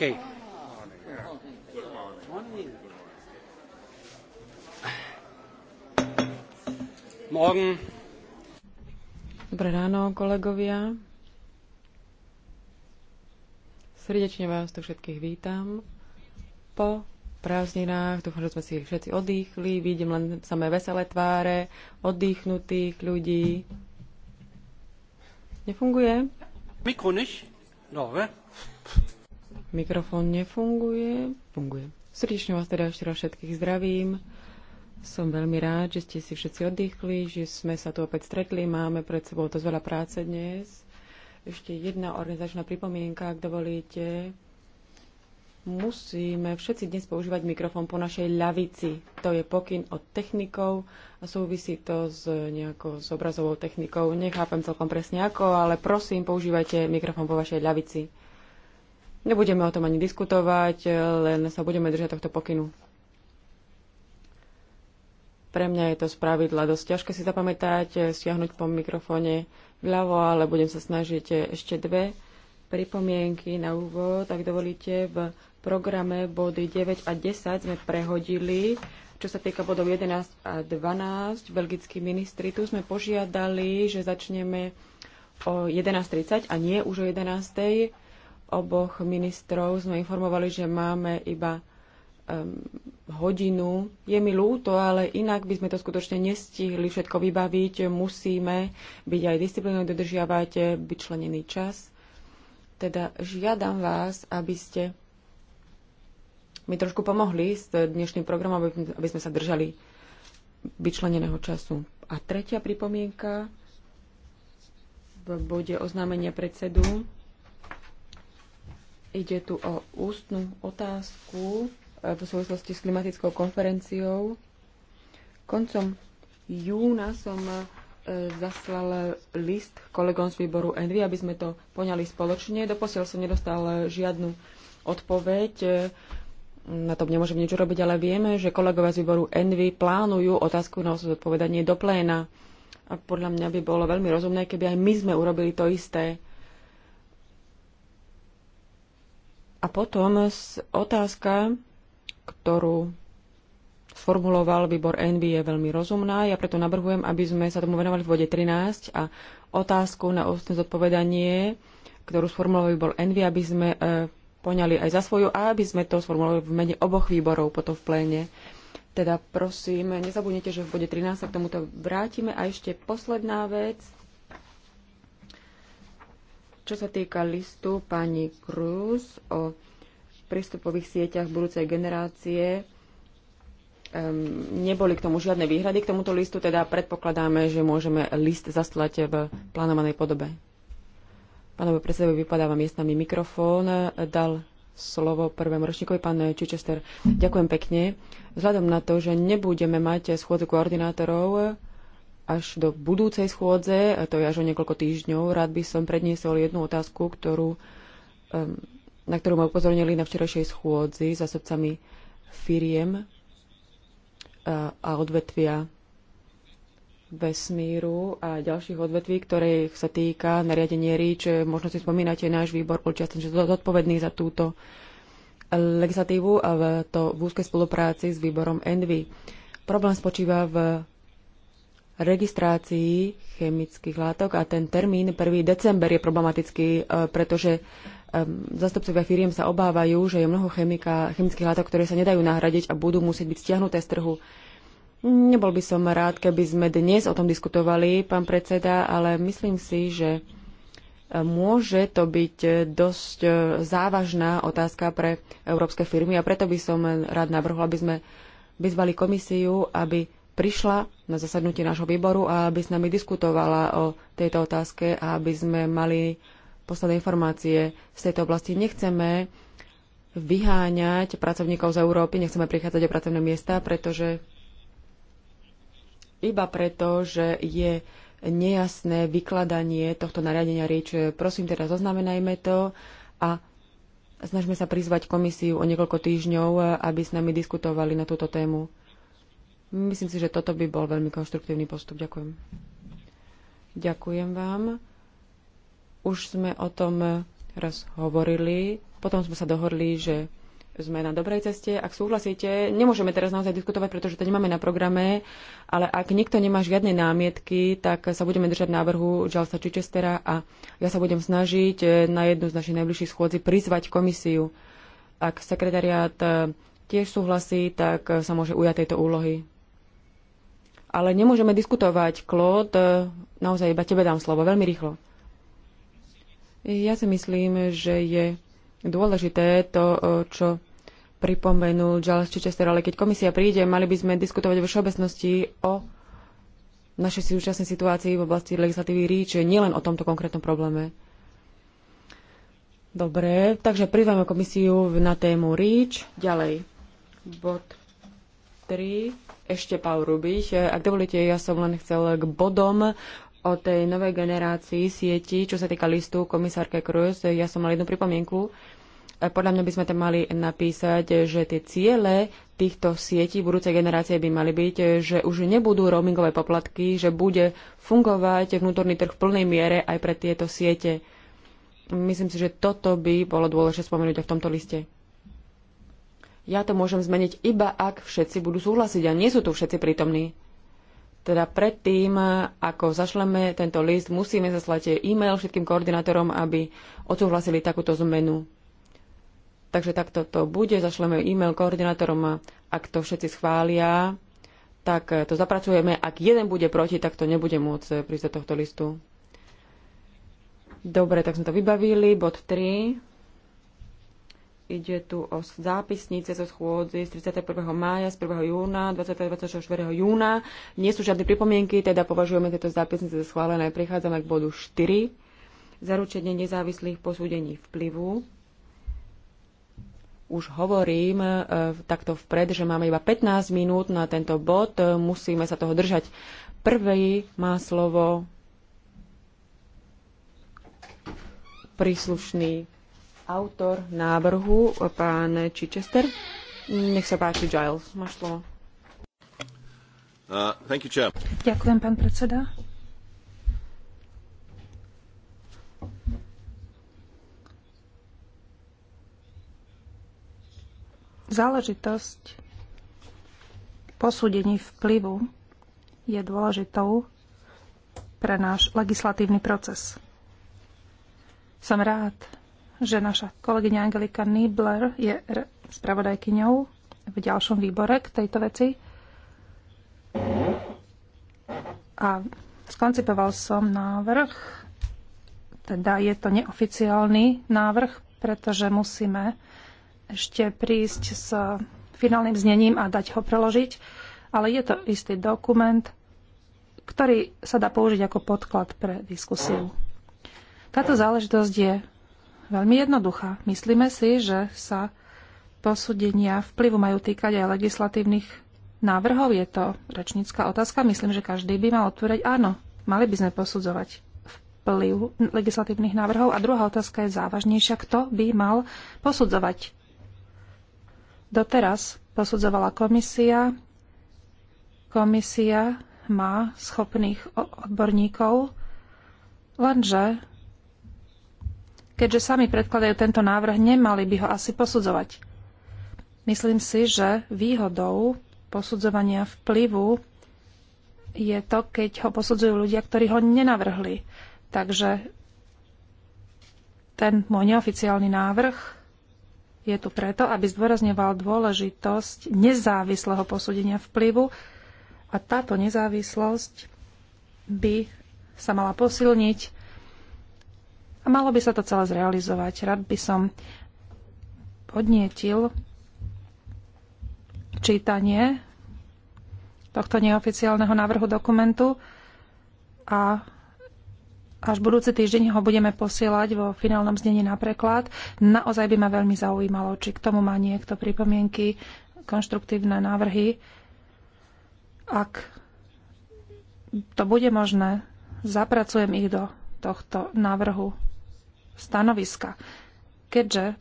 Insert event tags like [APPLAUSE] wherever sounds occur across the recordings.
Okay. Morgen. Dobré ráno, kolegovia. Srdečne vás tu všetkých vítam. Po prázdninách, dúfam, že sme si všetci oddychli, vidím len samé veselé tváre, oddychnutých ľudí. Nefunguje? Mikro nicht? No, Mikrofón nefunguje. Funguje. Srdečne vás teda ešte raz všetkých zdravím. Som veľmi rád, že ste si všetci oddychli, že sme sa tu opäť stretli. Máme pred sebou to veľa práce dnes. Ešte jedna organizačná pripomienka, ak dovolíte. Musíme všetci dnes používať mikrofón po našej ľavici. To je pokyn od technikov a súvisí to s nejakou s obrazovou technikou. Nechápem celkom presne ako, ale prosím, používajte mikrofón po vašej ľavici. Nebudeme o tom ani diskutovať, e, len sa budeme držať tohto pokynu. Pre mňa je to spravidla dosť ťažké si zapamätať, e, stiahnuť po mikrofóne vľavo, ale budem sa snažiť e, ešte dve pripomienky na úvod. Ak dovolíte, v programe body 9 a 10 sme prehodili. Čo sa týka bodov 11 a 12, belgickí ministri, tu sme požiadali, že začneme o 11.30 a nie už o 11.00 oboch ministrov sme informovali, že máme iba um, hodinu. Je mi ľúto, ale inak by sme to skutočne nestihli všetko vybaviť. Musíme byť aj disciplinovaní, dodržiavať eh, vyčlenený čas. Teda žiadam vás, aby ste mi trošku pomohli s dnešným programom, aby, aby sme sa držali vyčleneného času. A tretia pripomienka v bode oznámenia predsedu. Ide tu o ústnu otázku e, v súvislosti s klimatickou konferenciou. Koncom júna som e, zaslal list kolegom z výboru Envy, aby sme to poňali spoločne. Doposiaľ som nedostal žiadnu odpoveď. E, na to nemôžem nič robiť, ale vieme, že kolegovia z výboru Envy plánujú otázku na zodpovedanie do pléna. A podľa mňa by bolo veľmi rozumné, keby aj my sme urobili to isté. A potom otázka, ktorú sformuloval výbor NB, je veľmi rozumná. Ja preto navrhujem, aby sme sa tomu venovali v bode 13 a otázku na ústne zodpovedanie, ktorú sformuloval výbor NB, aby sme e, poňali aj za svoju a aby sme to sformulovali v mene oboch výborov potom v pléne. Teda prosím, nezabudnite, že v bode 13 sa k tomuto vrátime. A ešte posledná vec – čo sa týka listu pani Cruz o prístupových sieťach budúcej generácie, um, neboli k tomu žiadne výhrady k tomuto listu, teda predpokladáme, že môžeme list zaslať v plánovanej podobe. Pánovi predsedovi vypadáva miestnami mikrofón, dal slovo prvému ročníkovi, pán Čičester. Ďakujem pekne. Vzhľadom na to, že nebudeme mať schôdzu koordinátorov, až do budúcej schôdze, to je až o niekoľko týždňov, rád by som predniesol jednu otázku, ktorú, na ktorú ma upozornili na včerajšej schôdzi za srdcami firiem eh, a odvetvia vesmíru a ďalších odvetví, ktorých sa týka nariadenie REACH. Možno si spomínate, náš výbor bol čiastočne zodpovedný za túto legislatívu a v to v úzkej spolupráci s výborom ENVY. Problém spočíva v registrácii chemických látok a ten termín 1. december je problematický, e, pretože zastupcovia firiem sa obávajú, že je mnoho chemika, chemických látok, ktoré sa nedajú nahradiť a budú musieť byť stiahnuté z trhu. Nebol by som rád, keby sme dnes o tom diskutovali, pán predseda, ale myslím si, že e, môže to byť dosť e, závažná otázka pre európske firmy a preto by som rád navrhol, aby sme vyzvali komisiu, aby prišla na zasadnutie nášho výboru a aby s nami diskutovala o tejto otázke a aby sme mali posledné informácie z tejto oblasti. Nechceme vyháňať pracovníkov z Európy, nechceme prichádzať o pracovné miesta, pretože iba preto, že je nejasné vykladanie tohto nariadenia rieč. Prosím teda, zoznamenajme to a snažme sa prizvať komisiu o niekoľko týždňov, aby s nami diskutovali na túto tému. Myslím si, že toto by bol veľmi konštruktívny postup. Ďakujem. Ďakujem vám. Už sme o tom raz hovorili, potom sme sa dohodli, že sme na dobrej ceste. Ak súhlasíte, nemôžeme teraz naozaj diskutovať, pretože to nemáme na programe, ale ak nikto nemá žiadne námietky, tak sa budeme držať návrhu Jalsa Chichestera a ja sa budem snažiť na jednu z našich najbližších schôdzi prizvať komisiu. Ak sekretariát tiež súhlasí, tak sa môže ujať tejto úlohy. Ale nemôžeme diskutovať, Klód, e, naozaj iba tebe dám slovo, veľmi rýchlo. Ja si myslím, že je dôležité to, e, čo pripomenul Giles Chichester, ale keď komisia príde, mali by sme diskutovať vo všeobecnosti o našej súčasnej situácii v oblasti legislatívy REACH, nielen o tomto konkrétnom probléme. Dobre, takže prizveme komisiu na tému REACH. Ďalej, bod 3 ešte Paul Rubich. E, ak dovolíte, ja som len chcel k bodom o tej novej generácii sieti, čo sa týka listu komisárke Cruz. Ja som mal jednu pripomienku. E, podľa mňa by sme tam mali napísať, že tie ciele týchto sietí budúcej generácie by mali byť, že už nebudú roamingové poplatky, že bude fungovať vnútorný trh v plnej miere aj pre tieto siete. Myslím si, že toto by bolo dôležité spomenúť aj v tomto liste. Ja to môžem zmeniť iba, ak všetci budú súhlasiť a nie sú tu všetci prítomní. Teda predtým, eh, ako zašleme tento list, musíme zaslať eh, e-mail všetkým koordinátorom, aby odsúhlasili takúto zmenu. Takže takto to bude, zašleme e-mail koordinátorom, eh, ak to všetci schvália, tak to zapracujeme. Ak jeden bude proti, tak to nebude môcť prísť do tohto listu. Dobre, tak sme to vybavili. Bod 3. Ide tu o zápisnice zo schôdzy z 31. mája, z 1. júna, 24. júna. Nie sú žiadne pripomienky, teda považujeme tieto zápisnice za schválené. Prichádzame k bodu 4. Zaručenie nezávislých posúdení vplyvu. Už hovorím e, takto vpred, že máme iba 15 minút na tento bod. Musíme sa toho držať. Prvý má slovo príslušný autor návrhu, pán Chichester. Nech sa páči, Giles, máš slovo. Uh, you, Ďakujem, pán predseda. Záležitosť posúdení vplyvu je dôležitou pre náš legislatívny proces. Som rád, že naša kolegyňa Angelika Niebler je spravodajkyňou v ďalšom výbore k tejto veci. A skoncipoval som návrh, teda je to neoficiálny návrh, pretože musíme ešte prísť s finálnym znením a dať ho preložiť, ale je to istý dokument, ktorý sa dá použiť ako podklad pre diskusiu. Táto záležitosť je veľmi jednoduchá. Myslíme si, že sa posúdenia vplyvu majú týkať aj legislatívnych návrhov. Je to rečnícka otázka. Myslím, že každý by mal odpovedať áno. Mali by sme posudzovať vplyv legislatívnych návrhov. A druhá otázka je závažnejšia. Kto by mal posudzovať? Doteraz posudzovala komisia. Komisia má schopných odborníkov, lenže keďže sami predkladajú tento návrh, nemali by ho asi posudzovať. Myslím si, že výhodou posudzovania vplyvu je to, keď ho posudzujú ľudia, ktorí ho nenavrhli. Takže ten môj neoficiálny návrh je tu preto, aby zdôrazňoval dôležitosť nezávislého posúdenia vplyvu a táto nezávislosť by sa mala posilniť a malo by sa to celé zrealizovať. Rád by som podnietil čítanie tohto neoficiálneho návrhu dokumentu a až budúci týždeň ho budeme posielať vo finálnom znení na preklad. Naozaj by ma veľmi zaujímalo, či k tomu má niekto pripomienky, konštruktívne návrhy. Ak to bude možné, zapracujem ich do tohto návrhu stanoviska. Keďže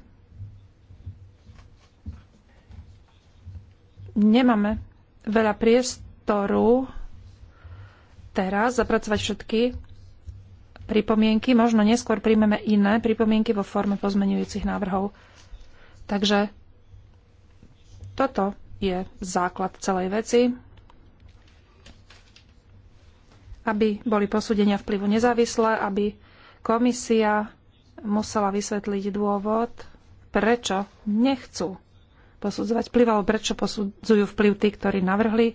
nemáme veľa priestoru teraz zapracovať všetky pripomienky, možno neskôr príjmeme iné pripomienky vo forme pozmenujúcich návrhov. Takže toto je základ celej veci. Aby boli posúdenia vplyvu nezávislé, aby komisia musela vysvetliť dôvod, prečo nechcú posudzovať vplyv, alebo prečo posudzujú vplyv tí, ktorí navrhli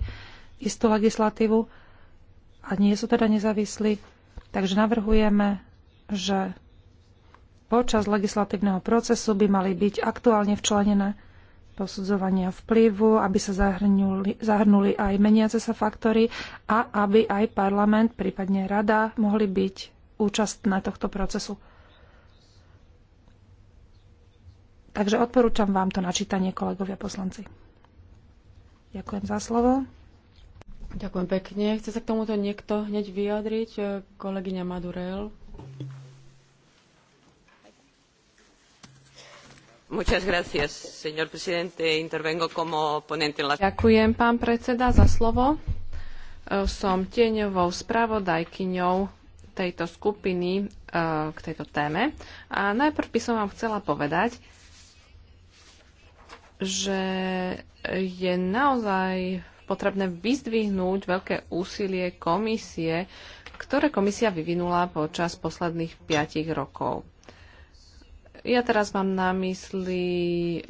istú legislatívu a nie sú teda nezávislí. Takže navrhujeme, že počas legislatívneho procesu by mali byť aktuálne včlenené posudzovania vplyvu, aby sa zahrnuli, zahrnuli aj meniace sa faktory a aby aj parlament, prípadne rada, mohli byť účastné tohto procesu. Takže odporúčam vám to načítanie, kolegovia poslanci. Ďakujem za slovo. Ďakujem pekne. Chce sa k tomuto niekto hneď vyjadriť? Kolegyňa Madurel. Ďakujem, pán predseda, za slovo. Eh, som tieňovou spravodajkyňou tejto skupiny eh, k tejto téme. A najprv by som vám chcela povedať, že je naozaj potrebné vyzdvihnúť veľké úsilie komisie, ktoré komisia vyvinula počas posledných 5 rokov. Ja teraz mám na mysli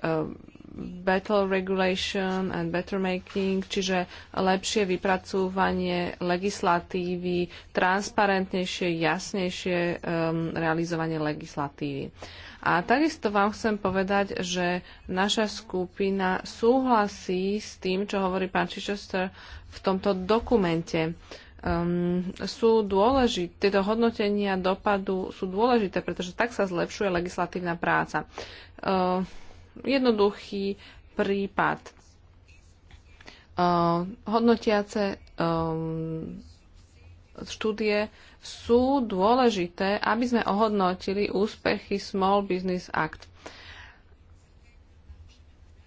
ehm, Battle better regulation and better making, čiže lepšie vypracúvanie legislatívy, transparentnejšie, jasnejšie um, realizovanie legislatívy. Uh, a takisto vám chcem povedať, že naša skupina súhlasí s tým, čo hovorí pán Čičester v tomto dokumente. Um, sú dôležité, tieto hodnotenia dopadu sú dôležité, pretože tak sa zlepšuje legislatívna práca. Uh, jednoduchý prípad. Uh, hodnotiace um, štúdie uh, sú dôležité, aby sme ohodnotili úspechy Small Business Act.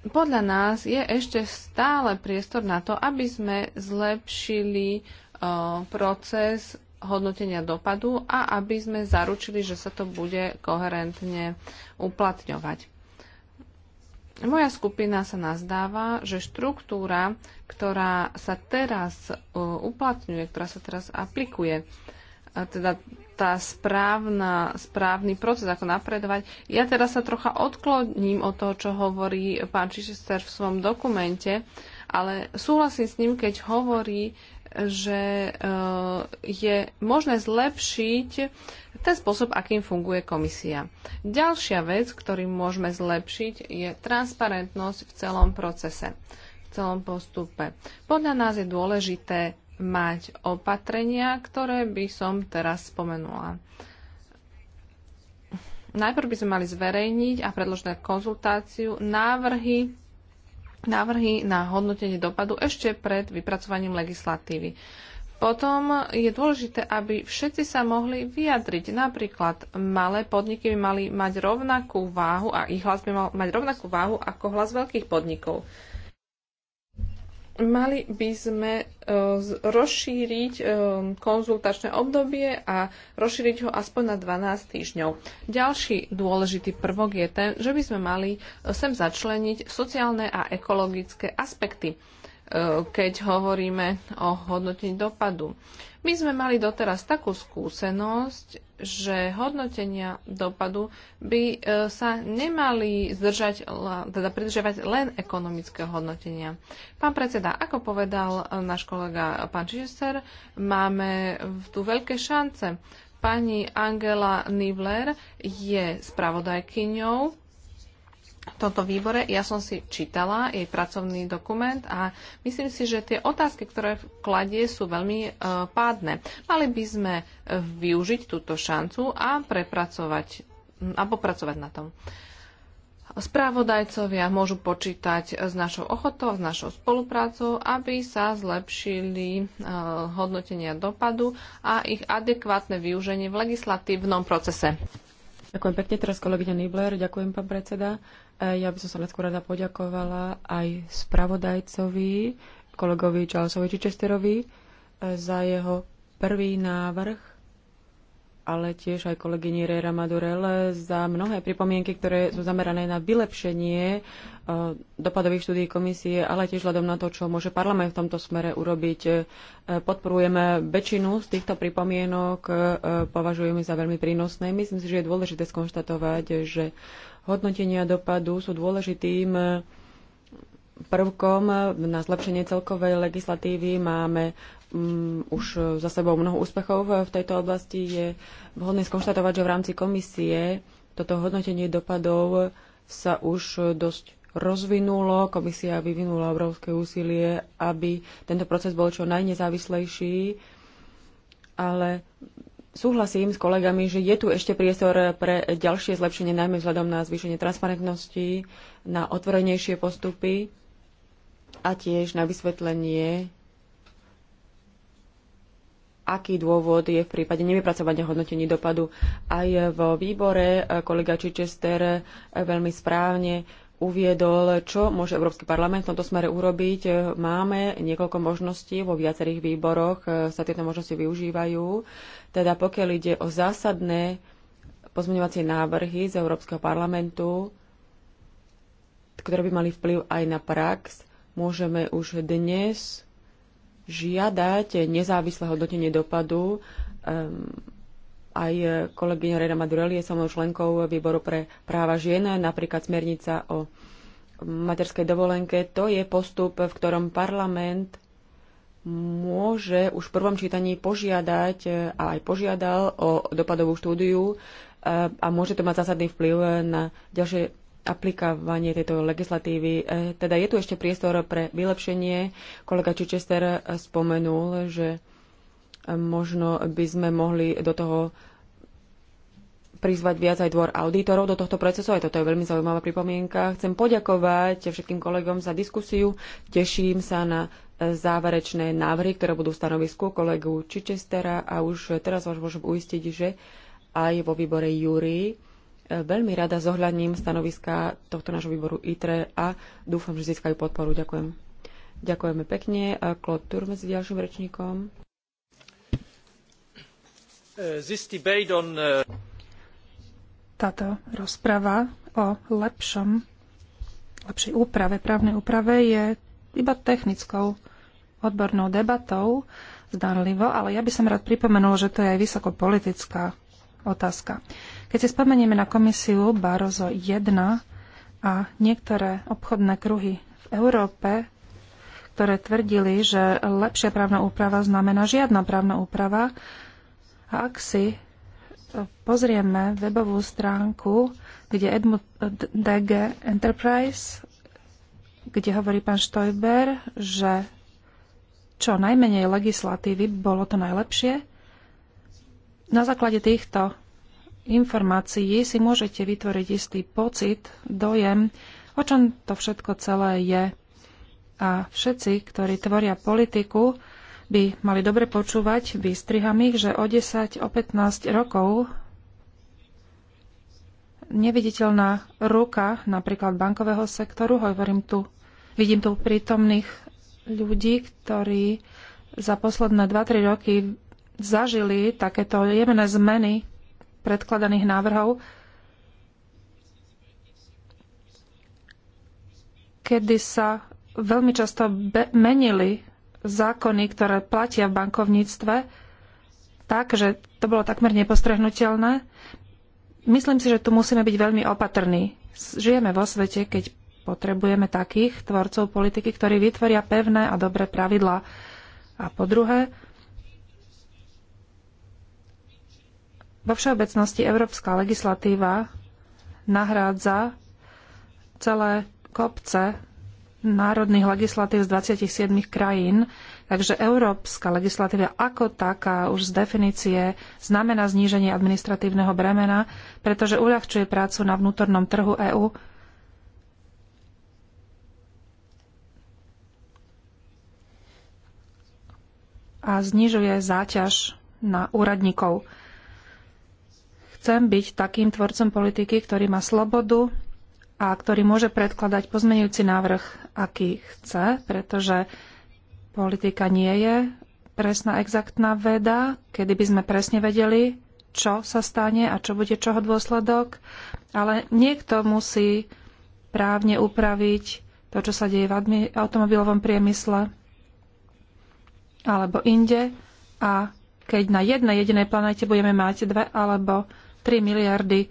Podľa nás je ešte stále priestor na to, aby sme zlepšili proces hodnotenia dopadu a aby sme zaručili, že sa to bude koherentne uplatňovať. Moja skupina sa nazdáva, že štruktúra, ktorá sa teraz uplatňuje, ktorá sa teraz aplikuje, teda tá správna, správny proces, ako napredovať. Ja teraz sa trocha odkloním od toho, čo hovorí pán Čišester v svojom dokumente, ale súhlasím s ním, keď hovorí, že e, je možné zlepšiť ten spôsob, akým funguje komisia. Ďalšia vec, ktorý môžeme zlepšiť, je transparentnosť v celom procese, v celom postupe. Podľa nás je dôležité mať opatrenia, ktoré by som teraz spomenula. Najprv by sme mali zverejniť a predložiť na konzultáciu návrhy, návrhy na hodnotenie dopadu ešte pred vypracovaním legislatívy. Potom je dôležité, aby všetci sa mohli vyjadriť. Napríklad malé podniky by mali mať rovnakú váhu a ich hlas by mal mať rovnakú váhu ako hlas veľkých podnikov. Mali by sme e, rozšíriť e, konzultačné obdobie a rozšíriť ho aspoň na 12 týždňov. Ďalší dôležitý prvok je ten, že by sme mali e, sem začleniť sociálne a ekologické aspekty keď hovoríme o hodnotení dopadu. My sme mali doteraz takú skúsenosť, že hodnotenia dopadu by e, sa nemali zdržať, teda pridržiavať len ekonomické hodnotenia. Pán predseda, ako povedal e, náš kolega pán Čižester, máme tu veľké šance. Pani Angela Nivler je spravodajkyňou tomto výbore. Ja som si čítala jej pracovný dokument a myslím si, že tie otázky, ktoré kladie, sú veľmi e, pádne. Mali by sme využiť túto šancu a prepracovať a popracovať na tom. Správodajcovia môžu počítať s našou ochotou, s našou spoluprácou, aby sa zlepšili e, hodnotenia dopadu a ich adekvátne využenie v legislatívnom procese. Ďakujem pekne teraz kolegyňa Nibler, ďakujem pán predseda. E, ja by som sa skôr rada poďakovala aj spravodajcovi, kolegovi Charlesovi Čičesterovi e, za jeho prvý návrh, ale tiež aj kolegyni Rera Madurel za mnohé pripomienky, ktoré sú zamerané na vylepšenie e, dopadových štúdí komisie, ale tiež hľadom na to, čo môže parlament v tomto smere urobiť. Podporujeme väčšinu z týchto pripomienok, považujeme za veľmi prínosné. Myslím si, že je dôležité skonštatovať, že hodnotenia dopadu sú dôležitým e, prvkom na zlepšenie celkovej legislatívy. Máme um, už za sebou mnoho úspechov v tejto oblasti. Je vhodné skonštatovať, že v rámci komisie toto hodnotenie dopadov sa už dosť rozvinulo. Komisia vyvinula obrovské úsilie, aby tento proces bol čo najnezávislejší, ale súhlasím s kolegami, že je tu ešte priestor pre ďalšie zlepšenie, najmä vzhľadom na zvýšenie transparentnosti, na otvorenejšie postupy a tiež na vysvetlenie, aký dôvod je v prípade nevypracovania hodnotení dopadu. Aj vo výbore eh, kolega Čičester eh, veľmi správne uviedol, čo môže Európsky parlament v tomto smere urobiť. Máme niekoľko možností, vo viacerých výboroch e, sa tieto možnosti využívajú. Teda pokiaľ ide o zásadné pozmeňovacie návrhy z Európskeho parlamentu, ktoré by mali vplyv aj na prax, môžeme už dnes žiadať nezávislé hodnotenie dopadu um, aj kolegyňa Rena Madureli je samou členkou výboru pre práva žien, napríklad smernica o materskej dovolenke. To je postup, v ktorom parlament môže už v prvom čítaní požiadať e, a aj požiadal o dopadovú štúdiu e, a môže to mať zásadný vplyv na ďalšie aplikovanie tejto legislatívy. E, teda je tu ešte priestor pre vylepšenie. Kolega Čičester spomenul, že možno by sme mohli do toho prizvať viac aj dvor auditorov do tohto procesu, aj toto je veľmi zaujímavá pripomienka. Chcem poďakovať všetkým kolegom za diskusiu, teším sa na e, záverečné návrhy, ktoré budú v stanovisku kolegu Čičestera a už teraz vás môžem uistiť, že aj vo výbore Júri e, veľmi rada zohľadním stanoviska tohto nášho výboru ITRE a dúfam, že získajú podporu. Ďakujem. Ďakujeme pekne. Klod e, Turme s ďalším rečníkom. Uh, táto rozprava o lepšom, lepšej úprave, právnej úprave je iba technickou odbornou debatou, zdanlivo, ale ja by som rád pripomenul, že to je aj vysokopolitická otázka. Keď si spomenieme na komisiu Barozo 1 a niektoré obchodné kruhy v Európe, ktoré tvrdili, že lepšia právna úprava znamená žiadna právna úprava, a ak si pozrieme webovú stránku, kde Edmund DG Enterprise, kde hovorí pán Stoiber, že čo najmenej legislatívy bolo to najlepšie. Na základe týchto informácií si môžete vytvoriť istý pocit, dojem, o čom to všetko celé je. A všetci, ktorí tvoria politiku, by mali dobre počúvať, vystriham ich, že o 10, o 15 rokov neviditeľná ruka napríklad bankového sektoru, hovorím tu, vidím tu prítomných ľudí, ktorí za posledné 2-3 roky zažili takéto jemné zmeny predkladaných návrhov, kedy sa veľmi často menili zákony, ktoré platia v bankovníctve, tak, že to bolo takmer nepostrehnutelné. Myslím si, že tu musíme byť veľmi opatrní. Žijeme vo svete, keď potrebujeme takých tvorcov politiky, ktorí vytvoria pevné a dobré pravidlá. A po druhé, vo všeobecnosti európska legislatíva nahrádza celé kopce národných legislatív z 27 krajín, takže európska legislatíva ako taká už z definície znamená zníženie administratívneho bremena, pretože uľahčuje prácu na vnútornom trhu EÚ. a znižuje záťaž na úradníkov. Chcem byť takým tvorcom politiky, ktorý má slobodu, a ktorý môže predkladať pozmenujúci návrh, aký chce, pretože politika nie je presná, exaktná veda, kedy by sme presne vedeli, čo sa stane a čo bude čoho dôsledok, ale niekto musí právne upraviť to, čo sa deje v automobilovom priemysle alebo inde a keď na jednej jedinej planete budeme mať dve alebo tri miliardy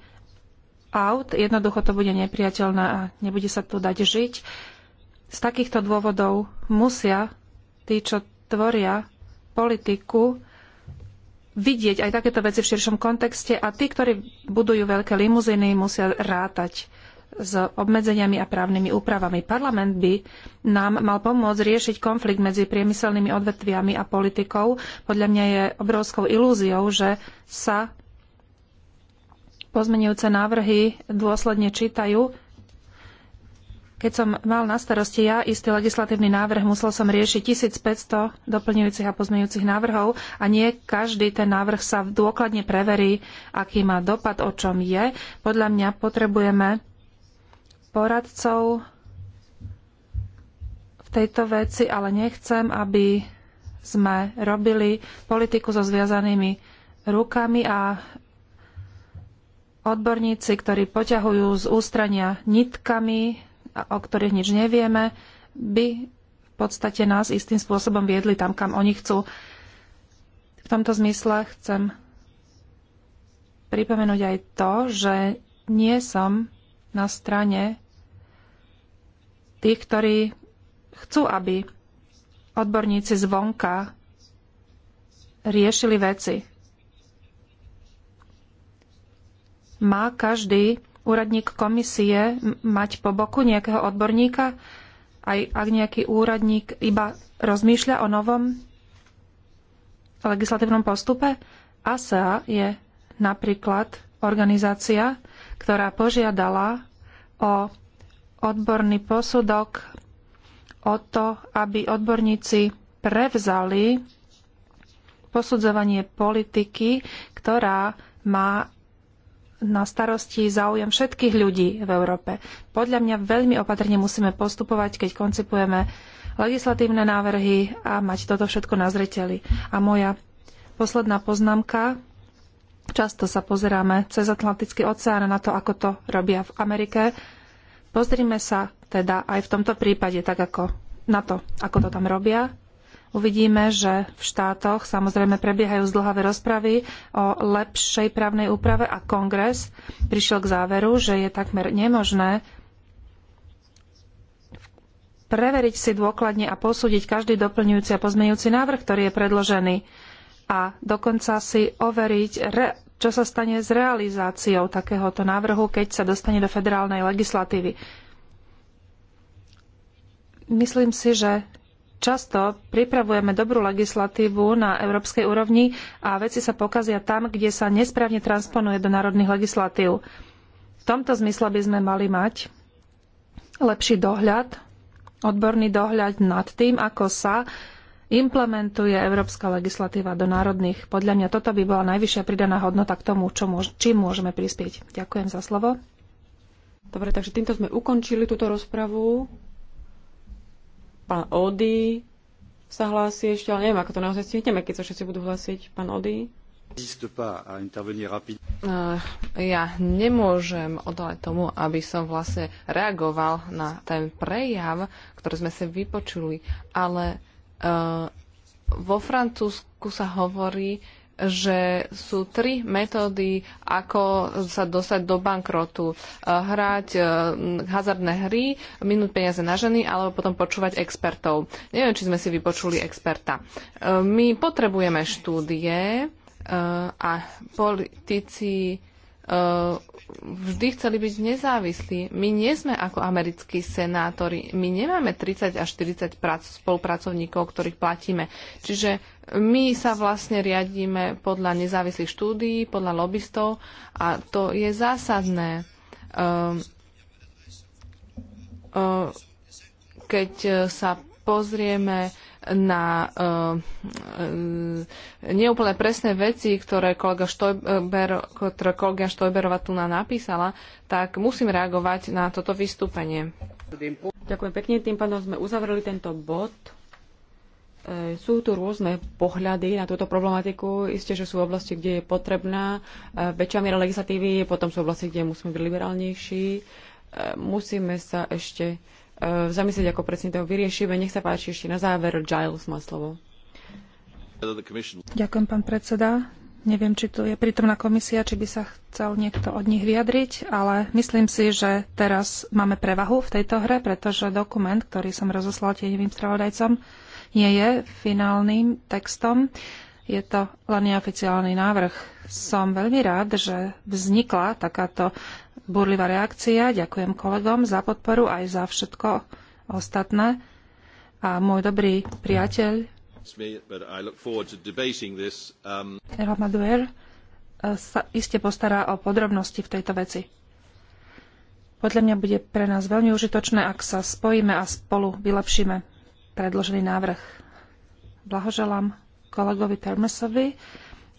aut. Jednoducho to bude nepriateľné a nebude sa tu dať žiť. Z takýchto dôvodov musia tí, čo tvoria politiku, vidieť aj takéto veci v širšom kontexte a tí, ktorí budujú veľké limuziny, musia rátať s obmedzeniami a právnymi úpravami. Parlament by nám mal pomôcť riešiť konflikt medzi priemyselnými odvetviami a politikou. Podľa mňa je obrovskou ilúziou, že sa pozmenujúce návrhy dôsledne čítajú. Keď som mal na starosti ja istý legislatívny návrh, musel som riešiť 1500 doplňujúcich a pozmeňujúcich návrhov a nie každý ten návrh sa dôkladne preverí, aký má dopad, o čom je. Podľa mňa potrebujeme poradcov v tejto veci, ale nechcem, aby sme robili politiku so zviazanými rukami a odborníci, ktorí poťahujú z ústrania nitkami, o ktorých nič nevieme, by v podstate nás istým spôsobom viedli tam, kam oni chcú. V tomto zmysle chcem pripomenúť aj to, že nie som na strane tých, ktorí chcú, aby odborníci zvonka riešili veci. Má každý úradník komisie mať po boku nejakého odborníka, aj ak nejaký úradník iba rozmýšľa o novom legislatívnom postupe? ASEA je napríklad organizácia, ktorá požiadala o odborný posudok o to, aby odborníci prevzali posudzovanie politiky, ktorá má na starosti záujem všetkých ľudí v Európe. Podľa mňa veľmi opatrne musíme postupovať, keď koncipujeme legislatívne návrhy a mať toto všetko na zreteli. A moja posledná poznámka. Často sa pozeráme cez Atlantický oceán na to, ako to robia v Amerike. Pozrime sa teda aj v tomto prípade tak ako na to, ako to tam robia Uvidíme, že v štátoch samozrejme prebiehajú zdlhavé rozpravy o lepšej právnej úprave a kongres prišiel k záveru, že je takmer nemožné preveriť si dôkladne a posúdiť každý doplňujúci a pozmeňujúci návrh, ktorý je predložený a dokonca si overiť, čo sa stane s realizáciou takéhoto návrhu, keď sa dostane do federálnej legislatívy. Myslím si, že často pripravujeme dobrú legislatívu na európskej úrovni a veci sa pokazia tam, kde sa nesprávne transponuje do národných legislatív. V tomto zmysle by sme mali mať lepší dohľad, odborný dohľad nad tým, ako sa implementuje európska legislatíva do národných. Podľa mňa toto by bola najvyššia pridaná hodnota k tomu, čo môž- čím môžeme prispieť. Ďakujem za slovo. Dobre, takže týmto sme ukončili túto rozpravu. Pán Ody sa hlási ešte, ale neviem, ako to naozaj stihneme, keď sa všetci budú hlásiť. Pán Ody? Eh, ja nemôžem odolať tomu, aby som vlastne reagoval na ten prejav, ktorý sme si vypočuli, ale uh, vo Francúzsku sa hovorí, že sú tri metódy, ako sa dostať do bankrotu. E, hrať e, hazardné hry, minúť peniaze na ženy, alebo potom počúvať expertov. Neviem, či sme si vypočuli experta. E, my potrebujeme štúdie a politici vždy chceli byť nezávislí. My nie sme ako americkí senátori. My nemáme 30 až 40 spolupracovníkov, ktorých platíme. Čiže my sa vlastne riadíme podľa nezávislých štúdií, podľa lobbystov a to je zásadné. Ehm, ehm, keď sa pozrieme na ehm, e, neúplne presné veci, ktoré kolega, Štojber, ktoré kolega Štojberová tu nám napísala, tak musím reagovať na toto vystúpenie. Ďakujem pekne. Tým pádom sme uzavreli tento bod. E, sú tu rôzne pohľady na túto problematiku. Isté, že sú oblasti, kde je potrebná e, väčšia miera legislatívy, potom sú oblasti, kde musíme byť liberálnejší. E, musíme sa ešte zamyslieť, ako presne to vyriešime. Nech sa páči ešte na záver. Giles má slovo. Ďakujem, pán predseda. Neviem, či tu je prítomná komisia, či by sa chcel niekto od nich vyjadriť, ale myslím si, že teraz máme prevahu v tejto hre, pretože dokument, ktorý som rozoslal tieňovým spravodajcom, nie je finálnym textom. Je to len neoficiálny návrh. Som veľmi rád, že vznikla takáto burlivá reakcia. Ďakujem kolegom za podporu aj za všetko ostatné. A môj dobrý priateľ Ramaduer sa iste postará o podrobnosti v tejto veci. Podľa mňa bude pre nás veľmi užitočné, ak sa spojíme a spolu vylepšíme predložený návrh. Blahoželám kolegovi Termesovi,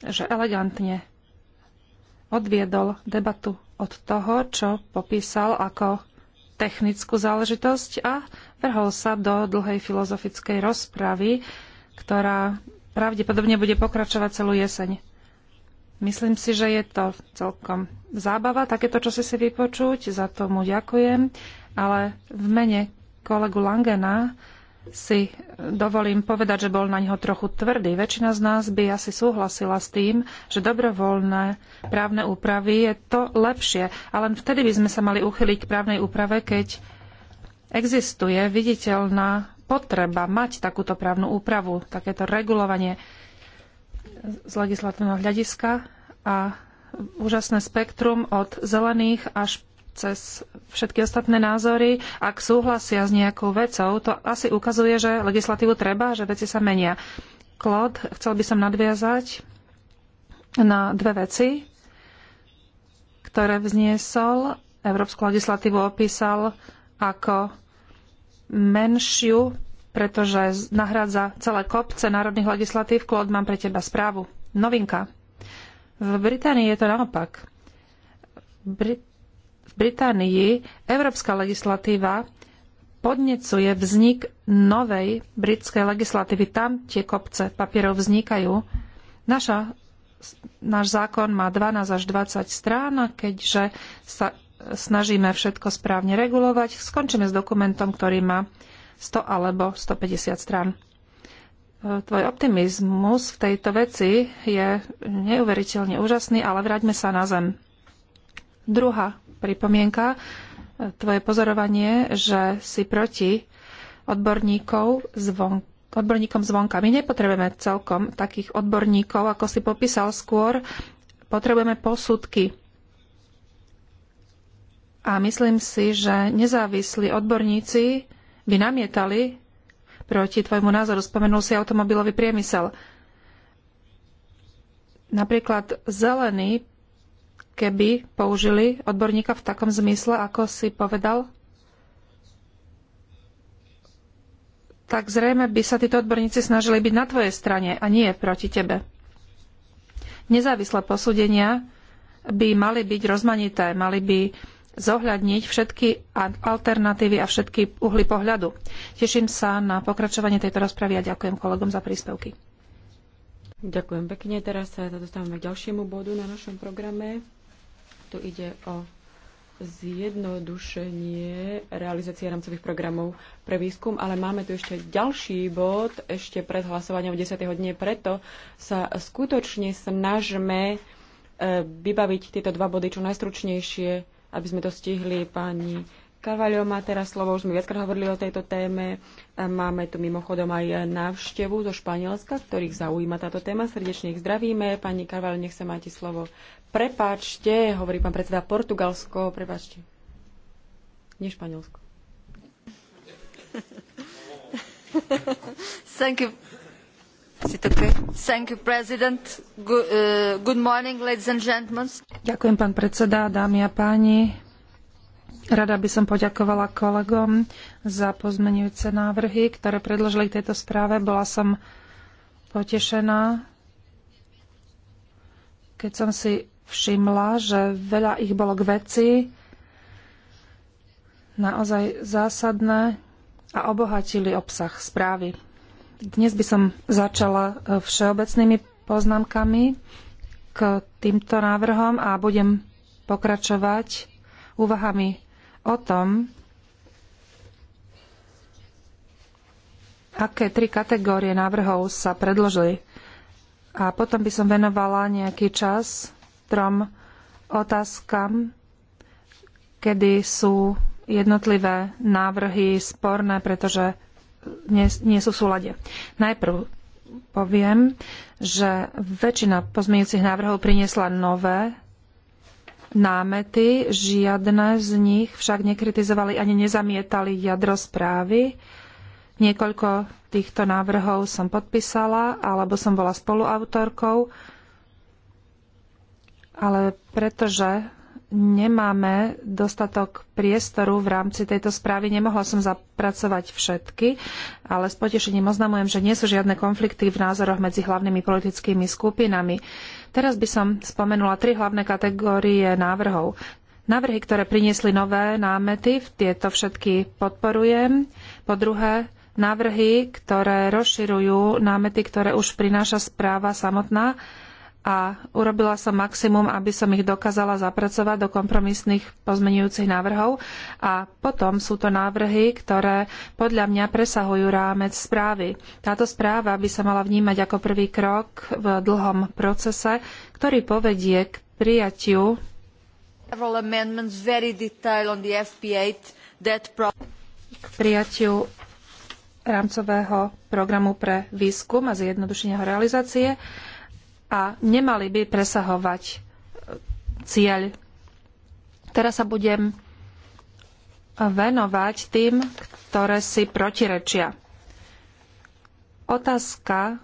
že elegantne odviedol debatu od toho, čo popísal ako technickú záležitosť a vrhol sa do dlhej filozofickej rozpravy, ktorá pravdepodobne bude pokračovať celú jeseň. Myslím si, že je to celkom zábava takéto čo si si vypočuť, za tomu ďakujem, ale v mene kolegu Langena si dovolím povedať, že bol na neho trochu tvrdý. Väčšina z nás by asi súhlasila s tým, že dobrovoľné právne úpravy je to lepšie. A len vtedy by sme sa mali uchyliť k právnej úprave, keď existuje viditeľná potreba mať takúto právnu úpravu, takéto regulovanie z legislatívneho hľadiska a úžasné spektrum od zelených až cez všetky ostatné názory, ak súhlasia s nejakou vecou, to asi ukazuje, že legislatívu treba, že veci sa menia. Klod, chcel by som nadviazať na dve veci, ktoré vzniesol. Európsku legislatívu opísal ako menšiu, pretože nahrádza celé kopce národných legislatív. Klod, mám pre teba správu. Novinka. V Británii je to naopak. Brit- Británii európska legislatíva podnecuje vznik novej britskej legislatívy. Tam tie kopce papierov vznikajú. Naša, náš zákon má 12 až 20 strán a keďže sa snažíme všetko správne regulovať, skončíme s dokumentom, ktorý má 100 alebo 150 strán. Tvoj optimizmus v tejto veci je neuveriteľne úžasný, ale vráťme sa na zem. Druhá pripomienka, tvoje pozorovanie, že si proti odborníkov zvon, odborníkom zvonka. My nepotrebujeme celkom takých odborníkov, ako si popísal skôr. Potrebujeme posudky. A myslím si, že nezávislí odborníci by namietali proti tvojmu názoru. Spomenul si automobilový priemysel. Napríklad zelený keby použili odborníka v takom zmysle, ako si povedal, tak zrejme by sa títo odborníci snažili byť na tvojej strane a nie proti tebe. Nezávislé posúdenia by mali byť rozmanité, mali by zohľadniť všetky alternatívy a všetky uhly pohľadu. Teším sa na pokračovanie tejto rozpravy a ďakujem kolegom za príspevky. Ďakujem pekne. Teraz sa dostávame k ďalšiemu bodu na našom programe. Tu ide o zjednodušenie realizácie rámcových programov pre výskum, ale máme tu ešte ďalší bod, ešte pred hlasovaním 10. dne, preto sa skutočne snažme e, vybaviť tieto dva body čo najstručnejšie, aby sme to stihli. Pani Carvalho má teraz slovo, už sme viackrát hovorili o tejto téme. Máme tu mimochodom aj návštevu zo Španielska, ktorých zaujíma táto téma. Srdečne ich zdravíme. Pani Carvalho, nech sa máte slovo. Prepáčte, hovorí pán predseda Portugalsko, prepáčte. Nie Španielsko. [LAUGHS] Thank you. Okay? Thank you, President. Good, uh, good morning, ladies and gentlemen. Ďakujem, pán predseda, dámy a páni. Rada by som poďakovala kolegom za pozmenujúce návrhy, ktoré predložili k tejto správe. Bola som potešená, keď som si všimla, že veľa ich bolo k veci, naozaj zásadné a obohatili obsah správy. Dnes by som začala e, všeobecnými poznámkami k týmto návrhom a budem pokračovať úvahami o tom, aké tri kategórie návrhov sa predložili. A potom by som venovala nejaký čas trom otázkam, kedy sú jednotlivé návrhy sporné, pretože nie, nie sú v súlade. Najprv poviem, že väčšina pozmeňujúcich návrhov priniesla nové námety, žiadne z nich však nekritizovali ani nezamietali jadro správy. Niekoľko týchto návrhov som podpísala alebo som bola spoluautorkou ale pretože nemáme dostatok priestoru v rámci tejto správy. Nemohla som zapracovať všetky, ale s potešením oznamujem, že nie sú žiadne konflikty v názoroch medzi hlavnými politickými skupinami. Teraz by som spomenula tri hlavné kategórie návrhov. Návrhy, ktoré priniesli nové námety, tieto všetky podporujem. Po druhé, návrhy, ktoré rozširujú námety, ktoré už prináša správa samotná, a urobila som maximum, aby som ich dokázala zapracovať do kompromisných pozmenujúcich návrhov a potom sú to návrhy, ktoré podľa mňa presahujú rámec správy. Táto správa by sa mala vnímať ako prvý krok v dlhom procese, ktorý povedie k prijatiu k prijatiu rámcového programu pre výskum a zjednodušenie jeho realizácie a nemali by presahovať e, cieľ. Teraz sa budem venovať tým, ktoré si protirečia. Otázka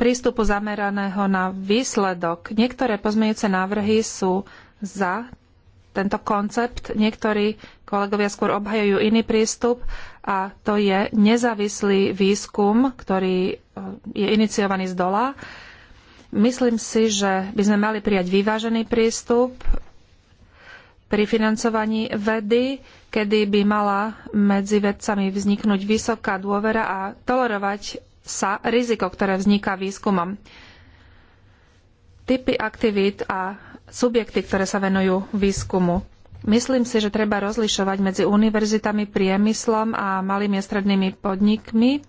prístupu zameraného na výsledok. Niektoré pozmeňujúce návrhy sú za tento koncept, niektorí kolegovia skôr obhajujú iný prístup a to je nezávislý výskum, ktorý e, je iniciovaný z dola. Myslím si, že by sme mali prijať vyvážený prístup pri financovaní vedy, kedy by mala medzi vedcami vzniknúť vysoká dôvera a tolerovať sa riziko, ktoré vzniká výskumom. Typy aktivít a subjekty, ktoré sa venujú výskumu. Myslím si, že treba rozlišovať medzi univerzitami, priemyslom a malými a strednými podnikmi.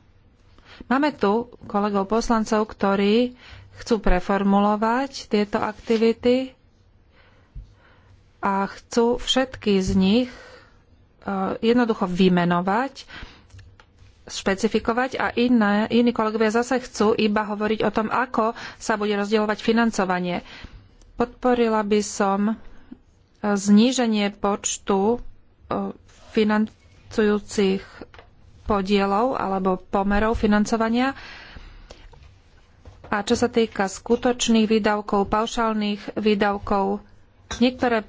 Máme tu kolegov poslancov, ktorí chcú preformulovať tieto aktivity a chcú všetky z nich e, jednoducho vymenovať, špecifikovať a iné, iní kolegovia zase chcú iba hovoriť o tom, ako sa bude rozdielovať financovanie. Podporila by som zníženie počtu e, financujúcich podielov alebo pomerov financovania. A čo sa týka skutočných výdavkov, paušálnych výdavkov, niektoré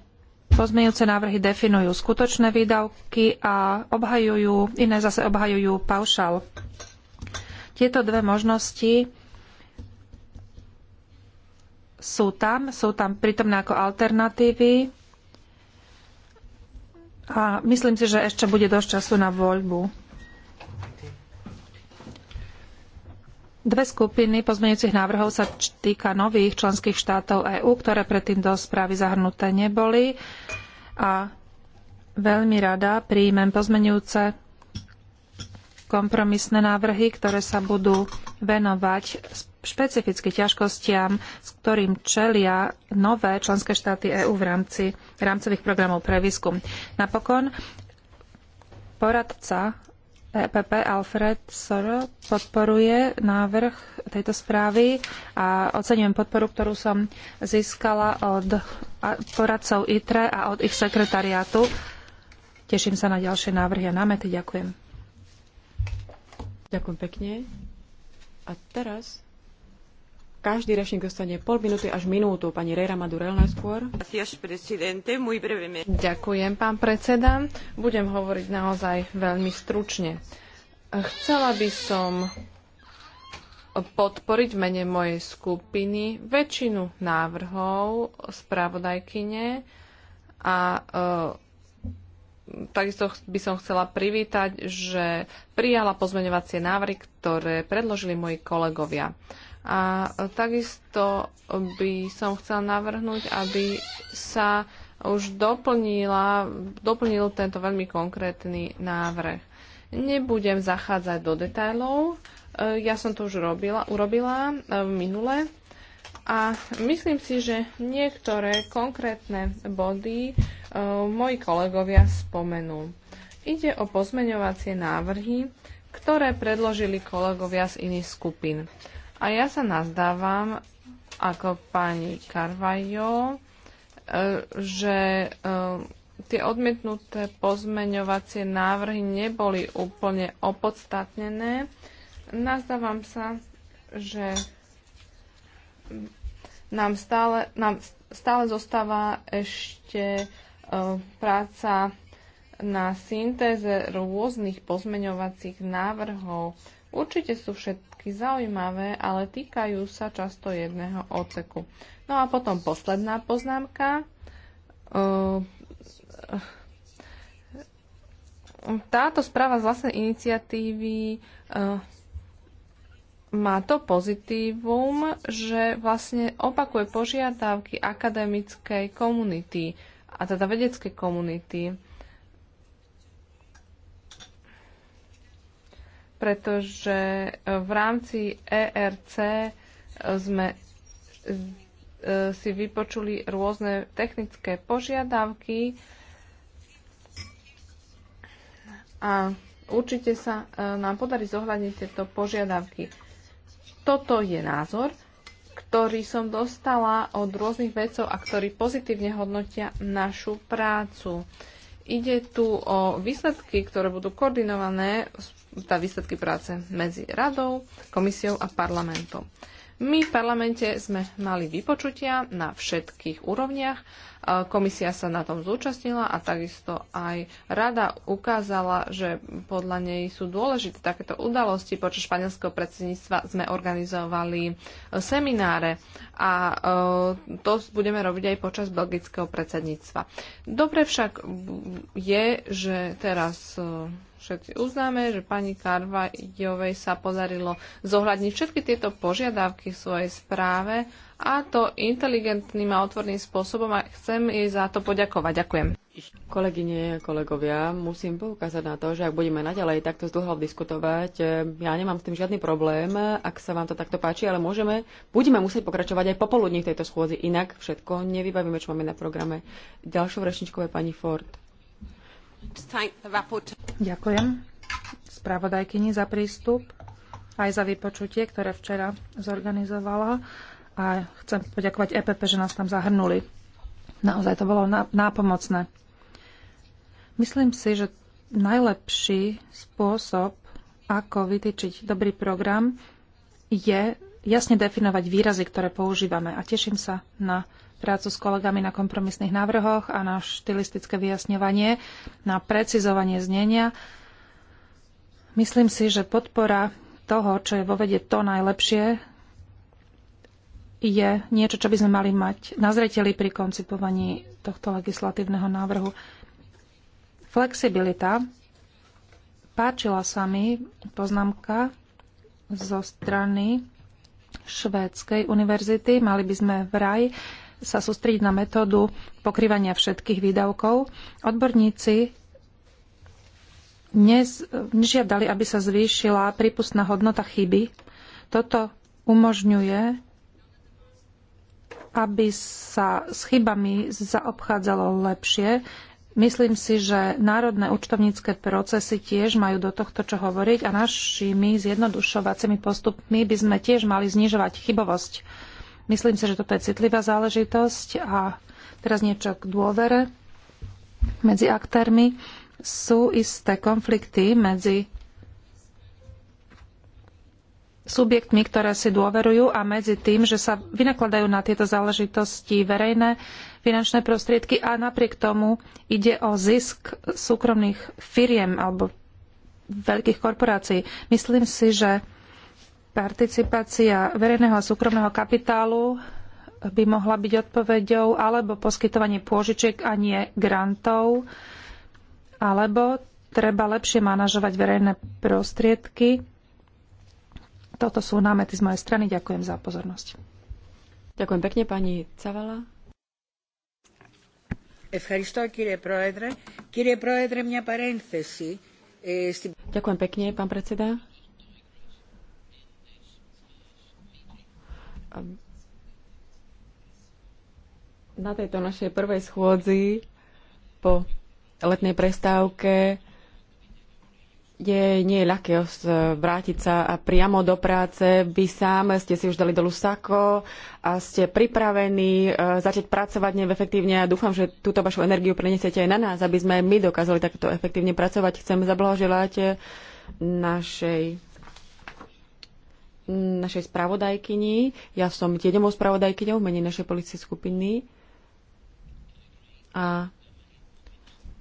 pozmeňujúce návrhy definujú skutočné výdavky a obhajujú, iné zase obhajujú paušál. Tieto dve možnosti sú tam, sú tam prítomné ako alternatívy a myslím si, že ešte bude dosť času na voľbu. Dve skupiny pozmeňujúcich návrhov sa týka nových členských štátov EÚ, ktoré predtým do správy zahrnuté neboli. A veľmi rada príjmem pozmeňujúce kompromisné návrhy, ktoré sa budú venovať špecificky ťažkostiam, s ktorým čelia nové členské štáty EÚ v rámci rámcových programov pre výskum. Napokon poradca EPP Alfred Sor podporuje návrh tejto správy a oceňujem podporu, ktorú som získala od poradcov ITRE a od ich sekretariátu. Teším sa na ďalšie návrhy a námety. Ďakujem. Ďakujem pekne. A teraz každý rečník dostane pol minúty až minútu. Pani Rejra Madurel najskôr. Ďakujem, pán predseda. Budem hovoriť naozaj veľmi stručne. Chcela by som podporiť v mene mojej skupiny väčšinu návrhov spravodajkyne a e, takisto by som chcela privítať, že prijala pozmeňovacie návrhy, ktoré predložili moji kolegovia. A takisto by som chcela navrhnúť, aby sa už doplnila, doplnil tento veľmi konkrétny návrh. Nebudem zachádzať do detajlov, e, ja som to už robila, urobila e, minule a myslím si, že niektoré konkrétne body e, moji kolegovia spomenú. Ide o pozmeňovacie návrhy, ktoré predložili kolegovia z iných skupín. A ja sa nazdávam, ako pani Carvajo, e, že e, tie odmietnuté pozmeňovacie návrhy neboli úplne opodstatnené. Nazdávam sa, že nám stále, nám stále zostáva ešte e, práca na syntéze rôznych pozmeňovacích návrhov Určite sú všetky zaujímavé, ale týkajú sa často jedného oceku. No a potom posledná poznámka. Ehm, táto správa z vlastnej iniciatívy ehm, má to pozitívum, že vlastne opakuje požiadavky akademickej komunity, a teda vedeckej komunity pretože e, v rámci ERC e, sme e, si vypočuli rôzne technické požiadavky a určite sa nám podarí zohľadniť tieto požiadavky. Toto je názor, ktorý som dostala od rôznych vedcov a ktorí pozitívne hodnotia našu prácu ide tu o výsledky, ktoré budú koordinované, tá výsledky práce medzi radou, komisiou a parlamentom. My v parlamente sme mali vypočutia na všetkých úrovniach Komisia sa na tom zúčastnila a takisto aj rada ukázala, že podľa nej sú dôležité takéto udalosti. Počas španielského predsedníctva sme organizovali e, semináre a e, to budeme robiť aj počas belgického predsedníctva. Dobre však je, že teraz e, všetci uznáme, že pani Karvajovej sa podarilo zohľadniť všetky tieto požiadavky v svojej správe a to inteligentným a otvorným spôsobom a chcem jej za to poďakovať. Ďakujem. Kolegyne, kolegovia, musím poukázať na to, že ak budeme naďalej takto zdlho diskutovať, eh, ja nemám s tým žiadny problém, ak sa vám to takto páči, ale môžeme, budeme musieť pokračovať aj popoludní v tejto schôdzi, inak všetko nevybavíme, čo máme na programe. Ďalšou rečničkou je pani Ford. Ďakujem spravodajkyni za prístup aj za vypočutie, ktoré včera zorganizovala a chcem poďakovať EPP, že nás tam zahrnuli. Naozaj to bolo nápomocné. Myslím si, že najlepší spôsob, ako vytýčiť dobrý program, je jasne definovať výrazy, ktoré používame. A teším sa na prácu s kolegami na kompromisných návrhoch a na štilistické vyjasňovanie, na precizovanie znenia. Myslím si, že podpora toho, čo je vo vede to najlepšie, je niečo, čo by sme mali mať na zreteli pri koncipovaní tohto legislatívneho návrhu. Flexibilita. Páčila sa mi poznámka zo strany Švédskej univerzity. Mali by sme vraj sa sústrediť na metódu pokrývania všetkých výdavkov. Odborníci nežiadali, aby sa zvýšila prípustná hodnota chyby. Toto umožňuje aby sa s chybami zaobchádzalo lepšie, myslím si, že národné účtovnícke procesy tiež majú do tohto čo hovoriť a našimi zjednodušovacími postupmi by sme tiež mali znižovať chybovosť. Myslím si, že toto je citlivá záležitosť a teraz niečo k dôvere medzi aktérmi. Sú isté konflikty medzi subjektmi, ktoré si dôverujú a medzi tým, že sa vynakladajú na tieto záležitosti verejné finančné prostriedky a napriek tomu ide o zisk súkromných firiem alebo veľkých korporácií. Myslím si, že participácia verejného a súkromného kapitálu by mohla byť odpoveďou alebo poskytovanie pôžičiek a nie grantov, alebo treba lepšie manažovať verejné prostriedky toto sú námety z mojej strany. Ďakujem za pozornosť. Ďakujem pekne, pani Cavala. E, Ďakujem pekne, pán predseda. Na tejto našej prvej schôdzi po letnej prestávke je, nie je ľahké vrátiť sa priamo do práce. Vy sám ste si už dali dolu sako a ste pripravení e, začať pracovať neefektívne a dúfam, že túto vašu energiu prenesiete aj na nás, aby sme my dokázali takto efektívne pracovať. Chcem zablahoželať e, našej našej spravodajkyni. Ja som tieňovou spravodajkyňou v mene našej policie skupiny. A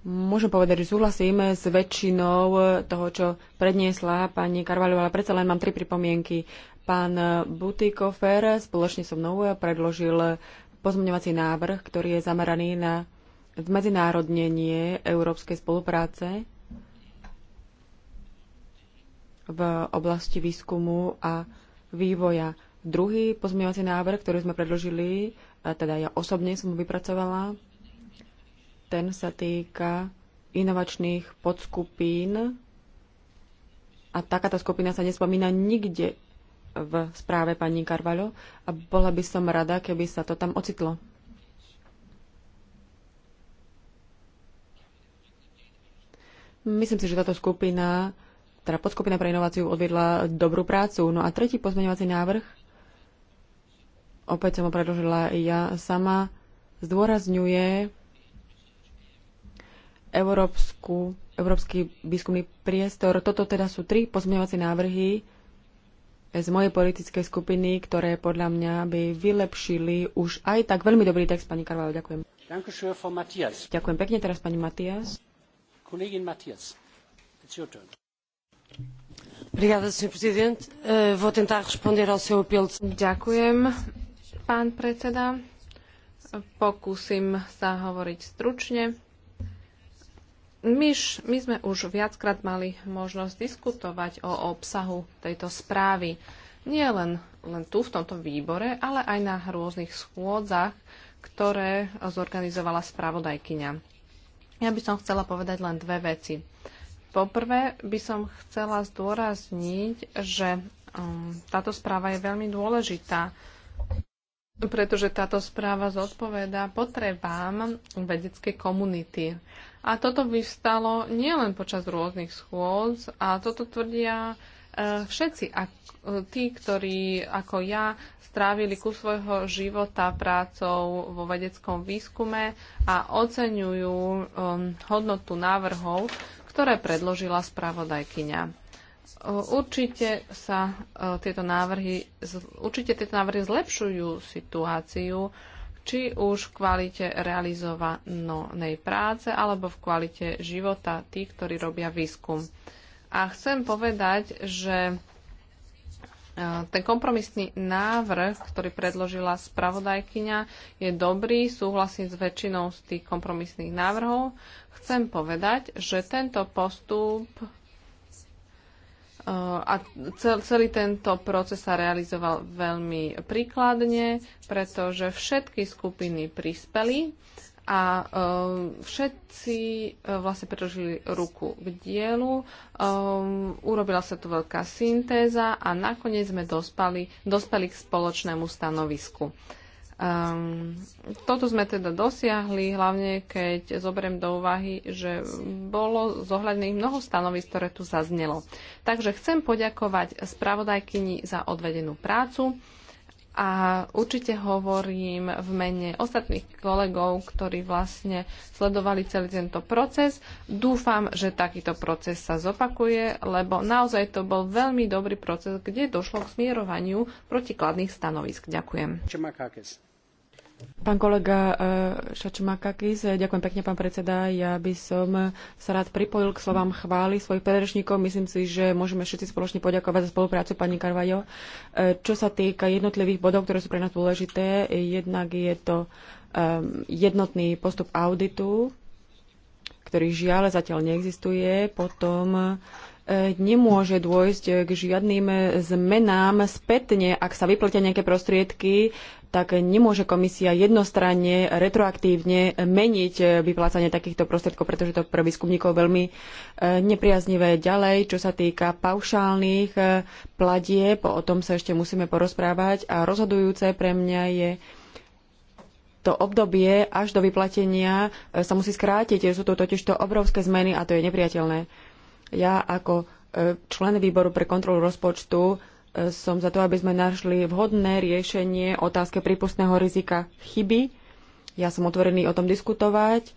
Môžem povedať, že súhlasím s väčšinou toho, čo predniesla pani Karvalová, ale predsa len mám tri pripomienky. Pán Butikofer spoločne so mnou predložil pozmeňovací návrh, ktorý je zameraný na zmedzinárodnenie európskej spolupráce v oblasti výskumu a vývoja. Druhý pozmeňovací návrh, ktorý sme predložili, teda ja osobne som ho vypracovala, ten sa týka inovačných podskupín a takáto skupina sa nespomína nikde v správe pani Carvalho a bola by som rada, keby sa to tam ocitlo. Myslím si, že táto skupina, teda podskupina pre inováciu odvedla dobrú prácu. No a tretí pozmeňovací návrh, opäť som ho predložila ja sama, zdôrazňuje Európsku, Európsky výskumný priestor. Toto teda sú tri pozmeňovacie návrhy z mojej politickej skupiny, ktoré podľa mňa by vylepšili už aj tak veľmi dobrý text, pani Karvalo. Ďakujem. Ďakujem pekne. Teraz pani Matias. Kolegin Matias, it's your turn. Obrigada, Sr. Prezident. Uh, eh, vou tentar responder ao seu apelo. Ďakujem, pán predseda. Pokúsim sa hovoriť stručne. Myž, my sme už viackrát mali možnosť diskutovať o obsahu tejto správy. Nie len, len tu v tomto výbore, ale aj na rôznych schôdzach, ktoré zorganizovala spravodajkyňa. Ja by som chcela povedať len dve veci. Poprvé by som chcela zdôrazniť, že um, táto správa je veľmi dôležitá pretože táto správa zodpovedá potrebám vedeckej komunity. A toto vyvstalo nielen počas rôznych schôdz, a toto tvrdia e, všetci, a e, tí, ktorí ako ja strávili ku svojho života prácou vo vedeckom výskume a oceňujú um, hodnotu návrhov, ktoré predložila spravodajkyňa. E, určite sa tieto návrhy, určite tieto návrhy zlepšujú situáciu či už v kvalite realizovanej práce alebo v kvalite života tých, ktorí robia výskum. A chcem povedať, že e, ten kompromisný návrh, ktorý predložila spravodajkyňa, je dobrý, súhlasím s väčšinou z tých kompromisných návrhov. Chcem povedať, že tento postup Eh, a celý tento proces sa realizoval veľmi príkladne, pretože všetky skupiny prispeli a eh, všetci eh, vlastne prežili ruku k dielu. urobila sa tu veľká syntéza a nakoniec sme dospali, dospeli k spoločnému stanovisku. Um, toto sme teda dosiahli, hlavne keď zoberiem do úvahy, že bolo zohľadných mnoho stanovisk, ktoré tu zaznelo. Takže chcem poďakovať spravodajkyni za odvedenú prácu a určite hovorím v mene ostatných kolegov, ktorí vlastne sledovali celý tento proces. Dúfam, že takýto proces sa zopakuje, lebo naozaj to bol veľmi dobrý proces, kde došlo k smierovaniu protikladných stanovisk. Ďakujem. Pán kolega eh, Šačmakakis, ďakujem pekne, pán predseda. Ja by som sa rád pripojil k slovám chvály svojich predrečníkov. Myslím si, že môžeme všetci spoločne poďakovať za spoluprácu pani Karvajo. Eh, čo sa týka jednotlivých bodov, ktoré sú pre nás dôležité, jednak je to ehm, jednotný postup auditu, ktorý žiaľ zatiaľ neexistuje. Potom nemôže dôjsť k žiadnym zmenám spätne, ak sa vyplatia nejaké prostriedky, tak nemôže komisia jednostranne, retroaktívne meniť vyplácanie takýchto prostriedkov, pretože to pre výskumníkov veľmi e, nepriaznivé ďalej, čo sa týka paušálnych e, po o tom sa ešte musíme porozprávať a rozhodujúce pre mňa je to obdobie až do vyplatenia e, sa musí skrátiť. Sú to totiž to obrovské zmeny a to je nepriateľné. Ja ako e, člen výboru pre kontrolu rozpočtu e, som za to, aby sme našli vhodné riešenie otázke prípustného rizika chyby. Ja som otvorený o tom diskutovať.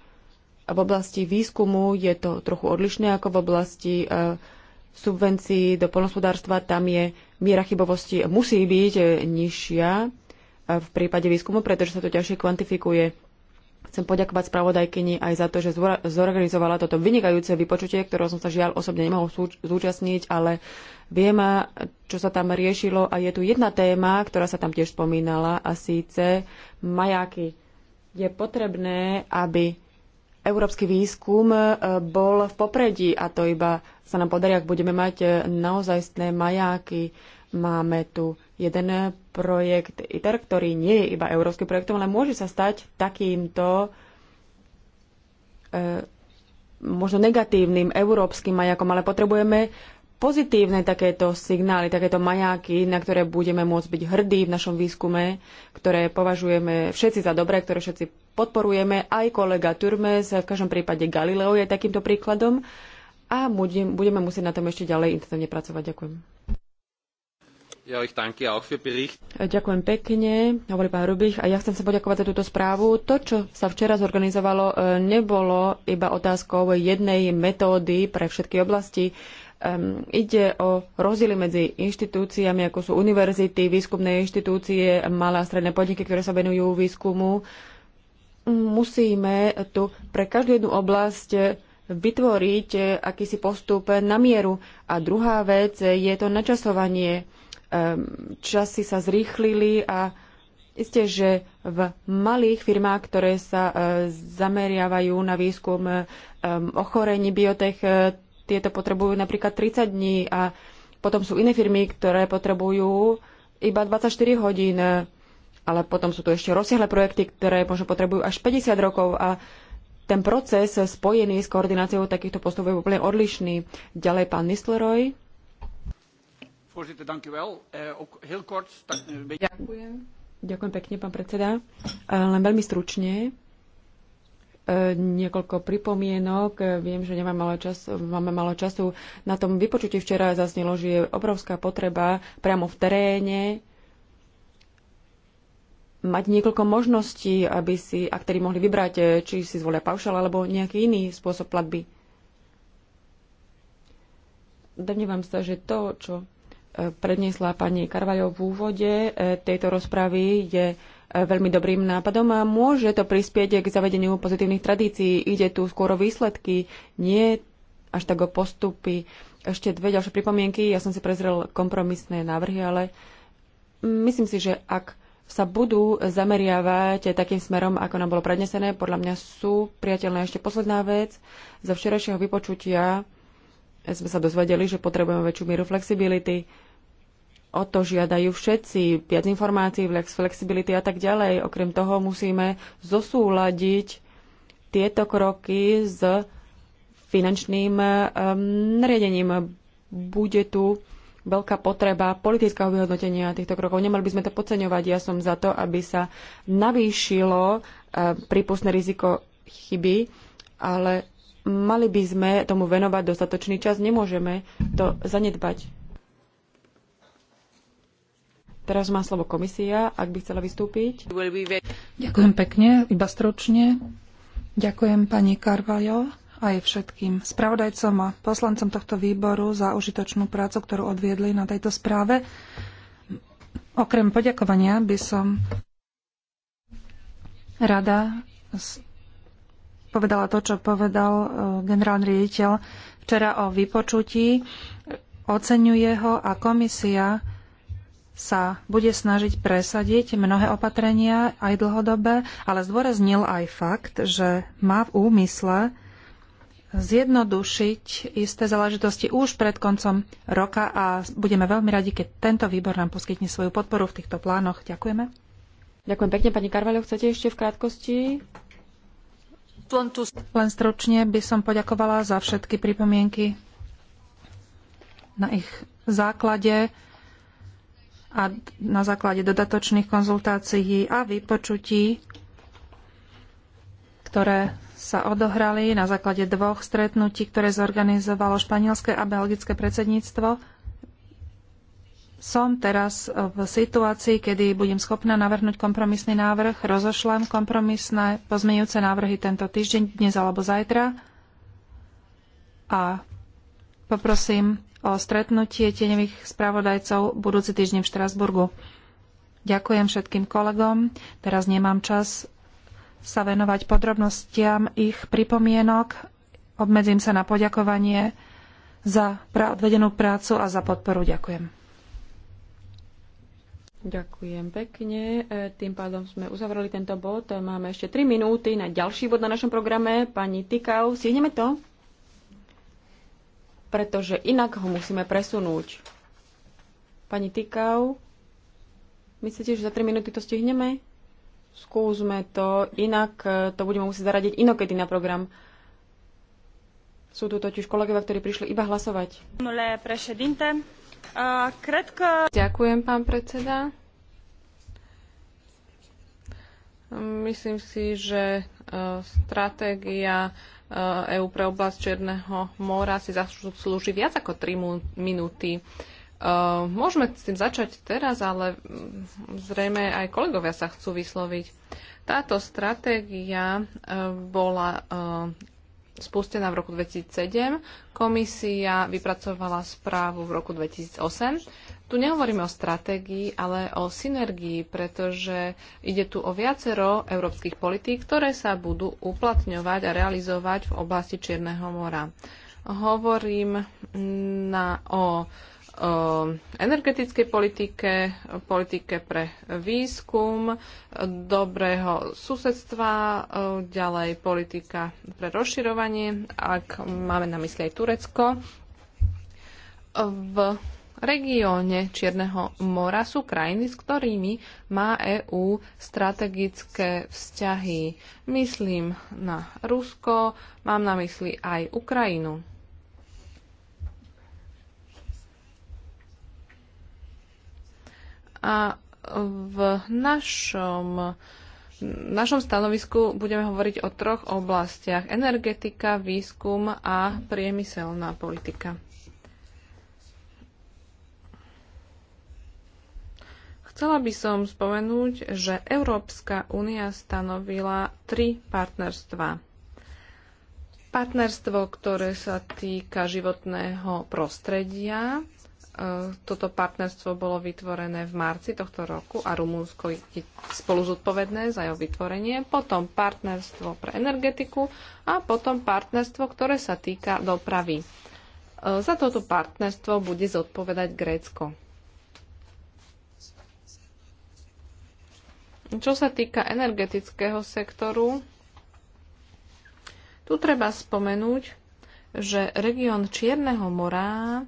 V oblasti výskumu je to trochu odlišné ako v oblasti e, subvencií do polnospodárstva. Tam je miera chybovosti musí byť nižšia v prípade výskumu, pretože sa to ťažšie kvantifikuje. Chcem poďakovať spravodajkyni aj za to, že zorganizovala toto vynikajúce vypočutie, ktorého som sa žiaľ osobne nemohol zúčastniť, ale viem, čo sa tam riešilo a je tu jedna téma, ktorá sa tam tiež spomínala a síce majáky. Je potrebné, aby európsky výskum e, bol v popredí a to iba sa nám podarí, ak budeme mať e, naozajstné majáky. Máme tu jeden projekt ITER, ktorý nie je iba európsky projektom, ale môže sa stať takýmto e, možno negatívnym európskym majakom, ale potrebujeme pozitívne takéto signály, takéto majáky, na ktoré budeme môcť byť hrdí v našom výskume, ktoré považujeme všetci za dobré, ktoré všetci podporujeme. Aj kolega Turmes, v každom prípade Galileo je takýmto príkladom a budeme musieť na tom ešte ďalej intenzívne pracovať. Ďakujem. Ja ich danke auch für bericht. Ďakujem pekne, hovorí pán Rubich. A ja chcem sa poďakovať za túto správu. To, čo sa včera zorganizovalo, e, nebolo iba otázkou jednej metódy pre všetky oblasti. Um, ide o rozdiely medzi inštitúciami, ako sú univerzity, výskumné inštitúcie, malé a stredné podniky, ktoré sa venujú výskumu. Musíme tu pre každú jednu oblasť vytvoriť e, akýsi postup na mieru. A druhá vec e, je to načasovanie Ehm, časy sa zrýchlili a isté, že v malých firmách, ktoré sa e, zameriavajú na výskum e, ehm, ochorení biotech, e, tieto potrebujú napríklad 30 dní a potom sú iné firmy, ktoré potrebujú iba 24 hodín, ale potom sú tu ešte rozsiahle projekty, ktoré možno potrebujú až 50 rokov a ten proces spojený s koordináciou takýchto postupov je úplne odlišný. Ďalej pán Nistleroy. Voorzitter, dank u wel. Uh, ook heel kort. beetje... Ďakujem. Ďakujem pekne, pán predseda. Eh, len veľmi stručne. Eh, niekoľko pripomienok. Viem, že nemám malo, čas, máme malo času. Na tom vypočutí včera zaznelo, že je obrovská potreba priamo v teréne mať niekoľko možností, aby si ktorí mohli vybrať, či si zvolia paušal alebo nejaký iný spôsob platby. Domnievam sa, že to, čo predniesla pani Karvaľov v úvode e, tejto rozpravy, je e, veľmi dobrým nápadom a môže to prispieť k zavedeniu pozitívnych tradícií. Ide tu skôr o výsledky, nie až tak o postupy. Ešte dve ďalšie pripomienky. Ja som si prezrel kompromisné návrhy, ale myslím si, že ak sa budú zameriavať takým smerom, ako nám bolo prednesené, podľa mňa sú priateľné ešte posledná vec. Za včerajšieho vypočutia sme sa dozvedeli, že potrebujeme väčšiu mieru flexibility O to žiadajú všetci, viac informácií, flexibility a tak ďalej. Okrem toho musíme zosúľadiť tieto kroky s finančným um, nariadením. Bude tu veľká potreba politického vyhodnotenia týchto krokov. Nemali by sme to podceňovať. Ja som za to, aby sa navýšilo uh, prípustné riziko chyby, ale mali by sme tomu venovať dostatočný čas. Nemôžeme to zanedbať. Teraz má slovo komisia, ak by chcela vystúpiť. Ďakujem pekne, iba stručne. Ďakujem pani Karvajo aj všetkým spravodajcom a poslancom tohto výboru za užitočnú prácu, ktorú odviedli na tejto správe. Okrem poďakovania by som rada povedala to, čo povedal e, generálny riaditeľ včera o vypočutí. Oceňuje ho a komisia sa bude snažiť presadiť mnohé opatrenia, aj dlhodobé, ale zdôraznil aj fakt, že má v úmysle zjednodušiť isté záležitosti už pred koncom roka a budeme veľmi radi, keď tento výbor nám poskytne svoju podporu v týchto plánoch. Ďakujeme. Ďakujem pekne, pani Karvalho. Chcete ešte v krátkosti? Len stručne by som poďakovala za všetky pripomienky. Na ich základe a na základe dodatočných konzultácií a vypočutí, ktoré sa odohrali na základe dvoch stretnutí, ktoré zorganizovalo španielské a belgické predsedníctvo, som teraz v situácii, kedy budem schopná navrhnúť kompromisný návrh, rozošlem kompromisné pozmeňujúce návrhy tento týždeň, dnes alebo zajtra a poprosím stretnutie tieňových spravodajcov budúci týždeň v Štrasburgu. Ďakujem všetkým kolegom. Teraz nemám čas sa venovať podrobnostiam ich pripomienok. Obmedzím sa na poďakovanie za odvedenú prácu a za podporu. Ďakujem. Ďakujem pekne. E, tým pádom sme uzavreli tento bod. Máme ešte 3 minúty na ďalší bod na našom programe. Pani Tikau, stihneme to? pretože inak ho musíme presunúť. Pani Tykau, myslíte, že za 3 minúty to stihneme? Skúsme to, inak e, to budeme musieť zaradiť inokedy na program. Sú tu totiž kolegovia, ktorí prišli iba hlasovať. Ďakujem, pán predseda. Myslím si, že e, stratégia EÚ eh, pre oblasť Čierneho mora si zaslúži viac ako 3 minúty. Eh, môžeme s tým začať teraz, ale mm, zrejme aj kolegovia sa chcú vysloviť. Táto stratégia eh, bola spustená v roku 2007. Komisia vypracovala správu v roku 2008 tu nehovoríme o stratégii, ale o synergii, pretože ide tu o viacero európskych politík, ktoré sa budú uplatňovať a realizovať v oblasti Čierneho mora. Hovorím na, o, o energetickej politike, politike pre výskum, dobrého susedstva, ďalej politika pre rozširovanie, ak máme na mysli aj Turecko. V regióne Čierneho mora sú krajiny, s ktorými má EÚ strategické vzťahy. Myslím na Rusko, mám na mysli aj Ukrajinu. A v našom v našom stanovisku budeme hovoriť o troch oblastiach. Energetika, výskum a priemyselná politika. Chcela by som spomenúť, že Európska únia stanovila tri partnerstva. Partnerstvo, ktoré sa týka životného prostredia. E, toto partnerstvo bolo vytvorené v marci tohto roku a Rumúnsko je spolu zodpovedné za jeho vytvorenie. Potom partnerstvo pre energetiku a potom partnerstvo, ktoré sa týka dopravy. E, za toto partnerstvo bude zodpovedať Grécko. Čo sa týka energetického sektoru, tu treba spomenúť, že región Čierneho mora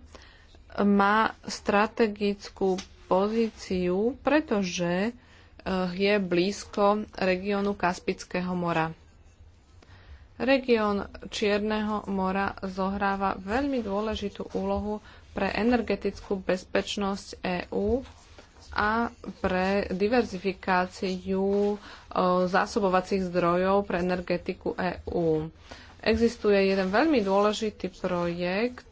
má strategickú pozíciu, pretože eh, je blízko regiónu Kaspického mora. Región Čierneho mora zohráva veľmi dôležitú úlohu pre energetickú bezpečnosť EÚ a pre diverzifikáciu zásobovacích zdrojov pre energetiku EÚ. Existuje jeden veľmi dôležitý projekt,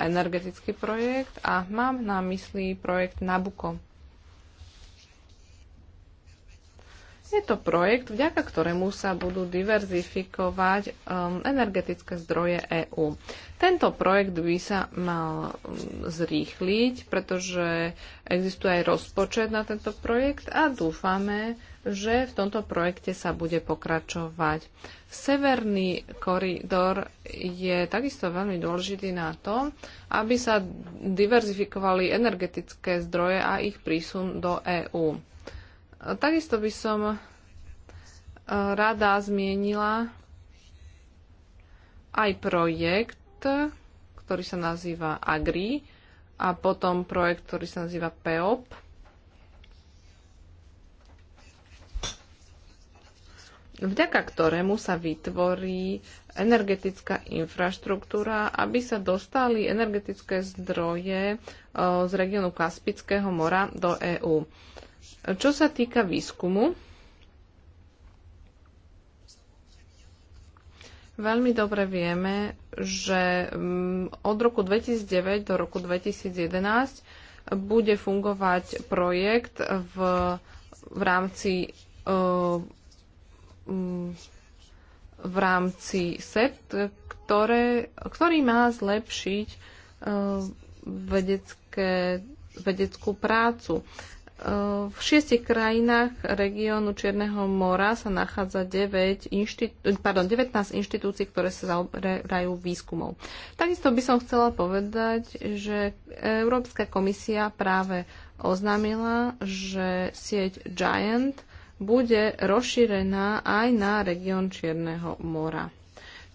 energetický projekt a mám na mysli projekt Nabucco. Je to projekt, vďaka ktorému sa budú diverzifikovať um, energetické zdroje EÚ. Tento projekt by sa mal um, zrýchliť, pretože existuje aj rozpočet na tento projekt a dúfame, že v tomto projekte sa bude pokračovať. Severný koridor je takisto veľmi dôležitý na to, aby sa diverzifikovali energetické zdroje a ich prísun do EÚ. Takisto by som e, rada zmienila aj projekt, ktorý sa nazýva Agri a potom projekt, ktorý sa nazýva PEOP. vďaka ktorému sa vytvorí energetická infraštruktúra, aby sa dostali energetické zdroje e, z regiónu Kaspického mora do EÚ. Čo sa týka výskumu, Veľmi dobre vieme, že mm, od roku 2009 do roku 2011 bude fungovať projekt v, v rámci e, mm, v rámci SEP, ktoré, ktorý má zlepšiť e, vedecké, vedeckú prácu. V šiestich krajinách regiónu Čierneho mora sa nachádza 9 inštitú, pardon, 19 inštitúcií, ktoré sa zaoberajú výskumov. Takisto by som chcela povedať, že Európska komisia práve oznámila, že sieť Giant bude rozšírená aj na región Čierneho mora.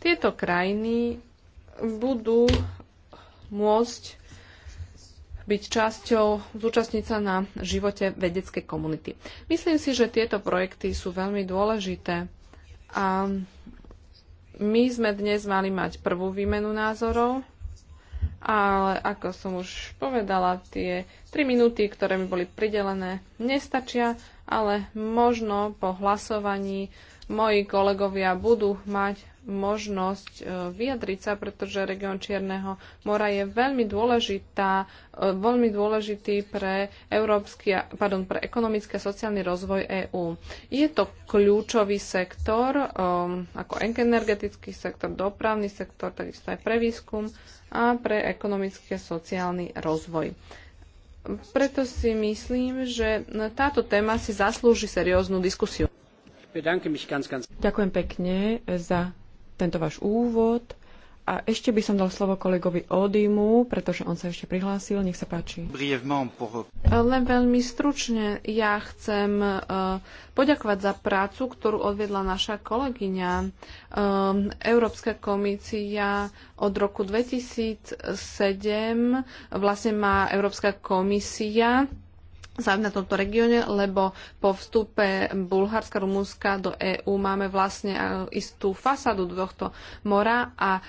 Tieto krajiny budú môcť byť časťou, zúčastniť sa na živote vedeckej komunity. Myslím si, že tieto projekty sú veľmi dôležité a my sme dnes mali mať prvú výmenu názorov, ale ako som už povedala, tie tri minúty, ktoré mi boli pridelené, nestačia, ale možno po hlasovaní moji kolegovia budú mať možnosť e, vyjadriť sa, pretože región Čierneho mora je veľmi dôležitá, e, veľmi dôležitý pre, európsky, pardon, pre ekonomický a sociálny rozvoj EÚ. Je to kľúčový sektor, e, ako energetický sektor, dopravný sektor, takisto aj pre výskum a pre ekonomický a sociálny rozvoj. Preto si myslím, že táto téma si zaslúži serióznu diskusiu. Ďakujem pekne za tento váš úvod. A ešte by som dal slovo kolegovi Odimu, pretože on sa ešte prihlásil. Nech sa páči. Len veľmi stručne ja chcem e, poďakovať za prácu, ktorú odvedla naša kolegyňa. E, Európska komícia od roku 2007 vlastne má Európska komisia záujem na tomto regióne, lebo po vstupe Bulharska, Rumúnska do EÚ máme vlastne e, istú fasádu tohto mora a e,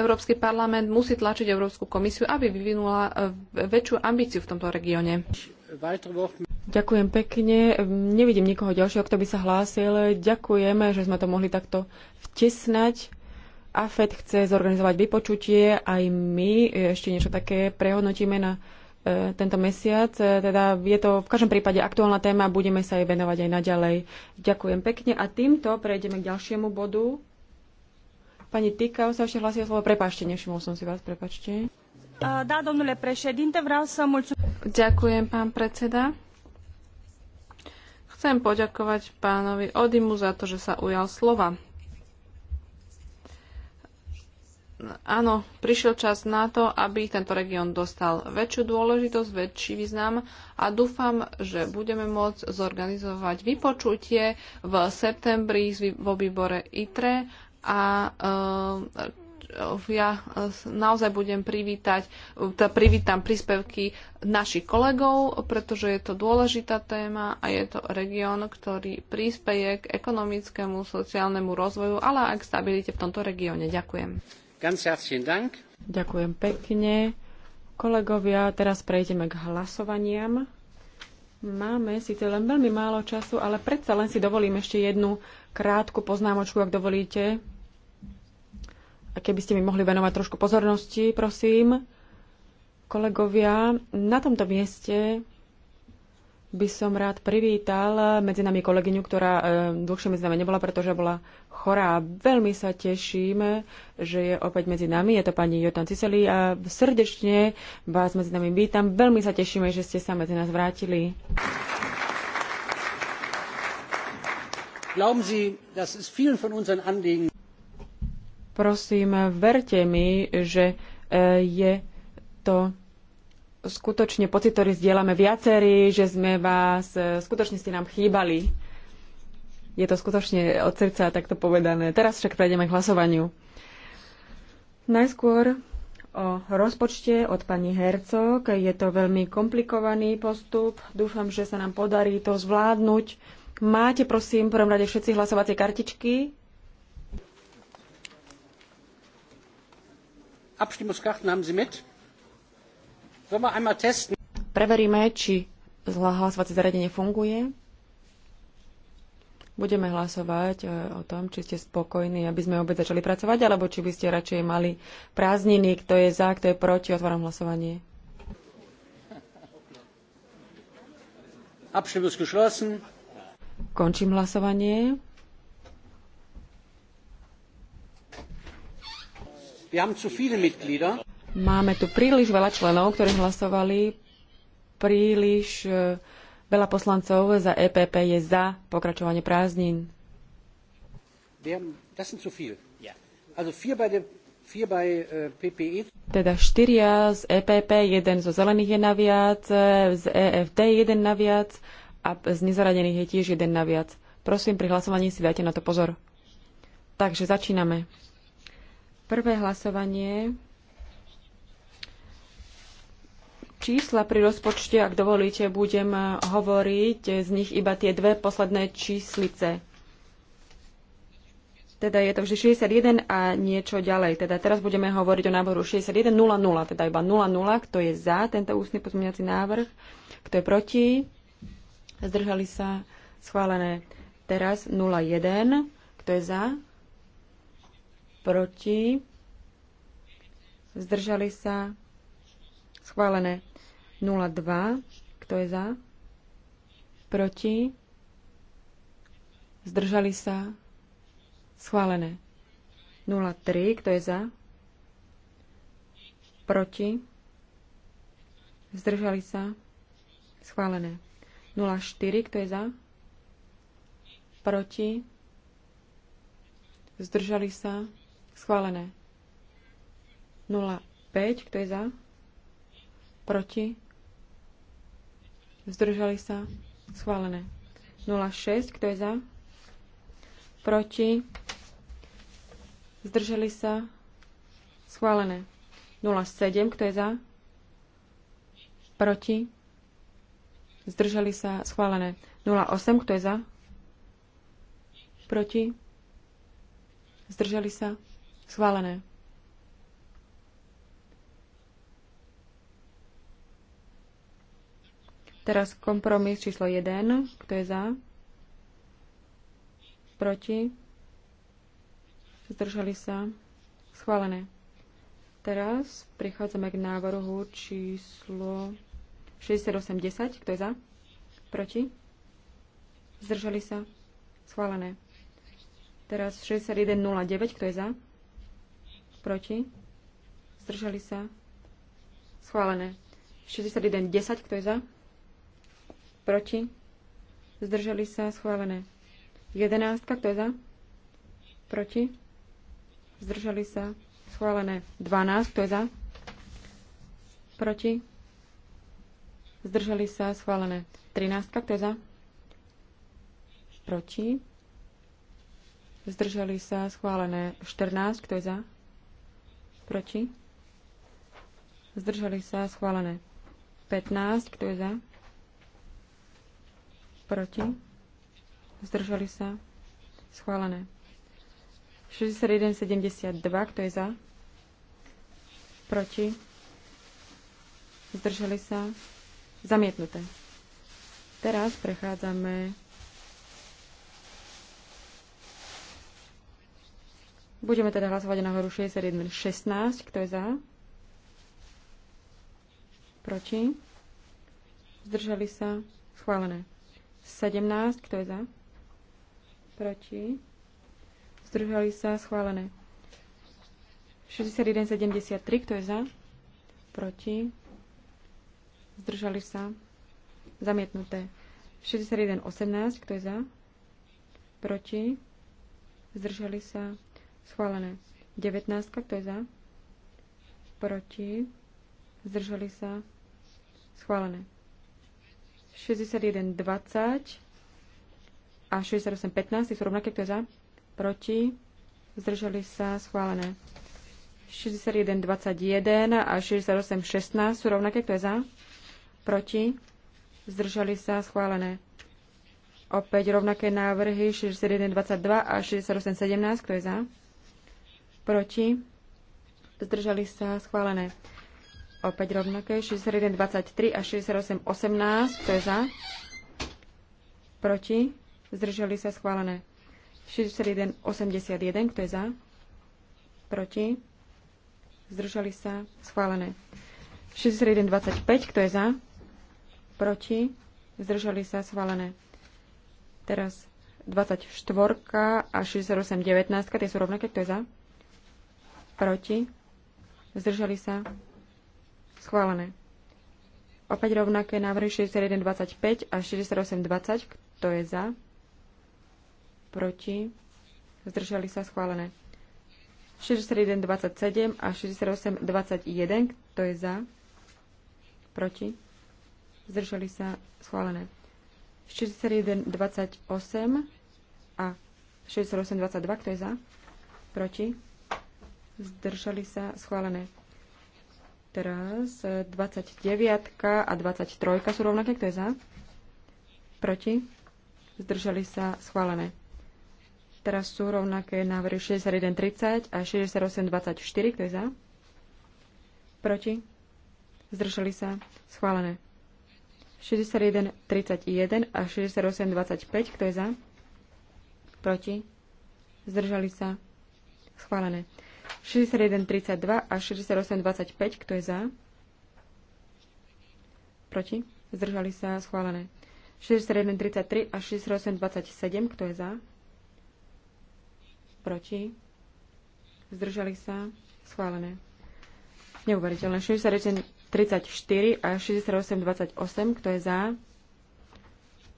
Európsky parlament musí tlačiť Európsku komisiu, aby vyvinula e, väčšiu ambíciu v tomto regióne. Ďakujem pekne. Nevidím nikoho ďalšieho, kto by sa hlásil. Ďakujeme, že sme to mohli takto vtesnať. AFED chce zorganizovať vypočutie, aj my ešte niečo také prehodnotíme na E, tento mesiac. E, teda je to v každom prípade aktuálna téma, budeme sa jej venovať aj naďalej. Ďakujem pekne a týmto prejdeme k ďalšiemu bodu. Pani Tikau sa ešte hlasí o slovo. Prepašte, nevšimol som si vás, prepačte. E, da, domnule președinte, vreau să mulțumesc. Ďakujem, pán predseda. Chcem poďakovať pánovi Odimu za to, že sa ujal slova. áno, prišiel čas na to, aby tento región dostal väčšiu dôležitosť, väčší význam a dúfam, že budeme môcť zorganizovať vypočutie v septembri vo výbore ITRE a uh, ja naozaj budem privítať, privítam príspevky našich kolegov, pretože je to dôležitá téma a je to región, ktorý príspeje k ekonomickému, sociálnemu rozvoju, ale aj k stabilite v tomto regióne. Ďakujem. Ďakujem pekne. Kolegovia, teraz prejdeme k hlasovaniam. Máme síce len veľmi málo času, ale predsa len si dovolím ešte jednu krátku poznámočku, ak dovolíte. A keby ste mi mohli venovať trošku pozornosti, prosím. Kolegovia, na tomto mieste by som rád privítal medzi nami kolegyňu, ktorá e, dlhšie medzi nami nebola, pretože bola chorá. Veľmi sa teším, že je opäť medzi nami. Je to pani Jotan Ciseli a srdečne vás medzi nami vítam. Veľmi sa tešíme, že ste sa medzi nás vrátili. Glauben Sie, das ist vielen von unseren Anliegen. Prosím, verte mi, že e, je to skutočne pocit, ktorý zdieľame viacerí, že sme vás, e, skutočne ste nám chýbali. Je to skutočne od srdca takto povedané. Teraz však prejdeme k hlasovaniu. Najskôr o rozpočte od pani Hercog. Je to veľmi komplikovaný postup. Dúfam, že sa nám podarí to zvládnuť. Máte, prosím, v prvom rade všetci hlasovacie kartičky? Abstimmungskarten haben Sie mit? Preveríme, či hlasovacie zariadenie funguje. Budeme hlasovať e, o tom, či ste spokojní, aby sme opäť začali pracovať, alebo či by ste radšej mali prázdniny, kto je za, kto je proti. Otváram hlasovanie. Končím hlasovanie. Wir haben zu viele Mitglieder. Máme tu príliš veľa členov, ktorí hlasovali, príliš e, veľa poslancov za EPP je za pokračovanie prázdnin. Äh, e. Teda štyria z EPP, jeden zo zelených je naviac, e, z EFD jeden naviac a z nezaradených je tiež jeden naviac. Prosím, pri hlasovaní si dajte na to pozor. Takže začíname. Prvé hlasovanie čísla pri rozpočte, ak dovolíte, budem hovoriť z nich iba tie dve posledné číslice. Teda je to vždy 61 a niečo ďalej. Teda teraz budeme hovoriť o náboru 61 00, teda iba 00, kto je za tento ústny pozmeňací návrh, kto je proti, zdržali sa schválené. Teraz 01, kto je za, proti, zdržali sa schválené. 02. Kto je za? Proti? Zdržali sa? Schválené. 03. Kto je za? Proti? Zdržali sa? Schválené. 04. Kto je za? Proti? Zdržali sa? Schválené. 05. Kto je za? Proti? Zdržali sa? Schválené. 06. Kto je za? Proti? Zdržali sa? Schválené. 07. Kto je za? Proti? Zdržali sa? Schválené. 08. Kto je za? Proti? Zdržali sa? Schválené. Teraz kompromis číslo 1. Kto je za? Proti? Zdržali sa? Schválené. Teraz prichádzame k návrhu číslo 6810. Kto je za? Proti? Zdržali sa? Schválené. Teraz 6109. Kto je za? Proti? Zdržali sa? Schválené. 6110. Kto je za? Proti? Zdrželi sa schválené. Jedenáctka, kto je za? Proti? Zdrželi sa schválené. Dvanáct, kto je za? Proti? Zdrželi sa schválené. Trináctka, kto je za? Proti? Zdrželi sa schválené. 14, kto je za? Proti? Zdrželi sa schválené. 15, kto je za? proti, zdržali sa, schválené. 61,72, kto je za, proti, zdržali sa, zamietnuté. Teraz prechádzame Budeme teda hlasovať na horu 61.16. Kto je za? Proti? Zdržali sa? Schválené. 17, kto je za? Proti? Zdržali sa schválené. 61,73, kto je za? Proti? Zdržali sa? Zamietnuté. 61,18, kto je za? Proti? Zdržali sa? Schválené. 19, kto je za? Proti? Zdržali sa? Schválené. 61.20 a 68.15, sú rovnaké, kto je za, proti, zdržali sa, schválené. 61.21 a 68.16 sú rovnaké, kto je za, proti, zdržali sa, schválené. Opäť rovnaké návrhy 61.22 a 68.17, kto je za, proti, zdržali sa, schválené opäť rovnaké, 61, 23 a 68, 18, kto je za, proti, zdržali sa schválené. 61, 81, kto je za, proti, zdržali sa schválené. 61, 25, kto je za, proti, zdržali sa schválené. Teraz 24 a 68, 19, tie sú rovnaké, kto je za, proti, zdržali sa Schválené. Opäť rovnaké návrhy 61.25 a 68.20. Kto je za? Proti? Zdržali sa schválené. 61.27 a 68.21. Kto je za? Proti? Zdržali sa schválené. 61.28 a 68.22. Kto je za? Proti? Zdržali sa schválené. Teraz 29 e, a 23 sú rovnaké. Kto je za? Proti? Zdržali sa schválené. Teraz sú rovnaké návrhy 61.30 a 68.24. Kto je za? Proti? Zdržali sa schválené. 61.31 a 68.25. Kto je za? Proti? Zdržali sa schválené. 61.32 a 68.25, kto je za? Proti? Zdržali sa schválené. 61.33 a 68.27, kto je za? Proti? Zdržali sa schválené. Neuveriteľné. 61.34 a 68.28, kto je za?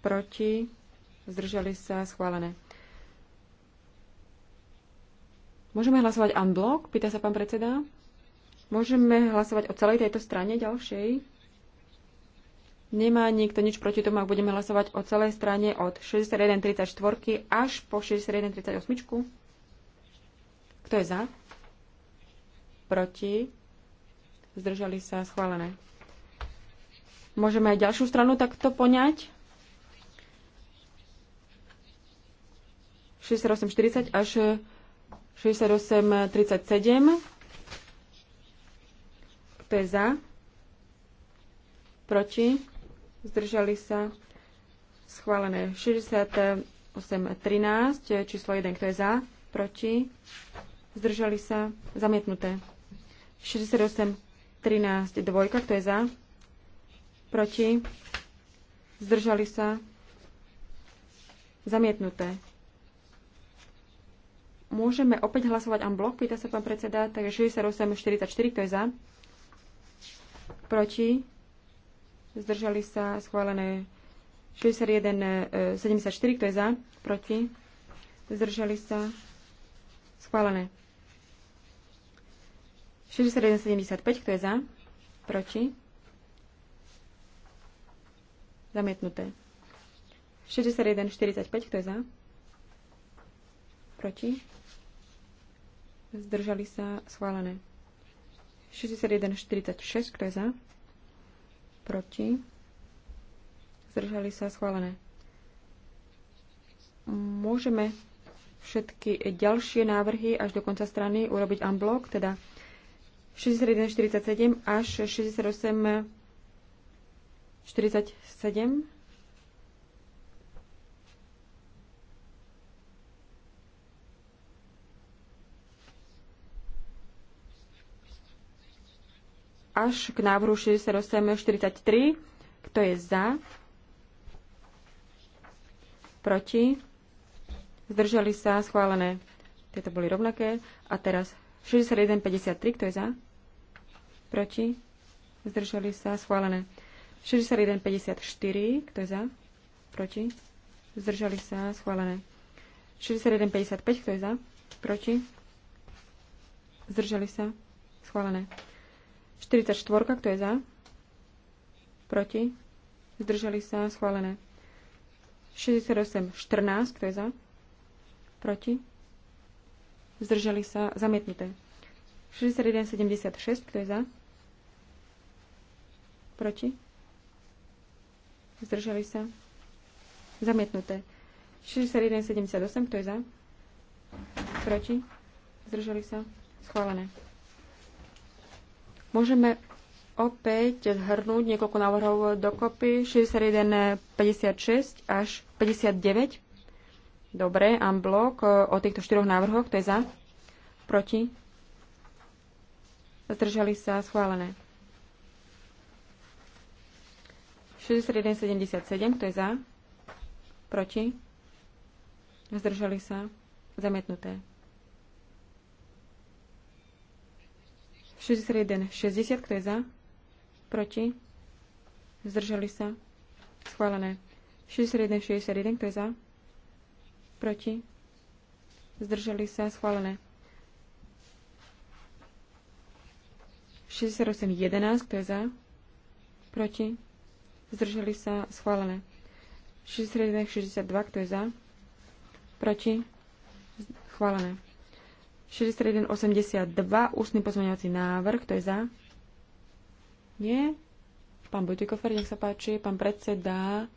Proti? Zdržali sa schválené. Môžeme hlasovať unblock? Pýta sa pán predseda. Môžeme hlasovať o celej tejto strane ďalšej? Nemá nikto nič proti tomu, ak budeme hlasovať o celej strane od 61.34 až po 61.38? Kto je za? Proti? Zdržali sa schválené. Môžeme aj ďalšiu stranu takto poňať? 68.40 až 68, 37. Kto je za? Proti? Zdržali sa? Schválené 68, 68-13. Číslo 1. Kto je za? Proti? Zdržali sa? Zamietnuté. 68, 68-13. Dvojka. Kto je za? Proti? Zdržali sa? Zamietnuté. Môžeme opäť hlasovať en bloc, pýta sa pán predseda, takže 68, 44, kto je za? Proti? Zdržali sa schválené 61, 74, eh, kto je za? Proti? Zdržali sa schválené 61, 75, kto je za? Proti? Zamietnuté. 61, 45, kto je za? Proti? zdržali sa, schválené. 61,46, kto je za? Proti. Zdržali sa, schválené. Môžeme všetky ďalšie návrhy až do konca strany urobiť unblock, teda 61,47 až 68,47. až k návrhu 6843. Kto je za? Proti? Zdržali sa schválené. Tieto boli rovnaké. A teraz 6153. Kto je za? Proti? Zdržali sa schválené. 6154. Kto je za? Proti? Zdržali sa schválené. 6155. Kto je za? Proti? Zdržali sa schválené. 44, kto je za? Proti? Zdržali sa? Schválené. 68, 14, kto je za? Proti? Zdržali sa? Zamietnuté. 61, 76, kto je za? Proti? Zdržali sa? Zamietnuté. 61, 78, kto je za? Proti? Zdržali sa? Schválené. Môžeme opäť zhrnúť niekoľko návrhov dokopy. 61, 56 až 59. Dobre, amblok e, o týchto štyroch návrhoch. Kto je za? Proti? Zdržali sa schválené. 61,77. Kto je za? Proti? Zdržali sa? Zamietnuté. 61, 60, kto je za? Proti? Zdržali sa? Schválené. 61, 61, kto je za? Proti? Zdržali sa? Schválené. 68, 11, kto je za? Proti? Zdržali sa? Schválené. 61, 62, kto je za? Proti? Schválené. 4182, ústny pozmeňovací návrh, kto je za? Nie? Pán Bojtykofer, nech sa páči, pán predseda.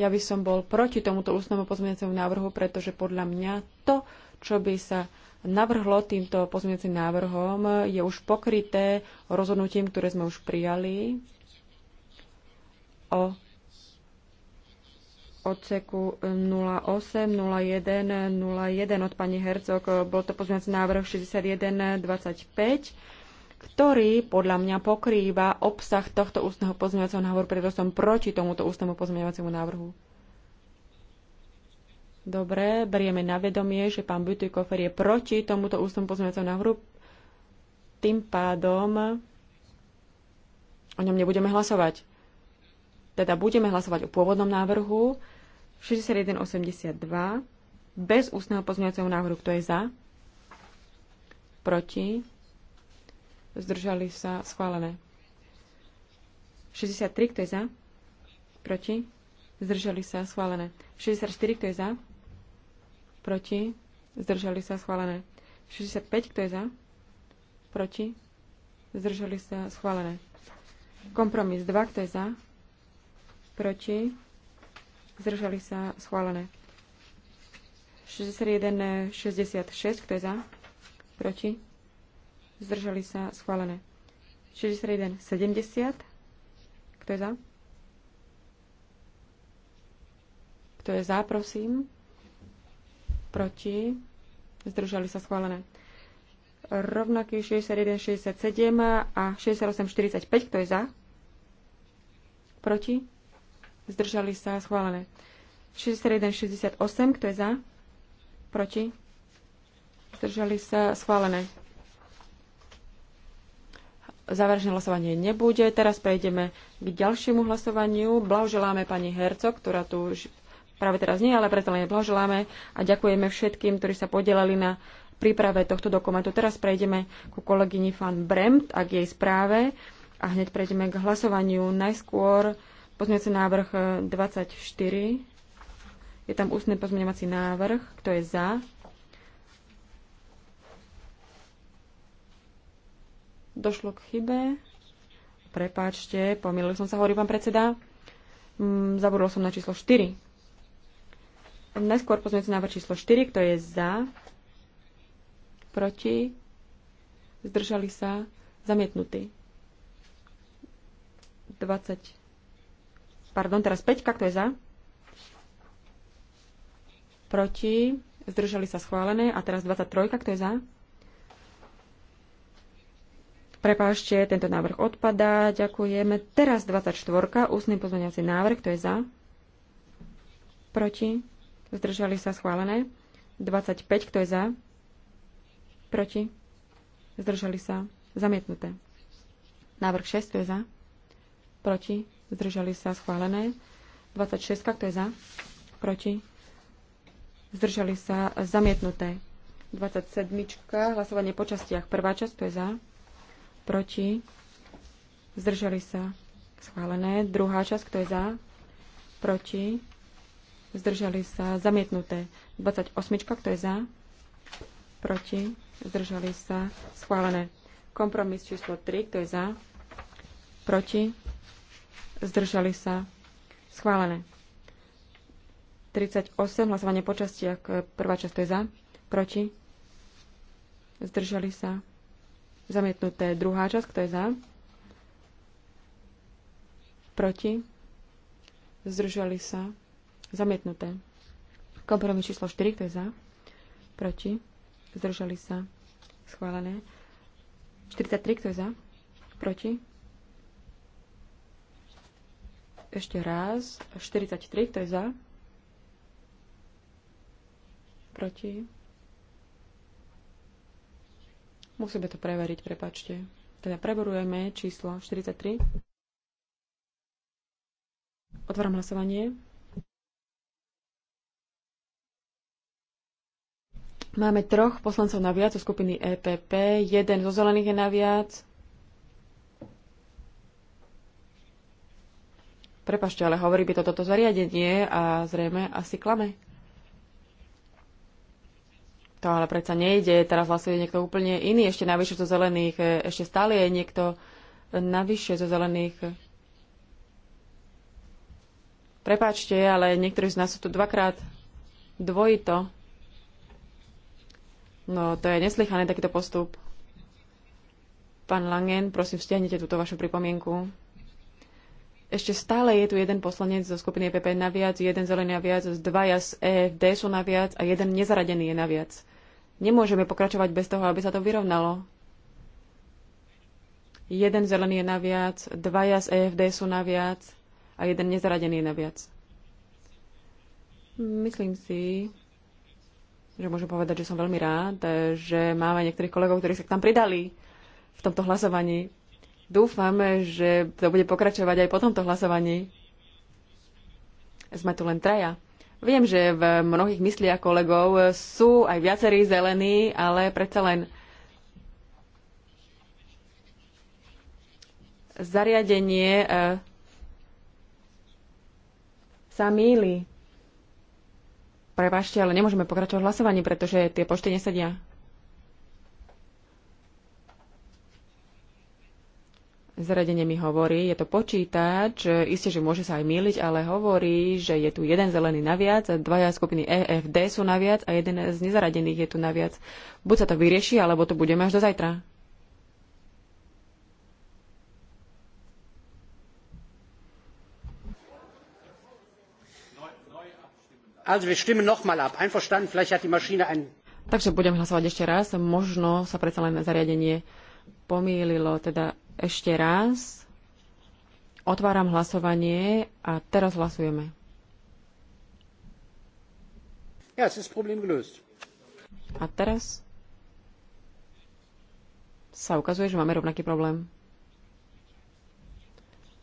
Ja by som bol proti tomuto ústnemu pozmeňovacímu návrhu, pretože podľa mňa to, čo by sa navrhlo týmto pozmeňovacím návrhom, je už pokryté rozhodnutím, ktoré sme už prijali o odseku 080101 od pani Hercog. Bol to pozmeňací návrh 6125, ktorý podľa mňa pokrýva obsah tohto ústneho pozmeňovacieho návrhu, preto som proti tomuto ústnemu pozmeňovaciemu návrhu. Dobre, berieme na vedomie, že pán Butikofer je proti tomuto ústnemu pozmeňovaciemu návrhu. Tým pádom o ňom nebudeme hlasovať. Teda budeme hlasovať o pôvodnom návrhu 6182 bez ústneho pozmeňovacieho návrhu. Kto je za? Proti? Zdržali sa? Schválené. 63, kto je za? Proti? Zdržali sa? Schválené. 64, kto je za? Proti? Zdržali sa? Schválené. 65, kto je za? Proti? Zdržali sa? Schválené. Kompromis 2, kto je za? proti, zdržali sa schválené. 61, 66, kto je za, proti, zdržali sa schválené. 61, 70, kto je za? Kto je za, prosím? Proti? Zdržali sa schválené. Rovnaký 61, 67 a 68, 45, kto je za? Proti? zdržali sa, schválené. 61, 68, kto je za, proti, zdržali sa, schválené. Záverečné hlasovanie nebude. Teraz prejdeme k ďalšiemu hlasovaniu. Blahoželáme pani Herco, ktorá tu už práve teraz nie, ale preto len blahoželáme a ďakujeme všetkým, ktorí sa podielali na príprave tohto dokumentu. Teraz prejdeme ku kolegyni Fan Bremt a k jej správe a hneď prejdeme k hlasovaniu. Najskôr Pozmeňovací návrh 24. E, je tam ústny pozmeňovací návrh. Kto je za? Došlo k chybe. Prepáčte, pomýlil som sa, hovorí pán predseda. Mm, zabudol som na číslo 4. Najskôr pozmeňujúci návrh číslo 4, kto je za, proti, zdržali sa, zamietnutý. 20 pardon, teraz 5, kto je za? Proti, zdržali sa schválené. A teraz 23, kto je za? Prepášte, tento návrh odpadá. Ďakujeme. Teraz 24. Ústny pozmeňovací návrh. Kto je za? Proti? Zdržali sa schválené. 25. Kto je za? Proti? Zdržali sa. Zamietnuté. Návrh 6. Kto je za? Proti? zdržali sa schválené. 26, kto je za, proti, zdržali sa zamietnuté. 27, hlasovanie po častiach. Prvá časť, to je za, proti, zdržali sa schválené. Druhá časť, kto je za, proti, zdržali sa zamietnuté. 28, kto je za, proti, zdržali sa schválené. Kompromis číslo 3, kto je za, proti, zdržali sa, schválené. 38, hlasovanie po ak e, prvá časť to je za, proti, zdržali sa, zamietnuté. Druhá časť, kto je za, proti, zdržali sa, zamietnuté. Kompromis číslo 4, kto je za, proti, zdržali sa, schválené. 43, kto je za, proti, ešte raz. 43, kto je za? Proti? Musíme to preveriť, prepačte. Teda preborujeme číslo 43. Otváram hlasovanie. Máme troch poslancov na viac zo skupiny EPP, jeden zo zelených je na viac, Prepašte, ale hovorí by to toto zariadenie a zrejme asi klame. To ale predsa nejde, teraz hlasuje niekto úplne iný, ešte navyše zo zelených, ešte stále je niekto navyše zo zelených. Prepačte, ale niektorí z nás sú tu dvakrát dvojito. No, to je neslychané takýto postup. Pán Langen, prosím, stiahnite túto vašu pripomienku. Ešte stále je tu jeden poslanec zo skupiny EPP naviac, jeden zelený naviac, dvaja z EFD sú naviac a jeden nezaradený je naviac. Nemôžeme pokračovať bez toho, aby sa to vyrovnalo. Jeden zelený je naviac, dvaja z EFD sú naviac a jeden nezaradený je naviac. Myslím si, že môžem povedať, že som veľmi rád, že máme niektorých kolegov, ktorí sa k tam pridali v tomto hlasovaní. Dúfame, že to bude pokračovať aj po tomto hlasovaní. Sme tu len traja. Viem, že v mnohých mysliach kolegov sú aj viacerí zelení, ale predsa len zariadenie eh, sa míli. Prepašte, ale nemôžeme pokračovať hlasovaní, pretože tie počty nesedia. Zariadenie mi hovorí, je to počítač, isté, že môže sa aj míliť, ale hovorí, že je tu jeden zelený naviac, dvaja skupiny EFD sú naviac a jeden z nezaradených je tu naviac. Buď sa to vyrieši, alebo to budeme až do zajtra. Also wir stimmen nochmal ab. Einverstanden, vielleicht hat die Maschine ein... Takže budem hlasovať ešte raz. Možno sa predsa len zariadenie pomýlilo, teda ešte raz. Otváram hlasovanie a teraz hlasujeme. Ja, es ist Problem gelöst. A teraz sa ukazuje, že máme rovnaký problém.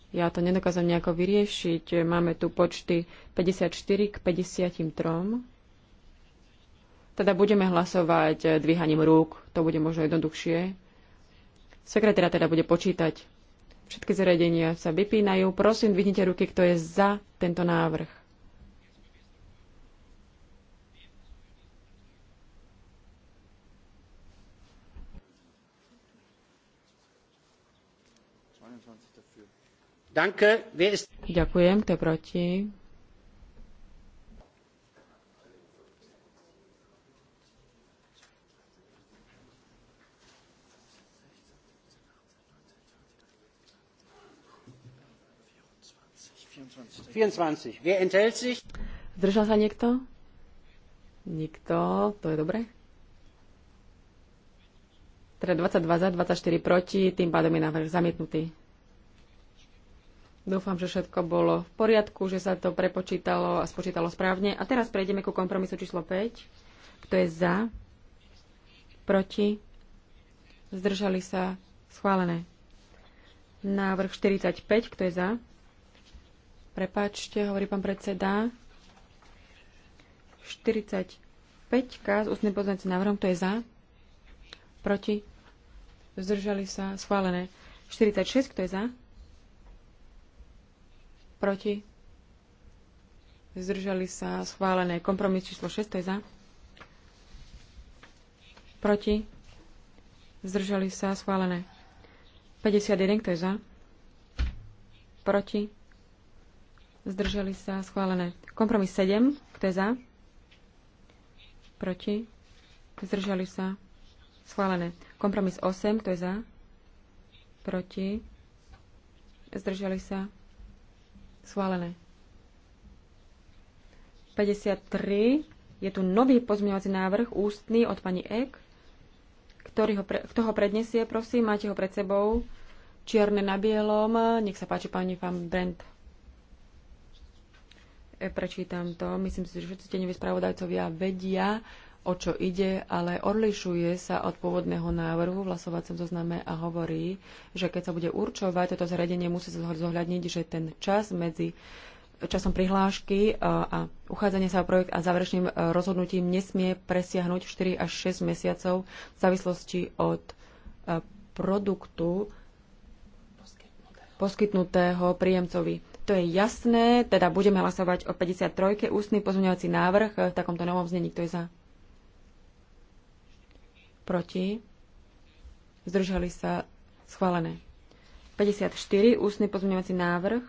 Ja to nedokázam nejako vyriešiť. Máme tu počty 54 k 53. Teda budeme hlasovať dvíhaním rúk. To bude možno jednoduchšie. Sekretária teda bude počítať. Všetky zariadenia sa vypínajú. Prosím, dvihnite ruky, kto je za tento návrh. Ďakujem, kto je proti. Zdržal sa niekto? Nikto. To je dobre. Teda 22 za, 24 proti, tým pádom je návrh zamietnutý. Dúfam, že všetko bolo v poriadku, že sa to prepočítalo a spočítalo správne. A teraz prejdeme ku kompromisu číslo 5. Kto je za? Proti? Zdržali sa? Schválené. Návrh 45. Kto je za? Prepáčte, hovorí pán predseda. 45 s ústnym poznacím návrhom, to je za. Proti? Zdržali sa? Schválené. 46, kto je za? Proti? Zdržali sa? Schválené. Kompromis číslo 6, to je za? Proti? Zdržali sa? Schválené. 51, kto je za? Proti? Zdržali sa schválené. Kompromis 7. Kto je za? Proti? Zdržali sa schválené. Kompromis 8. Kto je za? Proti? Zdržali sa schválené. 53. Je tu nový pozmeňovací návrh, ústny od pani Ek. Ktorý ho pre, kto ho predniesie, prosím, máte ho pred sebou. Čierne na bielom. Nech sa páči, pani Van Brent. E, prečítam to. Myslím si, že všetci tenoví spravodajcovia vedia, o čo ide, ale odlišuje sa od pôvodného návrhu v hlasovacom zozname a hovorí, že keď sa bude určovať toto zariadenie, musí sa zohľadniť, že ten čas medzi časom prihlášky e, a uchádzania sa o projekt a záverečným e, rozhodnutím nesmie presiahnuť 4 až 6 mesiacov v závislosti od produktu poskytnutého príjemcovi. To je jasné, teda budeme hlasovať o 53. ústny pozmeňovací návrh v takomto novom znení. Kto je za? Proti? Zdržali sa? Schválené. 54. Ústny pozmeňovací návrh.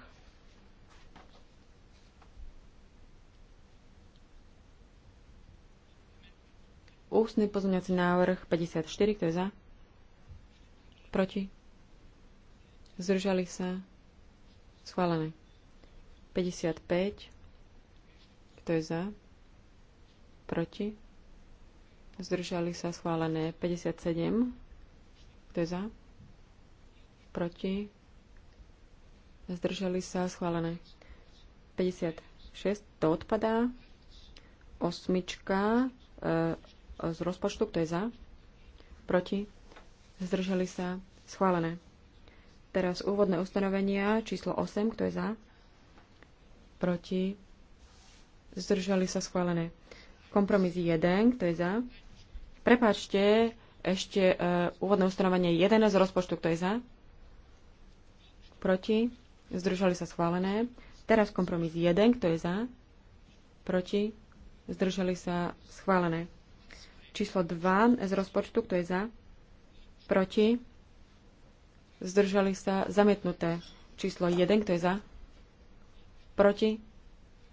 Ústny pozmeňovací návrh 54. Kto je za? Proti? Zdržali sa? Schválené. 55. Kto je za? Proti? Zdržali sa schválené 57. Kto je za? Proti? Zdržali sa schválené 56. To odpadá. Osmička e, z rozpočtu. Kto je za? Proti? Zdržali sa schválené. Teraz úvodné ustanovenia číslo 8. Kto je za? proti, zdržali sa schválené. Kompromis 1, kto je za? Prepačte, ešte uh, úvodné ustanovenie 1 z rozpočtu, kto je za? Proti, zdržali sa schválené. Teraz kompromis 1, kto je za? Proti, zdržali sa schválené. Číslo 2 z rozpočtu, kto je za? Proti, zdržali sa zamietnuté. Číslo 1, kto je za? proti,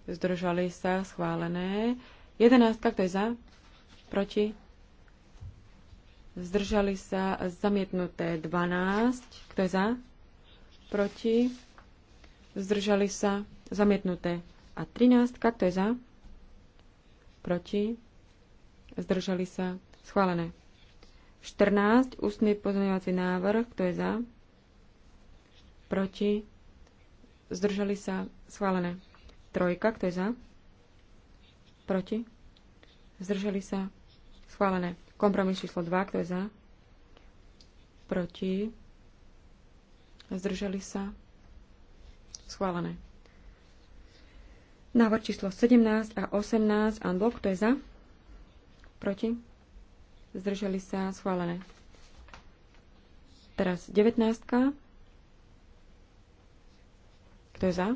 zdržali sa, schválené. Jedenáctka, kto je za, proti, zdržali sa, zamietnuté. 12, kto je za, proti, zdržali sa, zamietnuté. A 13, kto je za, proti, zdržali sa, schválené. 14, ústny pozmeňovací návrh, kto je za, proti, zdržali sa, Schválené. Trojka, kto je za? Proti? Zdržali sa? Schválené. Kompromis číslo 2, kto je za? Proti? Zdržali sa? Schválené. Návrh číslo 17 a 18 a blok, kto je za? Proti? Zdržali sa? Schválené. Teraz 19. Kto je za?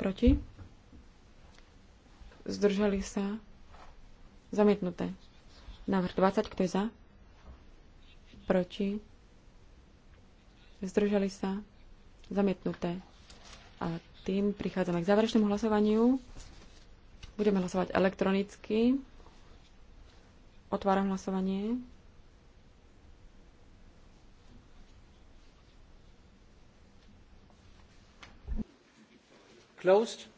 Proti? Zdržali sa? Zamietnuté. Návrh 20, kto je za? Proti? Zdržali sa? Zamietnuté. A tým prichádzame k záverečnému hlasovaniu. Budeme hlasovať elektronicky. Otváram hlasovanie. Closed.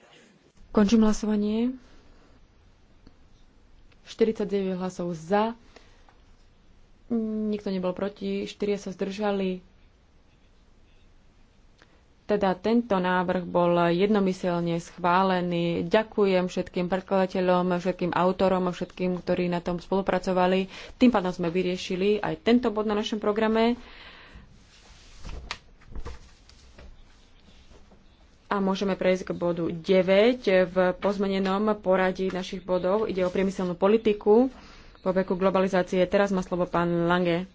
Končím hlasovanie. 49 hlasov za. Nikto nebol proti. 4 sa zdržali. Teda tento návrh bol jednomyselne schválený. Ďakujem všetkým predkladateľom, všetkým autorom, všetkým, ktorí na tom spolupracovali. Tým pádom sme vyriešili aj tento bod na našom programe. A môžeme prejsť k bodu 9 v pozmenenom poradí našich bodov. Ide o priemyselnú politiku po veku globalizácie. Teraz má slovo pán Lange.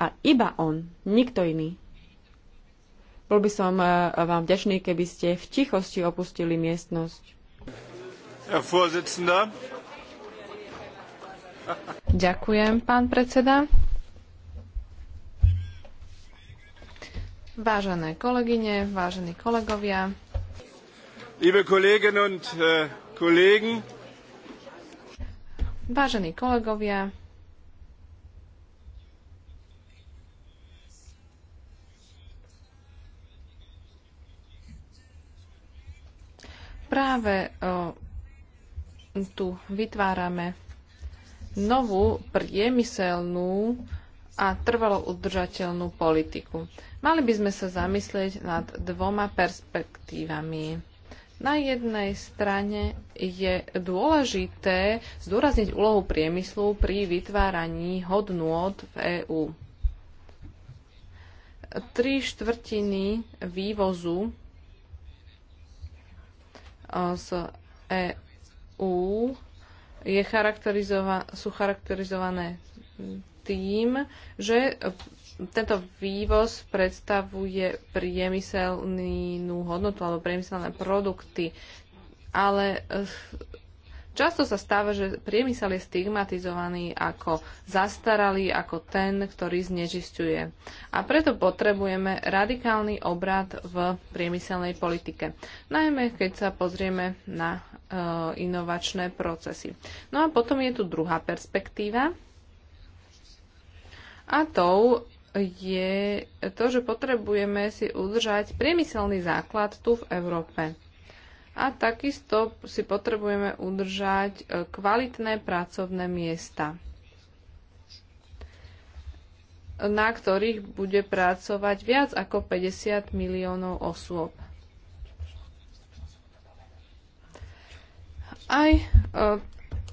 A iba on, nikto iný. Bol by som e, vám vďačný, keby ste v tichosti opustili miestnosť. Ďakujem, pán predseda. Vážené kolegyne, vážení kolegovia, Liebe Kolleginnen und äh, Kollegen, Vážení kolegovia, práve tu vytvárame novú priemyselnú a trvalo udržateľnú politiku. Mali by sme sa zamyslieť nad dvoma perspektívami. Na jednej strane je dôležité zdôrazniť úlohu priemyslu pri vytváraní hodnôt v EÚ. Tri štvrtiny vývozu e, z EÚ je charakterizova- sú charakterizované tým, že tento vývoz predstavuje priemyselnú hodnotu alebo priemyselné produkty, ale eh, často sa stáva, že priemysel je stigmatizovaný ako zastaralý, ako ten, ktorý znežisťuje. A preto potrebujeme radikálny obrad v priemyselnej politike, najmä keď sa pozrieme na e, inovačné procesy. No a potom je tu druhá perspektíva, a tou je to, že potrebujeme si udržať priemyselný základ tu v Európe. A takisto si potrebujeme udržať e, kvalitné pracovné miesta, na ktorých bude pracovať viac ako 50 miliónov osôb. Aj e,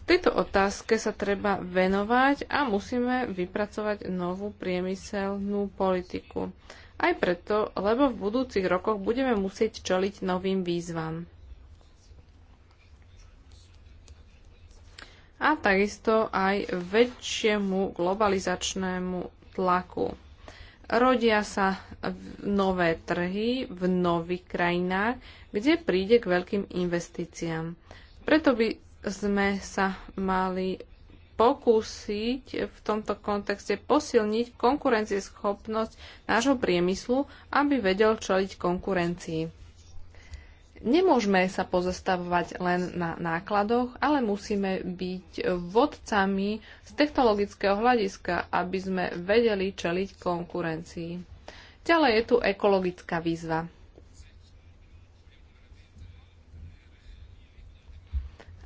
Tejto otázke sa treba venovať a musíme vypracovať novú priemyselnú politiku. Aj preto, lebo v budúcich rokoch budeme musieť čeliť novým výzvam. A takisto aj väčšiemu globalizačnému tlaku. Rodia sa nové trhy v nových krajinách, kde príde k veľkým investíciám. Preto by sme sa mali pokúsiť v tomto kontexte posilniť konkurencieschopnosť nášho priemyslu, aby vedel čeliť konkurencii. Nemôžeme sa pozastavovať len na nákladoch, ale musíme byť vodcami z technologického hľadiska, aby sme vedeli čeliť konkurencii. Ďalej je tu ekologická výzva.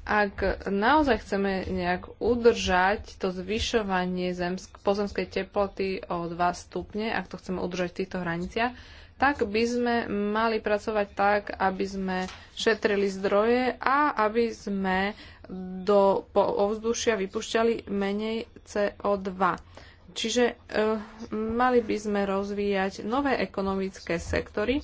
ak naozaj chceme nejak udržať to zvyšovanie zemsk- pozemskej teploty o 2 stupne, ak to chceme udržať v týchto hraniciach, tak by sme mali pracovať tak, aby sme šetrili zdroje a aby sme do po ovzdušia vypušťali menej CO2. Čiže e, mali by sme rozvíjať nové ekonomické sektory,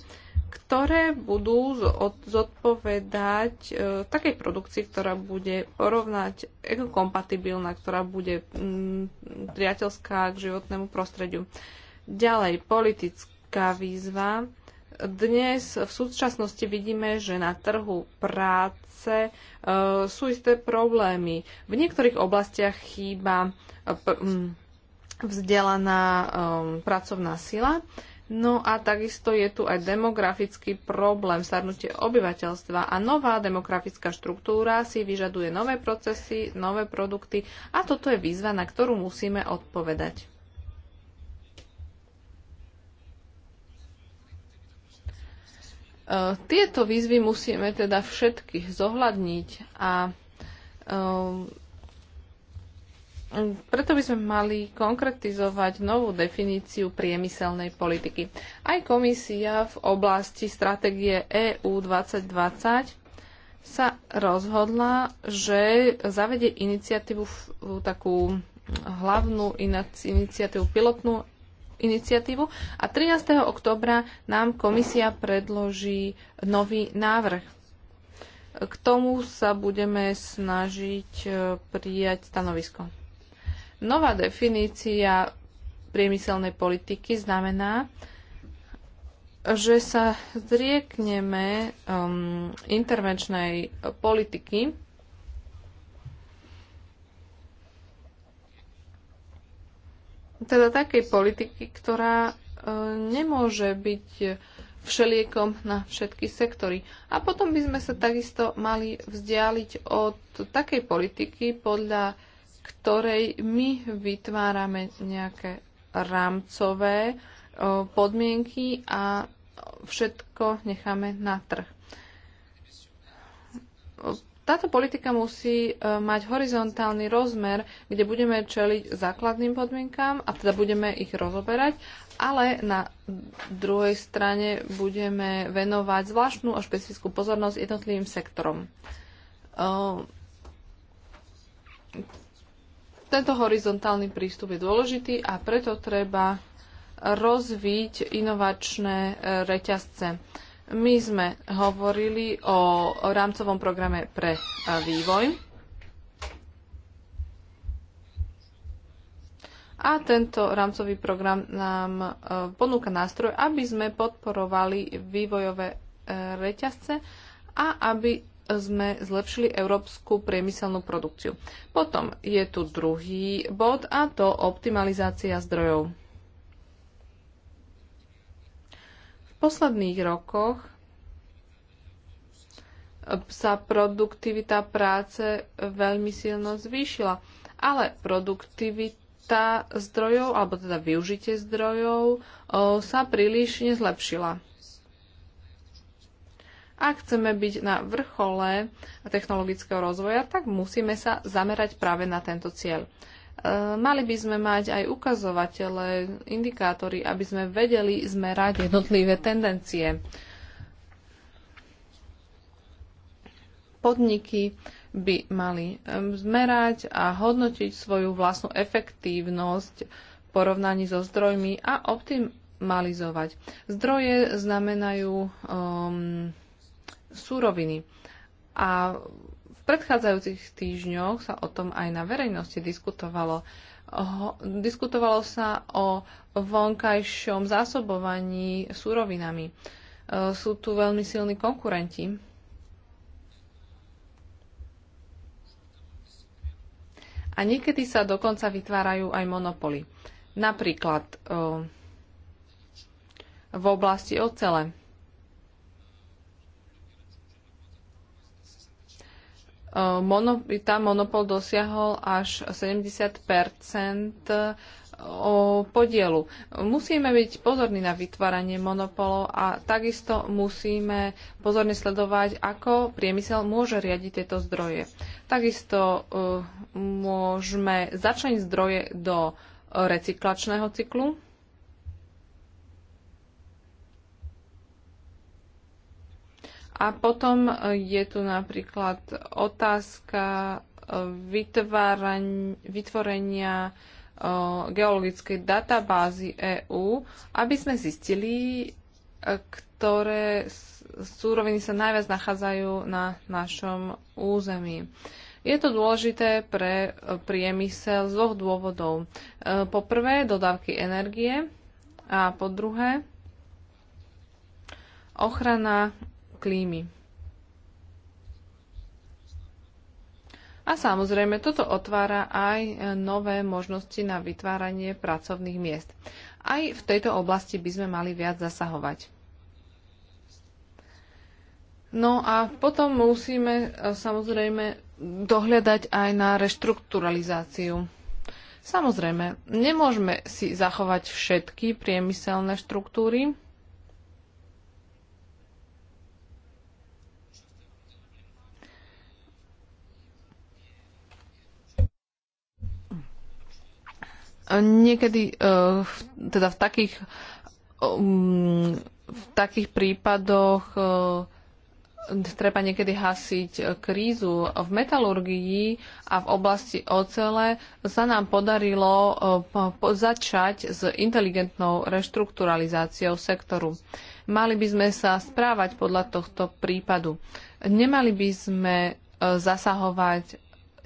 ktoré budú zodpovedať e, takej produkcii, ktorá bude porovnať ekokompatibilná, ktorá bude mm, priateľská k životnému prostrediu. Ďalej, politická výzva. Dnes v súčasnosti vidíme, že na trhu práce e, sú isté problémy. V niektorých oblastiach chýba e, p, m, mm, vzdelaná e, pracovná sila No a takisto je tu aj demografický problém, starnutie obyvateľstva a nová demografická štruktúra si vyžaduje nové procesy, nové produkty a toto je výzva, na ktorú musíme odpovedať. E, tieto výzvy musíme teda všetkých zohľadniť a e, preto by sme mali konkretizovať novú definíciu priemyselnej politiky. Aj komisia v oblasti stratégie EU 2020 sa rozhodla, že zavedie iniciatívu takú hlavnú iniciatívu, pilotnú iniciatívu a 13. oktobra nám komisia predloží nový návrh. K tomu sa budeme snažiť eh, prijať stanovisko. Nová definícia priemyselnej politiky znamená, že sa zriekneme um, intervenčnej politiky teda takej politiky, ktorá e, nemôže byť všeliekom na všetky sektory. A potom by sme sa takisto mali vzdialiť od takej politiky, podľa ktorej my vytvárame nejaké rámcové podmienky a všetko necháme na trh. Táto politika musí e, mať horizontálny rozmer, kde budeme čeliť základným podmienkám a teda budeme ich rozoberať, ale na druhej strane budeme venovať zvláštnu a špecifickú pozornosť jednotlivým sektorom e, tento horizontálny prístup je dôležitý a preto treba rozvíť inovačné e, reťazce. My sme hovorili o rámcovom programe pre e, vývoj. A tento rámcový program nám e, ponúka nástroj, aby sme podporovali vývojové reťazce a aby sme zlepšili európsku priemyselnú produkciu. Potom je tu druhý bod a to optimalizácia zdrojov. V posledných rokoch sa produktivita práce veľmi silno zvýšila, ale produktivita zdrojov, alebo teda využitie zdrojov, sa príliš nezlepšila. Ak chceme byť na vrchole technologického rozvoja, tak musíme sa zamerať práve na tento cieľ. E, mali by sme mať aj ukazovatele, indikátory, aby sme vedeli zmerať jednotlivé tendencie. Podniky by mali e, zmerať a hodnotiť svoju vlastnú efektívnosť v porovnaní so zdrojmi a optimalizovať. Zdroje znamenajú um, súroviny. A v predchádzajúcich týždňoch sa o tom aj na verejnosti diskutovalo. Ho, diskutovalo sa o vonkajšom zásobovaní súrovinami. E, sú tu veľmi silní konkurenti. A niekedy sa dokonca vytvárajú aj monopoly. Napríklad e, v oblasti ocele Eh, mono, tam monopol dosiahol až 70 eh, o podielu. Musíme byť pozorní na vytváranie monopolov a takisto musíme pozorne sledovať, ako priemysel môže riadiť tieto zdroje. Takisto uh, môžeme začať zdroje do recyklačného cyklu A potom e, je tu napríklad otázka e, vytvorenia e, geologickej databázy EÚ, aby sme zistili, ktoré súroviny sa najviac nachádzajú na našom území. Je to dôležité pre priemysel z dvoch dôvodov. Po prvé, dodávky energie a po druhé, ochrana klímy. A samozrejme, toto otvára aj nové možnosti na vytváranie pracovných miest. Aj v tejto oblasti by sme mali viac zasahovať. No a potom musíme e, samozrejme dohľadať aj na reštrukturalizáciu. Samozrejme, nemôžeme si zachovať všetky priemyselné štruktúry, Niekedy eh, teda v takých, um, v takých prípadoch eh, treba niekedy hasiť krízu. V metalurgii a v oblasti ocele sa nám podarilo eh, začať s inteligentnou reštrukturalizáciou sektoru. Mali by sme sa správať podľa tohto prípadu. Nemali by sme zasahovať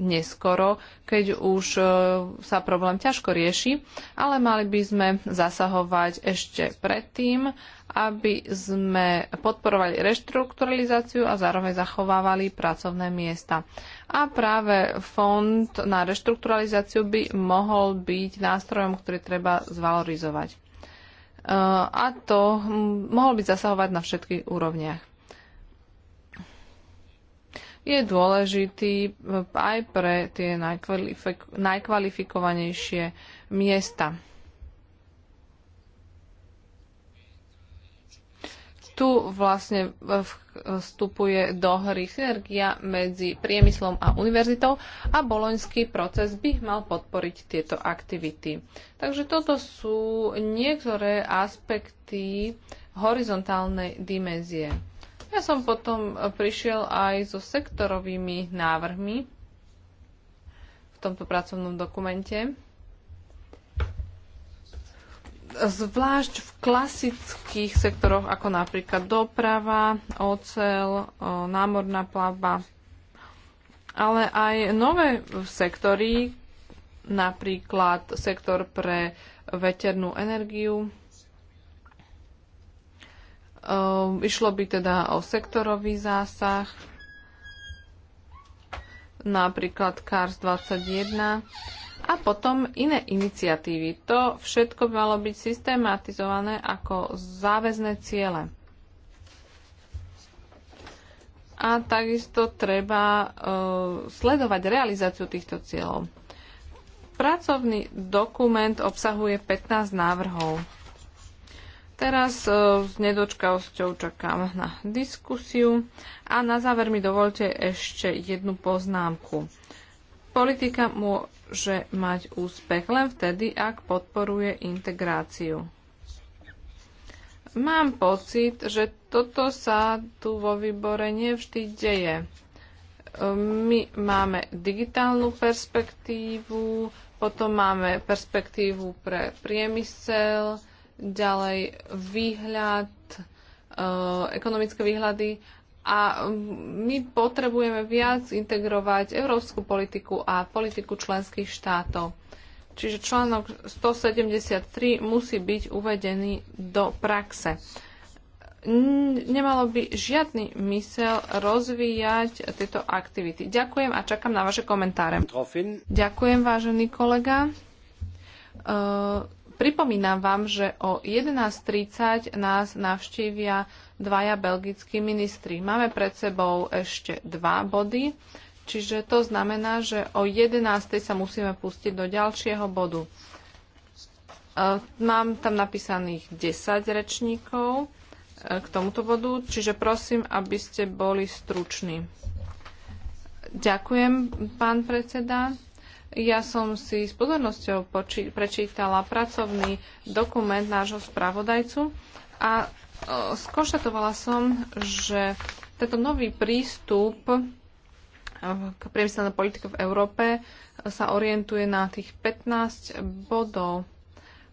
neskoro, keď už e, sa problém ťažko rieši, ale mali by sme zasahovať ešte predtým, aby sme podporovali reštrukturalizáciu a zároveň zachovávali pracovné miesta. A práve fond na reštrukturalizáciu by mohol byť nástrojom, ktorý treba zvalorizovať. E, a to mohol byť zasahovať na všetkých úrovniach je dôležitý eh, aj pre tie najkvalifik najkvalifikovanejšie miesta. Tu vlastne eh, vstupuje do hry synergia medzi priemyslom a univerzitou a boloňský proces by mal podporiť tieto aktivity. Takže toto sú niektoré aspekty horizontálnej dimenzie. Ja som potom prišiel aj so sektorovými návrhmi v tomto pracovnom dokumente. Zvlášť v klasických sektoroch, ako napríklad doprava, ocel, námorná plavba, ale aj nové sektory, napríklad sektor pre veternú energiu, Ehm, išlo by teda o sektorový zásah, napríklad CARS 21 a potom iné iniciatívy. To všetko by malo byť systematizované ako záväzné ciele. A takisto treba uh, sledovať realizáciu týchto cieľov. Pracovný dokument obsahuje 15 návrhov. Teraz e, s nedočkavosťou čakám na diskusiu a na záver mi dovolte ešte jednu poznámku. Politika môže mať úspech len vtedy, ak podporuje integráciu. Mám pocit, že toto sa tu vo výbore nevždy deje. E, my máme digitálnu perspektívu, potom máme perspektívu pre priemysel, ďalej výhľad, eh, ekonomické výhľady a my potrebujeme viac integrovať európsku politiku a politiku členských štátov. Čiže článok 173 musí byť uvedený do praxe. Nemalo by žiadny mysel rozvíjať tieto aktivity. Ďakujem a čakám na vaše komentáre. Ďakujem, vážený kolega. Eh, Pripomínam vám, že o 11.30 nás navštívia dvaja belgickí ministri. Máme pred sebou ešte dva body, čiže to znamená, že o 11.00 sa musíme pustiť do ďalšieho bodu. E, mám tam napísaných 10 rečníkov e, k tomuto bodu, čiže prosím, aby ste boli struční. Ďakujem, pán predseda. Ja som si s pozornosťou prečítala pracovný dokument nášho spravodajcu a e, skonštatovala som, že tento nový prístup e, k priemyselnej politike v Európe sa orientuje na tých 15 bodov.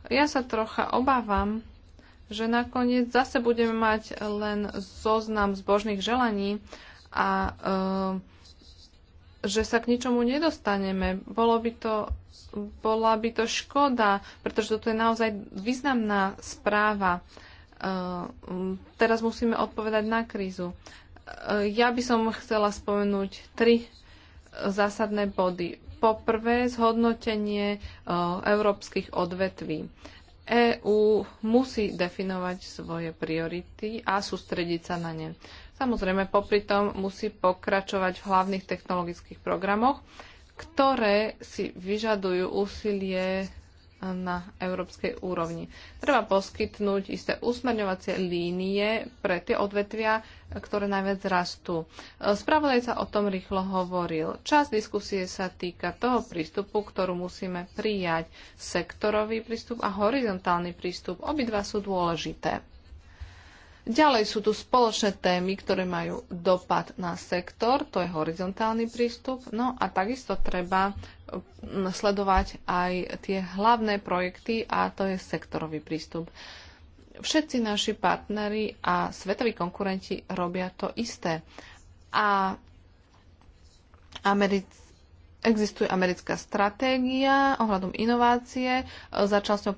Ja sa trocha obávam, že nakoniec zase budeme mať len zoznam zbožných želaní a e, že sa k ničomu nedostaneme. Bolo by to, bola by to škoda, pretože toto je naozaj významná správa. Uh, teraz musíme odpovedať na krízu. Uh, ja by som chcela spomenúť tri zásadné body. Poprvé, zhodnotenie uh, európskych odvetví. EÚ musí definovať svoje priority a sústrediť sa na ne. Samozrejme, popri tom musí pokračovať v hlavných technologických programoch, ktoré si vyžadujú úsilie na európskej úrovni. Treba poskytnúť isté usmerňovacie línie pre tie odvetvia, ktoré najviac rastú. Spravodaj sa o tom rýchlo hovoril. Čas diskusie sa týka toho prístupu, ktorú musíme prijať. Sektorový prístup a horizontálny prístup. Obidva sú dôležité. Ďalej sú tu spoločné témy, ktoré majú dopad na sektor, to je horizontálny prístup, no a takisto treba sledovať aj tie hlavné projekty a to je sektorový prístup. Všetci naši partneri a svetoví konkurenti robia to isté. A Americ- Existuje americká stratégia ohľadom inovácie. Začal s ňou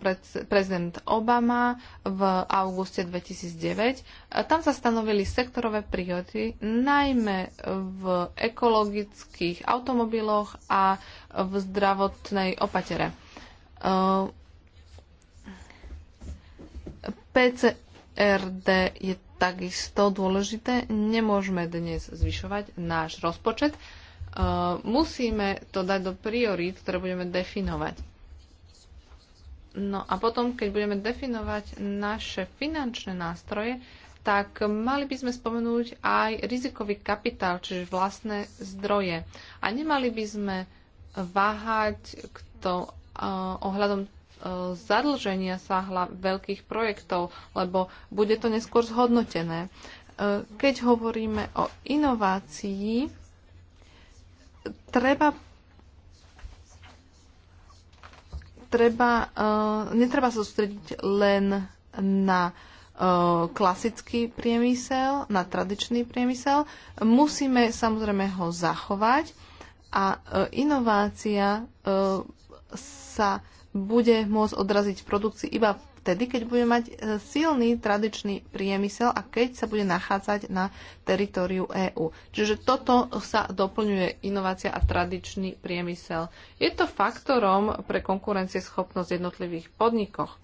prezident Obama v auguste 2009. Tam sa stanovili sektorové priority, najmä v ekologických automobiloch a v zdravotnej opatere. Ehm, PCRD je takisto dôležité. Nemôžeme dnes zvyšovať náš rozpočet Eh, musíme to dať do priorít, ktoré budeme definovať. No a potom, keď budeme definovať naše finančné nástroje, tak mali by sme spomenúť aj rizikový kapitál, čiže vlastné zdroje. A nemali by sme váhať k to, uh, ohľadom uh, zadlženia sa hla veľkých projektov, lebo bude to neskôr zhodnotené. Uh, keď hovoríme o inovácii, treba treba, uh, netreba sústrediť len na eh, klasický priemysel, na tradičný priemysel. Musíme samozrejme ho zachovať a eh, inovácia sa bude môcť odraziť v produkcii iba vtedy, keď bude mať e, silný tradičný priemysel a keď sa bude nachádzať na teritoriu EÚ. Čiže toto sa doplňuje inovácia a tradičný priemysel. Je to faktorom pre konkurencieschopnosť jednotlivých podnikoch.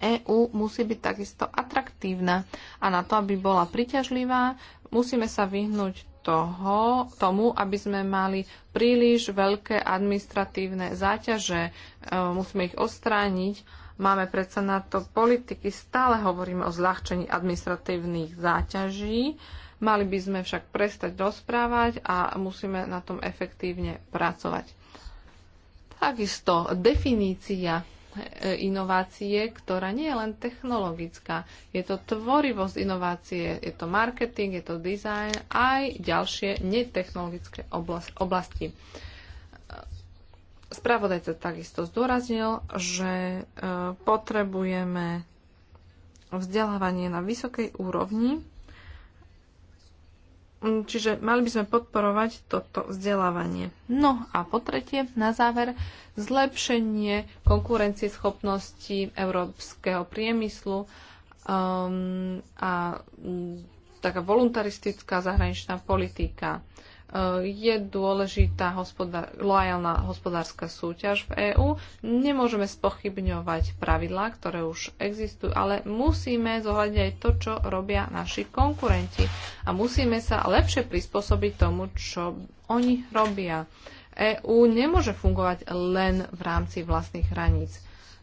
EÚ musí byť takisto atraktívna a na to, aby bola priťažlivá, musíme sa vyhnúť toho, tomu, aby sme mali príliš veľké administratívne záťaže. E, musíme ich odstrániť Máme predsa na to politiky, stále hovoríme o zľahčení administratívnych záťaží. Mali by sme však prestať rozprávať a musíme na tom efektívne pracovať. Takisto definícia e, inovácie, ktorá nie je len technologická. Je to tvorivosť inovácie, je to marketing, je to design, aj ďalšie netechnologické oblasti. Spravodajca takisto zdôraznil, že e, potrebujeme vzdelávanie na vysokej úrovni, mm, Čiže mali by sme podporovať toto vzdelávanie. No a po tretie, na záver, zlepšenie konkurencieschopnosti európskeho priemyslu um, a taká voluntaristická zahraničná politika je dôležitá hospodár, loajálna hospodárska súťaž v EÚ. Nemôžeme spochybňovať pravidlá, ktoré už existujú, ale musíme zohľadniť aj to, čo robia naši konkurenti. A musíme sa lepšie prispôsobiť tomu, čo oni robia. EÚ nemôže fungovať len v rámci vlastných hraníc.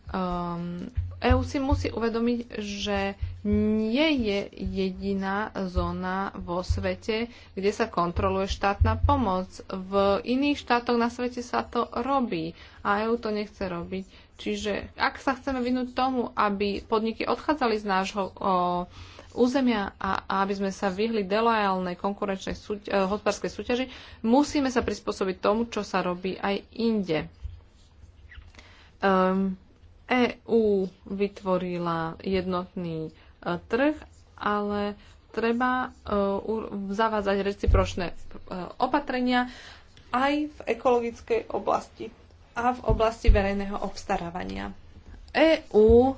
Um, EU si musí uvedomiť, že nie je jediná zóna vo svete, kde sa kontroluje štátna pomoc. V iných štátoch na svete sa to robí a EU to nechce robiť. Čiže ak sa chceme vynúť tomu, aby podniky odchádzali z nášho o, územia a, a aby sme sa vyhli delojálnej konkurenčnej súť, e, hospodárskej súťaži, musíme sa prispôsobiť tomu, čo sa robí aj inde. Um, EÚ vytvorila jednotný e, trh, ale treba e, zavádzať recipročné e, opatrenia aj v ekologickej oblasti a v oblasti verejného obstarávania. EÚ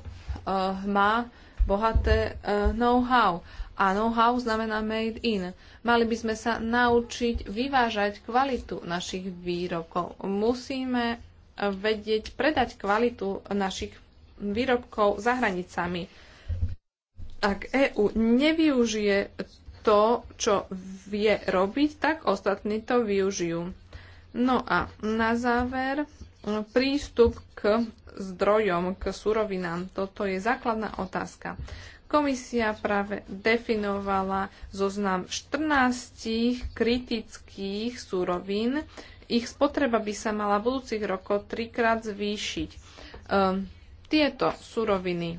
má bohaté know-how a know-how znamená made in. Mali by sme sa naučiť vyvážať kvalitu našich výrobkov. Musíme vedieť predať kvalitu našich výrobkov za hranicami. Ak EÚ nevyužije to, čo vie robiť, tak ostatní to využijú. No a na záver prístup k zdrojom, k surovinám. Toto je základná otázka. Komisia práve definovala zoznam 14 kritických surovín, ich spotreba by sa mala v budúcich rokoch trikrát zvýšiť. Um, tieto suroviny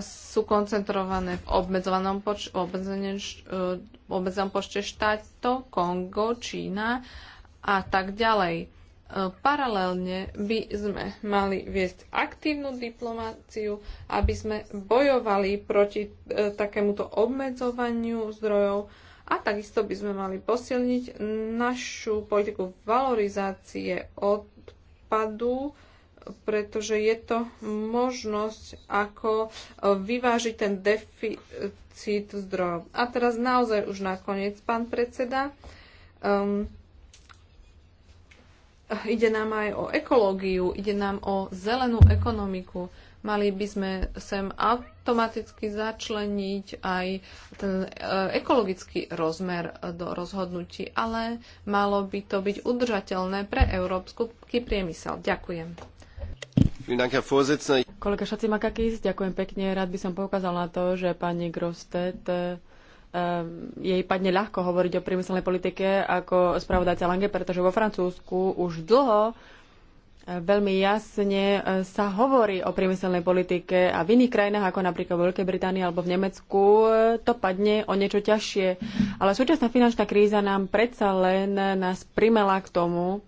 sú koncentrované v obmedzovanom, poč- obmedzenom, e, obmedzenom počte štátov, Kongo, Čína a tak ďalej. E, paralelne by sme mali viesť aktívnu diplomáciu, aby sme bojovali proti e, takémuto obmedzovaniu zdrojov a takisto by sme mali posilniť našu politiku valorizácie odpadu, pretože je to možnosť, ako vyvážiť ten deficit zdrojov. A teraz naozaj už nakoniec, pán predseda, um, ide nám aj o ekológiu, ide nám o zelenú ekonomiku. Mali by sme sem automaticky začleniť aj ten e, ekologický rozmer do rozhodnutí, ale malo by to byť udržateľné pre európsky priemysel. Ďakujem. Kolega Šacimakakis, ďakujem pekne. Rád by som poukázal na to, že pani Grostet e, e, jej padne ľahko hovoriť o priemyselnej politike ako spravodajca Lange, pretože vo Francúzsku už dlho veľmi jasne e, sa hovorí o priemyselnej politike a v iných krajinách, ako napríklad v Veľkej Británii alebo v Nemecku, e, to padne o niečo ťažšie. Ale súčasná finančná kríza nám predsa len nás primela k tomu,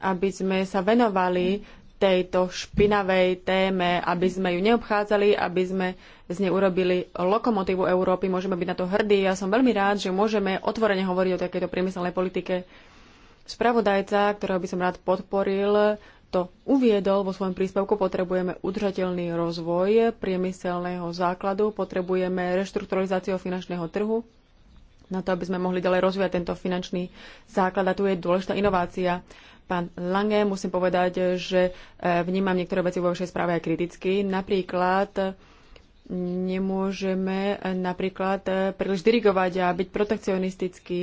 aby sme sa venovali tejto špinavej téme, aby sme ju neobchádzali, aby sme z nej urobili lokomotívu Európy. Môžeme byť na to hrdí. Ja som veľmi rád, že môžeme otvorene hovoriť o takejto priemyselnej politike. Spravodajca, ktorého by som rád podporil, to uviedol vo svojom príspevku, potrebujeme udržateľný rozvoj priemyselného základu, potrebujeme reštrukturalizáciu finančného trhu, na to, aby sme mohli ďalej rozvíjať tento finančný základ. A tu je dôležitá inovácia. Pán Lange, musím povedať, že e, vnímam niektoré veci vo vašej správe aj kriticky. Napríklad nemôžeme e, napríklad e, príliš dirigovať a byť protekcionistický.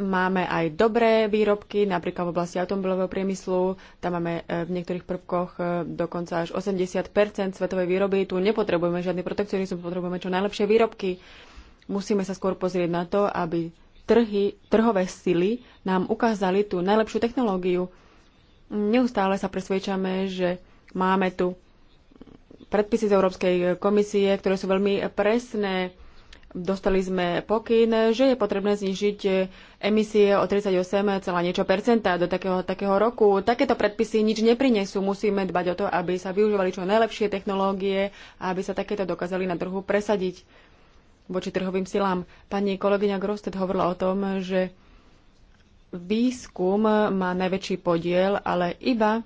Máme aj dobré výrobky, napríklad v oblasti automobilového priemyslu. Tam máme e, v niektorých prvkoch e, dokonca až 80 svetovej výroby. Tu nepotrebujeme žiadny protekcionizmus, potrebujeme čo najlepšie výrobky. Musíme sa skôr pozrieť na to, aby trhy, trhové sily nám ukázali tú najlepšiu technológiu. Neustále sa presvedčame, že máme tu predpisy z Európskej komisie, ktoré sú veľmi presné, Dostali sme pokyn, že je potrebné znižiť emisie o 38, niečo percenta do takého, takého roku. Takéto predpisy nič neprinesú. Musíme dbať o to, aby sa využívali čo najlepšie technológie a aby sa takéto dokázali na trhu presadiť voči trhovým silám. Pani kolegyňa Grosted hovorila o tom, že výskum má najväčší podiel, ale iba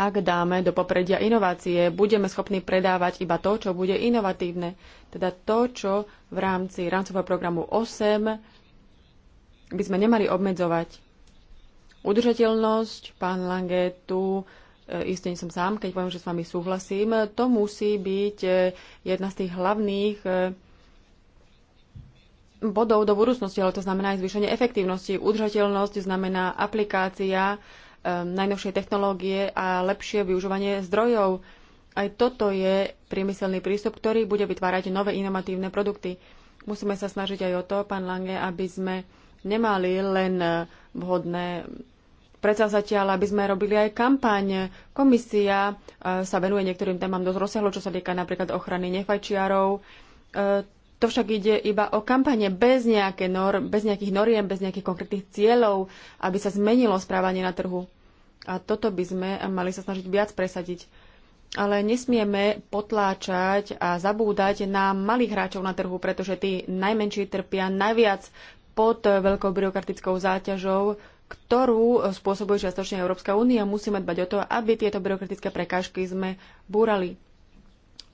ak dáme do popredia inovácie. Budeme schopní predávať iba to, čo bude inovatívne. Teda to, čo v rámci rámcového programu 8 by sme nemali obmedzovať. Udržateľnosť, pán Lange, tu e, isté nie som sám, keď poviem, že s vami súhlasím, to musí byť e, jedna z tých hlavných e, bodov do budúcnosti, ale to znamená aj zvýšenie efektívnosti. Udržateľnosť znamená aplikácia Um, najnovšie technológie a lepšie využívanie zdrojov. Aj toto je priemyselný prístup, ktorý bude vytvárať nové inovatívne produkty. Musíme sa snažiť aj o to, pán Lange, aby sme nemali len vhodné predsavzatia, ale aby sme robili aj kampaň. Komisia uh, sa venuje niektorým témam dosť rozsiahlo, čo sa týka napríklad ochrany nefajčiarov uh, to však ide iba o kampane bez, nejaké nor, bez nejakých noriem, bez nejakých konkrétnych cieľov, aby sa zmenilo správanie na trhu. A toto by sme mali sa snažiť viac presadiť. Ale nesmieme potláčať a zabúdať na malých hráčov na trhu, pretože tí najmenší trpia najviac pod veľkou byrokratickou záťažou, ktorú spôsobuje čiastočne Európska únia. Musíme dbať o to, aby tieto byrokratické prekážky sme búrali.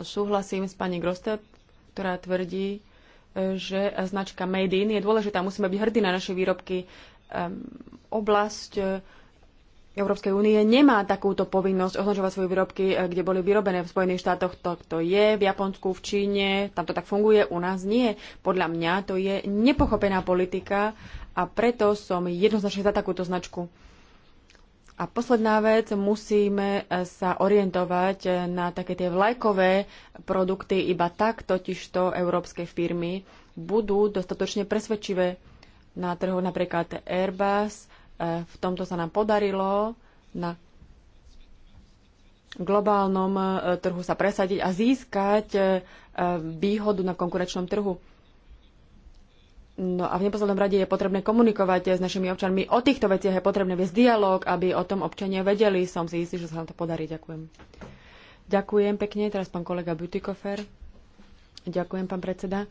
Súhlasím s pani Grostet ktorá tvrdí, e, že značka Made in je dôležitá. Musíme byť hrdí na naše výrobky. E, Oblasť e, Európskej únie nemá takúto povinnosť označovať svoje výrobky, kde boli vyrobené v Spojených štátoch. To, to je v Japonsku, v Číne, tam to tak funguje, u nás nie. Podľa mňa to je nepochopená politika a preto som jednoznačne za takúto značku. A posledná vec, musíme e, sa orientovať e, na také tie vlajkové produkty. Iba tak totižto európske firmy budú dostatočne presvedčivé na trhu. Napríklad Airbus, e, v tomto sa nám podarilo na globálnom trhu sa presadiť a získať výhodu na konkurenčnom trhu. No a v neposlednom rade je potrebné komunikovať s našimi občanmi. O týchto veciach je potrebné viesť dialog, aby o tom občania vedeli. Som si istý, že sa nám to podarí. Ďakujem. Ďakujem pekne. Teraz pán kolega Butikofer. Ďakujem, pán predseda.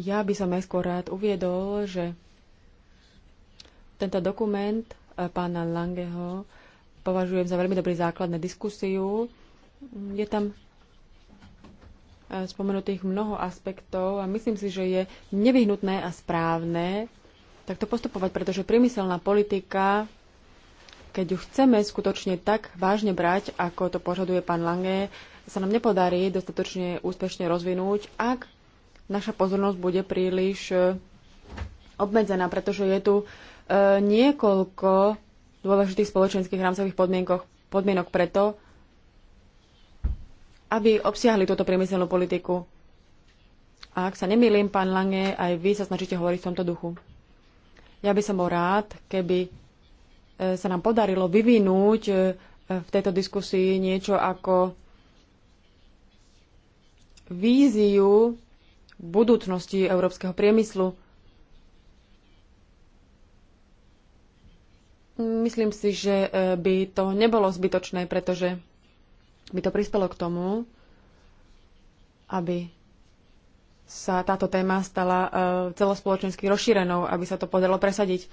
Ja by som najskôr rád uviedol, že tento dokument eh, pána Langeho považujem za veľmi dobrý základ na diskusiu. Je tam E, spomenutých mnoho aspektov a myslím si, že je nevyhnutné a správne takto postupovať, pretože priemyselná politika, keď ju chceme skutočne tak vážne brať, ako to požaduje pán Lange, sa nám nepodarí dostatočne úspešne rozvinúť, ak naša pozornosť bude príliš e, obmedzená, pretože je tu e, niekoľko dôležitých spoločenských rámcových podmienok preto, aby obsiahli túto priemyselnú politiku. A ak sa nemýlim, pán Lange, aj vy sa snažíte hovoriť v tomto duchu. Ja by som bol rád, keby e, sa nám podarilo vyvinúť e, v tejto diskusii niečo ako víziu budúcnosti európskeho priemyslu. Myslím si, že e, by to nebolo zbytočné, pretože by to prispelo k tomu, aby sa táto téma stala e, celospoločensky rozšírenou, aby sa to podarilo presadiť. E,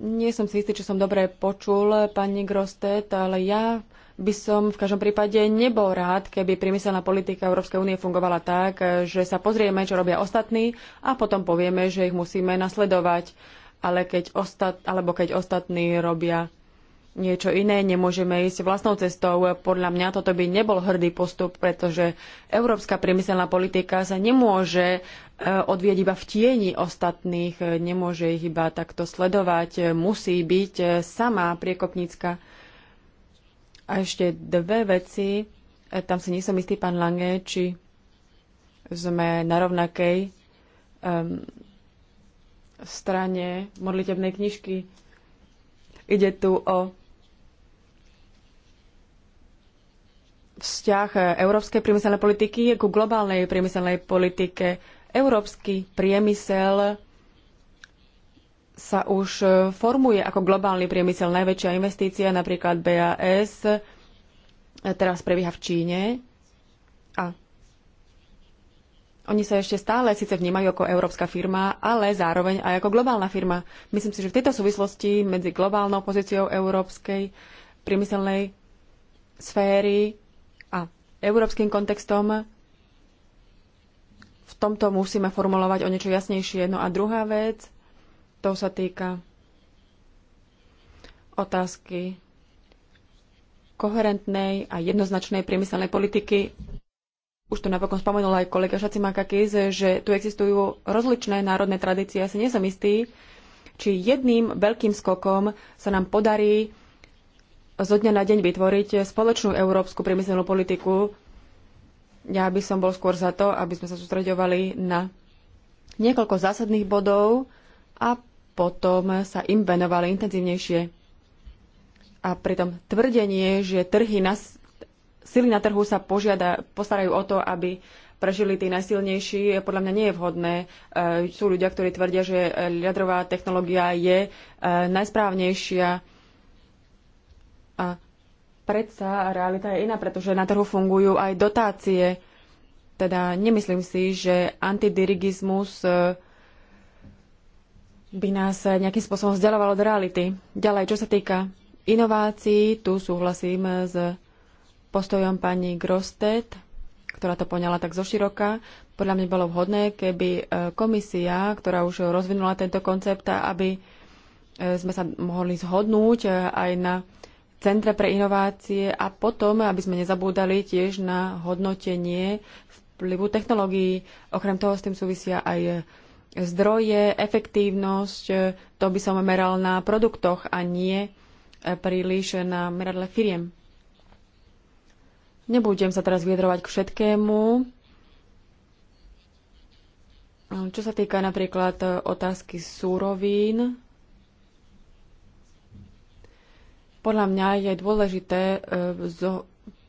nie som si istý, či som dobre počul pani Grostet, ale ja by som v každom prípade nebol rád, keby priemyselná politika Európskej únie fungovala tak, že sa pozrieme, čo robia ostatní a potom povieme, že ich musíme nasledovať. Ale keď ostat, alebo keď ostatní robia niečo iné, nemôžeme ísť vlastnou cestou. Podľa mňa toto by nebol hrdý postup, pretože európska priemyselná politika sa nemôže e, odvieť iba v tieni ostatných, e, nemôže ich iba takto sledovať, e, musí byť sama priekopnícka. A ešte dve veci, tam si nesom istý, pán Lange, či sme na rovnakej um, strane modlitebnej knižky. Ide tu o vzťah e, európskej priemyselnej politiky ku globálnej priemyselnej politike. Európsky priemysel sa už e, formuje ako globálny priemysel. Najväčšia investícia, napríklad BAS, e, teraz prebieha v Číne. A oni sa ešte stále síce vnímajú ako európska firma, ale zároveň aj ako globálna firma. Myslím si, že v tejto súvislosti medzi globálnou pozíciou európskej priemyselnej sféry a európskym kontextom v tomto musíme formulovať o niečo jasnejšie. No a druhá vec, to sa týka otázky koherentnej a jednoznačnej priemyselnej politiky. Už to napokon spomenul aj kolega Šacimakakis, že tu existujú rozličné národné tradície. Ja si nie som istý, či jedným veľkým skokom sa nám podarí zo dňa na deň vytvoriť spoločnú európsku priemyselnú politiku. Ja by som bol skôr za to, aby sme sa sústreďovali na niekoľko zásadných bodov a potom sa im venovali intenzívnejšie. A pritom tvrdenie, že trhy na, sily na trhu sa požiada, postarajú o to, aby prežili tí najsilnejší, podľa mňa nie je vhodné. E, sú ľudia, ktorí tvrdia, že e, jadrová technológia je e, najsprávnejšia a predsa realita je iná, pretože na trhu fungujú aj dotácie. Teda nemyslím si, že antidirigizmus e, by nás nejakým spôsobom vzdialoval od reality. Ďalej, čo sa týka inovácií, tu súhlasím s postojom pani Grostet, ktorá to poňala tak zoširoka. Podľa mňa bolo vhodné, keby e, komisia, ktorá už rozvinula tento koncept, aby e, sme sa mohli zhodnúť aj na Centre pre inovácie a potom, aby sme nezabúdali tiež na hodnotenie vplyvu technológií. Okrem toho s tým súvisia aj zdroje, efektívnosť. To by som meral na produktoch a nie e, príliš na meradle firiem. Nebudem sa teraz vyjadrovať k všetkému. Čo sa týka napríklad otázky súrovín, Podľa mňa je dôležité e,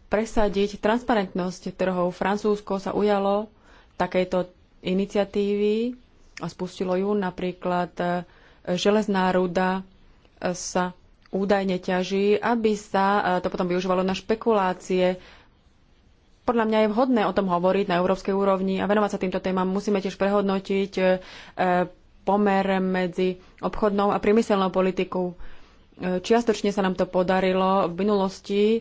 presadiť transparentnosť trhov. Francúzsko sa ujalo takejto iniciatívy a spustilo ju napríklad e, železná ruda e, sa údajne ťaží, aby sa to potom využívalo na špekulácie. Podľa mňa je vhodné o tom hovoriť na európskej úrovni a venovať sa týmto témam. Musíme tiež prehodnotiť pomer medzi obchodnou a priemyselnou politikou. Čiastočne sa nám to podarilo v minulosti, e,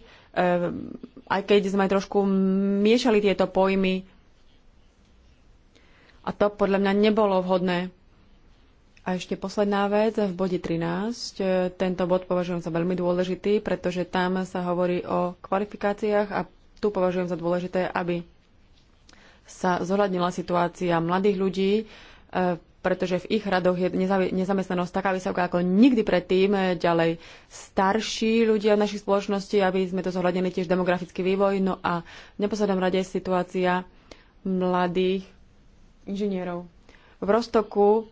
aj keď sme trošku miešali tieto pojmy. A to podľa mňa nebolo vhodné. A ešte posledná vec, v bode 13. E, tento bod považujem za veľmi dôležitý, pretože tam sa hovorí o kvalifikáciách a tu považujem za dôležité, aby sa zohľadnila situácia mladých ľudí e, pretože v ich radoch je nezamestnanosť taká vysoká ako nikdy predtým. Ďalej starší ľudia v našich spoločnosti, aby sme to zohľadnili tiež demografický vývoj. No a v neposlednom rade je situácia mladých inžinierov. V Rostoku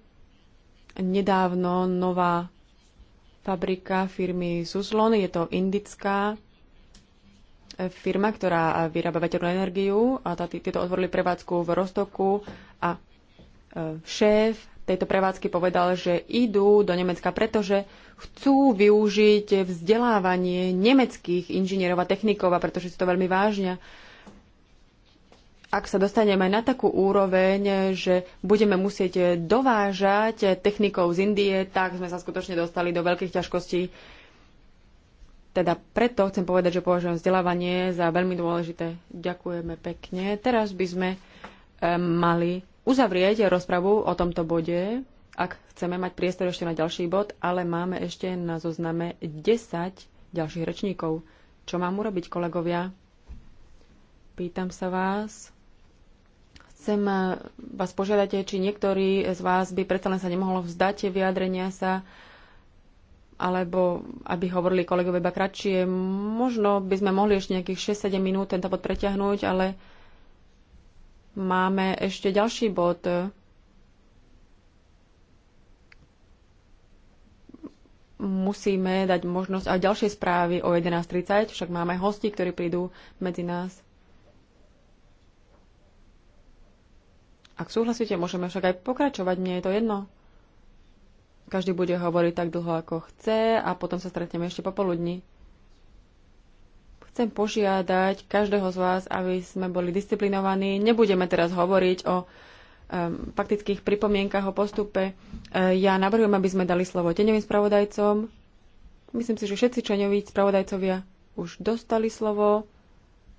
nedávno nová fabrika firmy Suslon, je to indická firma, ktorá vyrába veternú energiu a tieto otvorili prevádzku v Rostoku a šéf tejto prevádzky povedal, že idú do Nemecka, pretože chcú využiť vzdelávanie nemeckých inžinierov a technikov a pretože si to veľmi vážne. Ak sa dostaneme na takú úroveň, že budeme musieť dovážať technikov z Indie, tak sme sa skutočne dostali do veľkých ťažkostí. Teda preto chcem povedať, že považujem vzdelávanie za veľmi dôležité. Ďakujeme pekne. Teraz by sme eh, mali uzavrieť rozpravu o tomto bode, ak chceme mať priestor ešte na ďalší bod, ale máme ešte na zozname 10 ďalších rečníkov. Čo mám urobiť, kolegovia? Pýtam sa vás. Chcem eh, vás požiadať, či niektorý z vás by predsa len sa nemohlo vzdať vyjadrenia sa, alebo aby hovorili kolegovia iba kratšie. Možno by sme mohli ešte nejakých 6-7 minút tento bod preťahnuť, ale Máme ešte ďalší bod. Musíme dať možnosť aj ďalšej správy o 11.30, však máme hosti, ktorí prídu medzi nás. Ak súhlasíte, môžeme však aj pokračovať, mne je to jedno. Každý bude hovoriť tak dlho, ako chce a potom sa stretneme ešte popoludní. Chcem požiadať každého z vás, aby sme boli disciplinovaní. Nebudeme teraz hovoriť o faktických pripomienkach o postupe. E, ja navrhujem, aby sme dali slovo teňovým spravodajcom. Myslím si, že všetci čeňoví spravodajcovia už dostali slovo.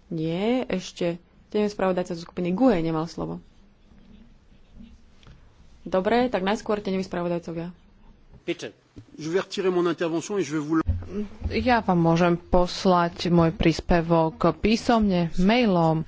Nie, ešte teňový spravodajca zo skupiny GUE nemal slovo. Dobre, tak najskôr teňový spravodajcovia. Peter. Je vais retirer mon intervention et je vais vous ja vám môžem poslať môj príspevok písomne, mailom,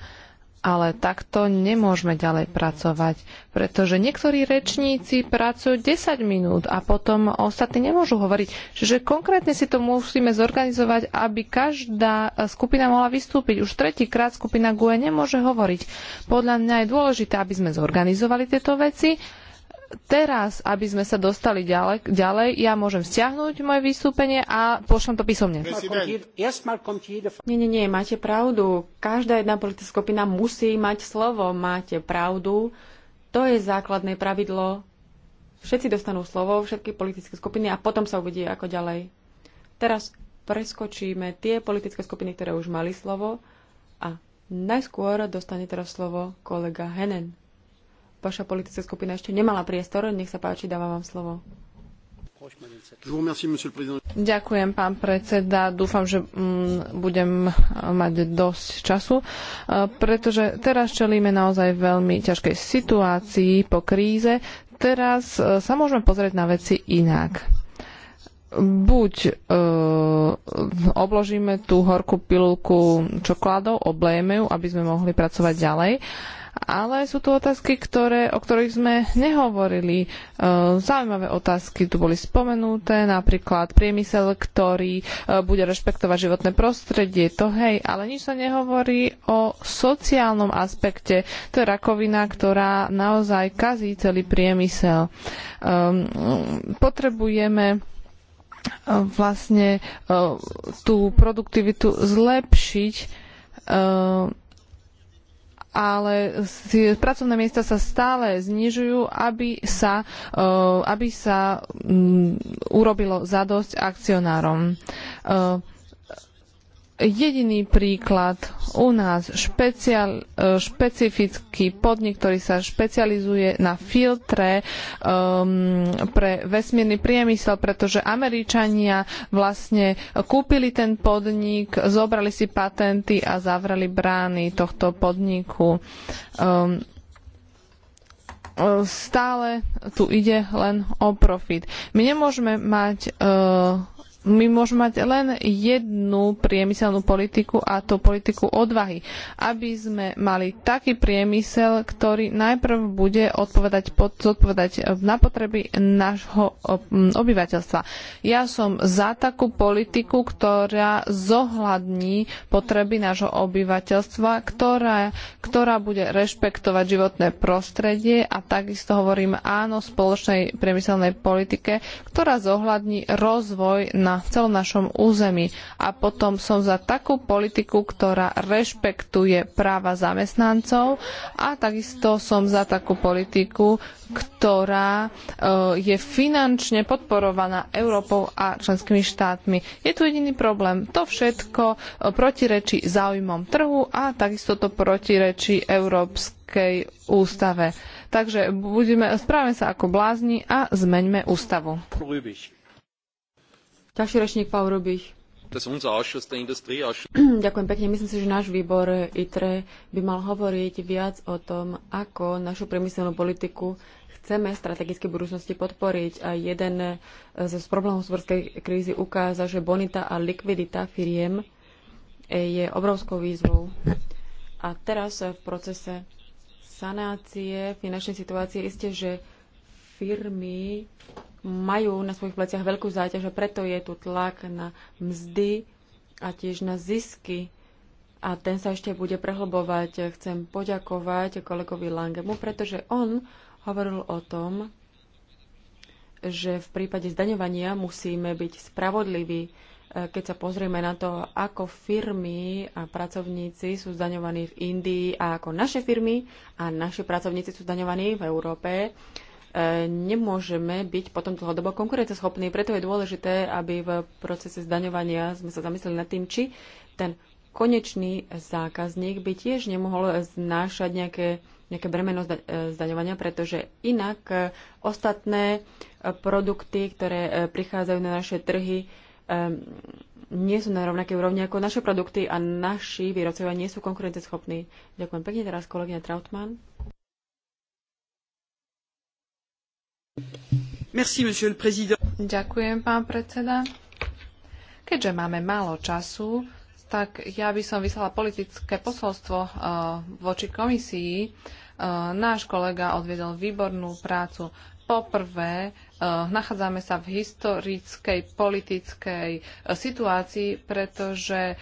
ale takto nemôžeme ďalej pracovať, pretože niektorí rečníci pracujú 10 minút a potom ostatní nemôžu hovoriť. Čiže konkrétne si to musíme zorganizovať, aby každá skupina mohla vystúpiť. Už tretíkrát skupina GUE nemôže hovoriť. Podľa mňa je dôležité, aby sme zorganizovali tieto veci teraz, aby sme sa dostali ďalej, ďalej ja môžem stiahnuť moje vystúpenie a pošlem to písomne. Nie, nie, nie, máte pravdu. Každá jedna politická skupina musí mať slovo. Máte pravdu. To je základné pravidlo. Všetci dostanú slovo, všetky politické skupiny a potom sa uvidí, ako ďalej. Teraz preskočíme tie politické skupiny, ktoré už mali slovo a najskôr dostane teraz slovo kolega Henen vaša politická skupina ešte nemala priestor. Nech sa páči, dávam vám slovo. Ďakujem, pán predseda. Dúfam, že mm, budem mať dosť času, e, pretože teraz čelíme naozaj veľmi ťažkej situácii po kríze. Teraz e, sa môžeme pozrieť na veci inak. Buď e, obložíme tú horkú pilulku čokoládou, oblejeme ju, aby sme mohli pracovať ďalej, ale sú tu otázky, ktoré, o ktorých sme nehovorili. E, zaujímavé otázky tu boli spomenuté, napríklad priemysel, ktorý e, bude rešpektovať životné prostredie, to hej, ale nič sa nehovorí o sociálnom aspekte. To je rakovina, ktorá naozaj kazí celý priemysel. E, potrebujeme vlastne tú produktivitu zlepšiť ale pracovné miesta sa stále znižujú, aby sa, e, aby sa mm, urobilo zadosť akcionárom. E, jediný príklad u nás špeciál, e, špecifický podnik, ktorý sa špecializuje na filtre um, pre vesmírny priemysel, pretože Američania vlastne kúpili ten podnik, zobrali si patenty a zavreli brány tohto podniku. Um, e, stále tu ide len o profit. My nemôžeme mať uh, my môžeme mať len jednu priemyselnú politiku a to politiku odvahy, aby sme mali taký priemysel, ktorý najprv bude odpovedať, pod, zodpovedať na potreby nášho mm, obyvateľstva. Ja som za takú politiku, ktorá zohľadní potreby nášho obyvateľstva, ktorá, ktorá bude rešpektovať životné prostredie a takisto hovorím áno spoločnej priemyselnej politike, ktorá zohľadní rozvoj na celom našom území. A potom som za takú politiku, ktorá rešpektuje práva zamestnancov a takisto som za takú politiku, ktorá e, je finančne podporovaná Európou a členskými štátmi. Je tu jediný problém. To všetko e, protirečí záujmom trhu a takisto to protirečí Európskej ústave. Takže budeme, správame sa ako blázni a zmeňme ústavu. Prúbiš. Ďalší rečník Paul Rubich. [CLEARS THROAT] Ďakujem pekne. Myslím si, že náš výbor ITRE by mal hovoriť viac o tom, ako našu priemyselnú politiku chceme strategické budúcnosti podporiť. A jeden z problémov hospodárskej krízy ukáza, že bonita a likvidita firiem eh, je obrovskou výzvou. A teraz eh, v procese sanácie finančnej situácie isté, že firmy majú na svojich pleciach veľkú záťaž a preto je tu tlak na mzdy a tiež na zisky. A ten sa ešte bude prehlbovať. Chcem poďakovať kolegovi Langemu, pretože on hovoril o tom, že v prípade zdaňovania musíme byť spravodliví. E, keď sa pozrieme na to, ako firmy a pracovníci sú zdaňovaní v Indii a ako naše firmy a naši pracovníci sú zdaňovaní v Európe, nemôžeme byť potom dlhodobo konkurenceschopní. Preto je dôležité, aby v procese zdaňovania sme sa zamysleli nad tým, či ten konečný zákazník by tiež nemohol znášať nejaké, nejaké bremeno zdaňovania, pretože inak e, ostatné e, produkty, ktoré e, prichádzajú na naše trhy, nie sú na rovnaké úrovni ako naše produkty a naši výrobcovia nie sú konkurenceschopní. Ďakujem pekne teraz kolegyňa Trautmann. Ďakujem, pán predseda. Keďže máme málo času, tak ja by som vyslala politické posolstvo uh, voči komisii. Uh, náš kolega odviedol výbornú prácu. Poprvé, uh, nachádzame sa v historickej politickej situácii, pretože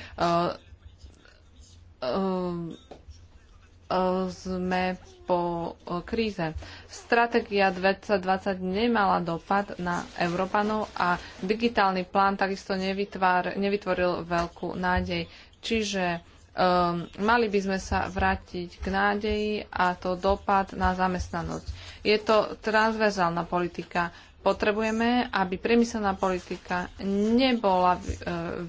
sme po eh, kríze. Stratégia 2020 nemala dopad na Európanov a digitálny plán takisto nevytvár, nevytvoril veľkú nádej. Čiže um, mali by sme sa vrátiť k nádeji a to dopad na zamestnanosť. Je to transverzálna politika. Potrebujeme, aby priemyselná politika nebola e,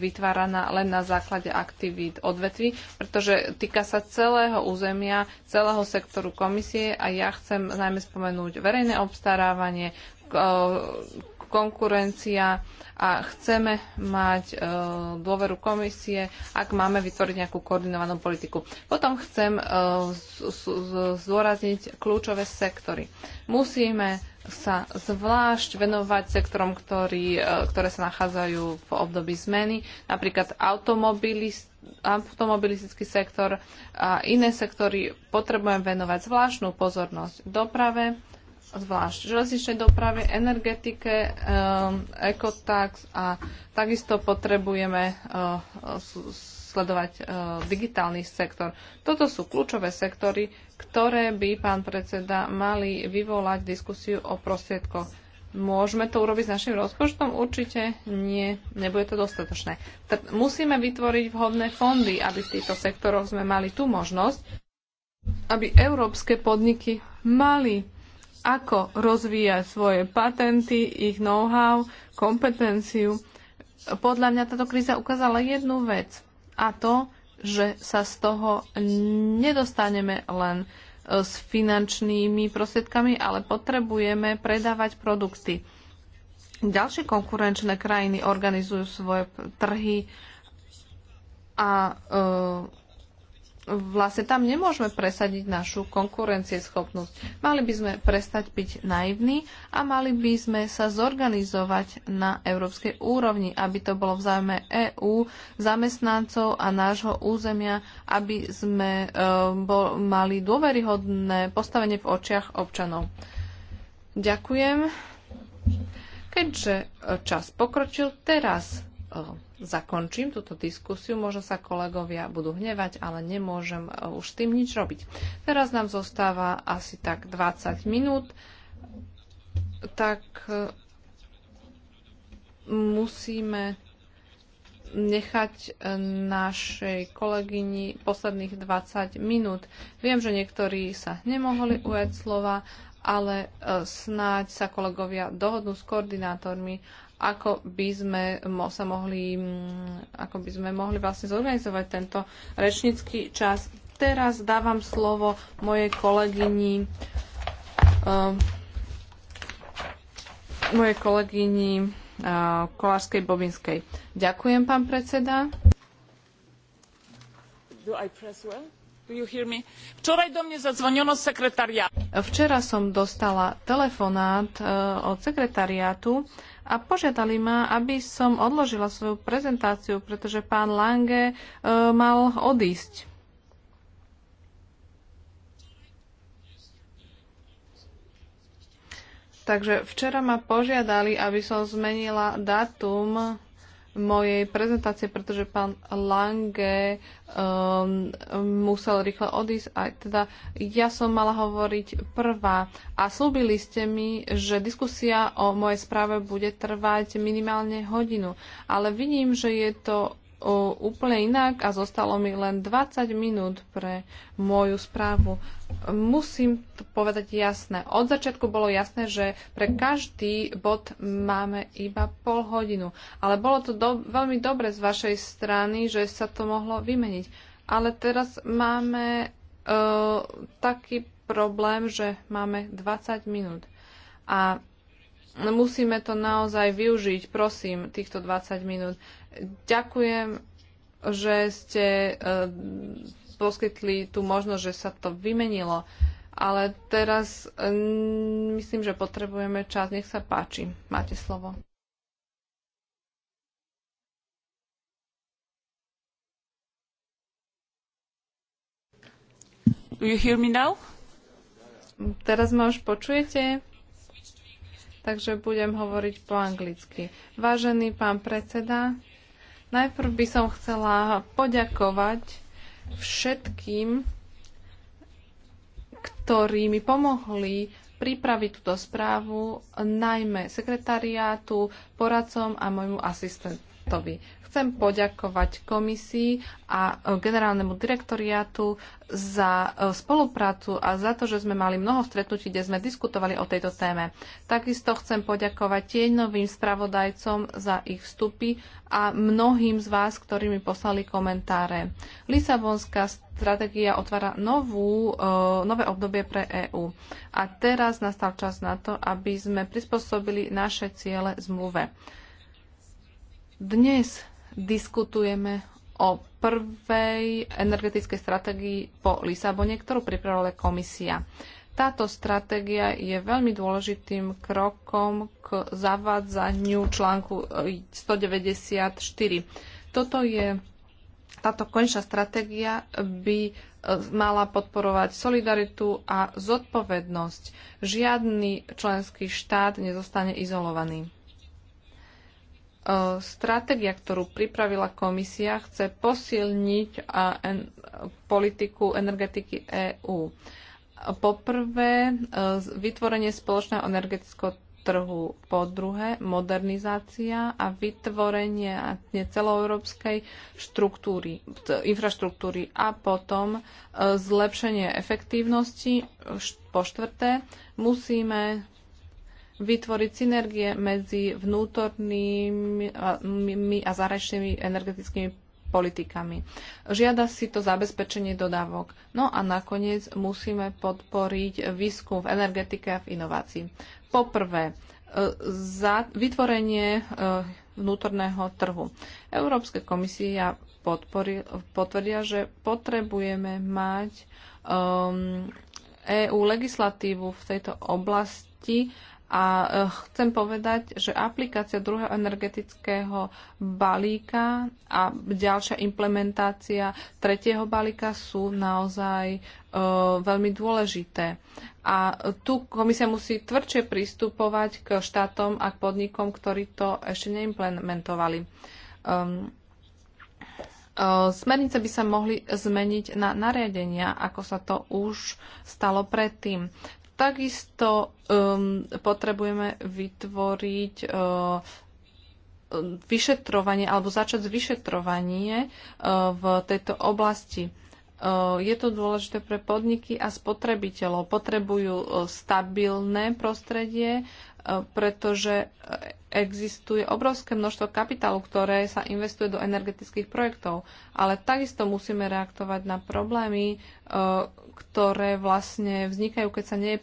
vytváraná len na základe aktivít odvetví, pretože týka sa celého územia, celého sektoru komisie a ja chcem najmä spomenúť verejné obstarávanie, konkurencia a chceme mať e, dôveru komisie, ak máme vytvoriť nejakú koordinovanú politiku. Potom chcem e, zdôrazniť kľúčové sektory. Musíme sa zvlášť venovať sektorom, ktorý, e, ktoré sa nachádzajú v období zmeny, napríklad automobilist, automobilistický sektor a iné sektory potrebujem venovať zvláštnu pozornosť doprave, zvlášť železničnej doprave, energetike, ekotax a takisto potrebujeme e, sledovať e, digitálny sektor. Toto sú kľúčové sektory, ktoré by, pán predseda, mali vyvolať diskusiu o prostriedkoch. Môžeme to urobiť s našim rozpočtom? Určite nie, nebude to dostatočné. musíme vytvoriť vhodné fondy, aby v týchto sektoroch sme mali tú možnosť, aby európske podniky mali ako rozvíjať svoje patenty, ich know-how, kompetenciu. Podľa mňa táto kríza ukázala jednu vec a to, že sa z toho nedostaneme len e, s finančnými prostriedkami, ale potrebujeme predávať produkty. Ďalšie konkurenčné krajiny organizujú svoje trhy a e, vlastne tam nemôžeme presadiť našu konkurencieschopnosť. Mali by sme prestať byť naivní a mali by sme sa zorganizovať na európskej úrovni, aby to bolo v zájme EÚ, zamestnancov a nášho územia, aby sme e, bol, mali dôveryhodné postavenie v očiach občanov. Ďakujem. Keďže e, čas pokročil, teraz e, zakončím túto diskusiu. Možno sa kolegovia budú hnevať, ale nemôžem e, už s tým nič robiť. Teraz nám zostáva asi tak 20 minút, tak e, musíme nechať e, našej kolegyni posledných 20 minút. Viem, že niektorí sa nemohli ujať slova, ale snáď sa kolegovia dohodnú s koordinátormi ako by sme sa mohli, mm, ako by sme mohli vlastne zorganizovať tento rečnícky čas. Teraz dávam slovo mojej kolegyni uh, mojej kolegyni uh, ehm, Kolárskej Bobinskej. Ďakujem, pán predseda. Do I press well? Včera som dostala telefonát e, od sekretariátu a požiadali ma, aby som odložila svoju prezentáciu, pretože pán Lange e, mal odísť. Takže včera ma požiadali, aby som zmenila dátum mojej prezentácie, pretože pán Lange um, musel rýchle odísť. A teda ja som mala hovoriť prvá. A slúbili ste mi, že diskusia o mojej správe bude trvať minimálne hodinu. Ale vidím, že je to úplne inak a zostalo mi len 20 minút pre moju správu. Musím to povedať jasné. Od začiatku bolo jasné, že pre každý bod máme iba pol hodinu. Ale bolo to do- veľmi dobre z vašej strany, že sa to mohlo vymeniť. Ale teraz máme uh, taký problém, že máme 20 minút. A musíme to naozaj využiť, prosím, týchto 20 minút. Ďakujem, že ste e, poskytli tú možnosť, že sa to vymenilo. Ale teraz e, myslím, že potrebujeme čas. Nech sa páči. Máte slovo. Do you hear me now? Teraz ma už počujete? Takže budem hovoriť po anglicky. Vážený pán predseda, Najprv by som chcela poďakovať všetkým, ktorí mi pomohli pripraviť túto správu, najmä sekretariátu, poradcom a môjmu asistentovi. Chcem poďakovať komisii a e, generálnemu direktoriátu za e, spoluprácu a za to, že sme mali mnoho stretnutí, kde sme diskutovali o tejto téme. Takisto chcem poďakovať novým spravodajcom za ich vstupy a mnohým z vás, ktorí mi poslali komentáre. Lisabonská stratégia otvára novú, e, nové obdobie pre EÚ. A teraz nastal čas na to, aby sme prispôsobili naše ciele zmluve. Dnes Diskutujeme o prvej energetickej stratégii po Lisabone, ktorú pripravila komisia. Táto stratégia je veľmi dôležitým krokom k zavádzaniu článku 194. Toto je, táto končná stratégia by e, mala podporovať solidaritu a zodpovednosť. Žiadny členský štát nezostane izolovaný. Stratégia, ktorú pripravila komisia, chce posilniť politiku energetiky EÚ. Poprvé, e, vytvorenie spoločného energetického trhu. Po druhé, modernizácia a vytvorenie celoeurópskej štruktúry, infraštruktúry. A potom e, zlepšenie efektívnosti. Po štvrté, musíme vytvoriť synergie medzi vnútornými a zahraničnými energetickými politikami. Žiada si to zabezpečenie dodávok. No a nakoniec musíme podporiť výskum v energetike a v inovácii. Poprvé, e, za vytvorenie e, vnútorného trhu. Európska komisia potvrdia, že potrebujeme mať EU e legislatívu v tejto oblasti, a e, chcem povedať, že aplikácia druhého energetického balíka a ďalšia implementácia tretieho balíka sú naozaj e, veľmi dôležité. A tu komisia musí tvrdšie pristupovať k štátom a k podnikom, ktorí to ešte neimplementovali. Ehm, e, smernice by sa mohli zmeniť na nariadenia, ako sa to už stalo predtým. Takisto um, potrebujeme vytvoriť uh, vyšetrovanie alebo začať vyšetrovanie uh, v tejto oblasti. Uh, je to dôležité pre podniky a spotrebiteľov. Potrebujú uh, stabilné prostredie, uh, pretože uh, existuje obrovské množstvo kapitálu, ktoré sa investuje do energetických projektov. Ale takisto musíme reaktovať na problémy, uh, ktoré vlastne vznikajú, keď sa ne,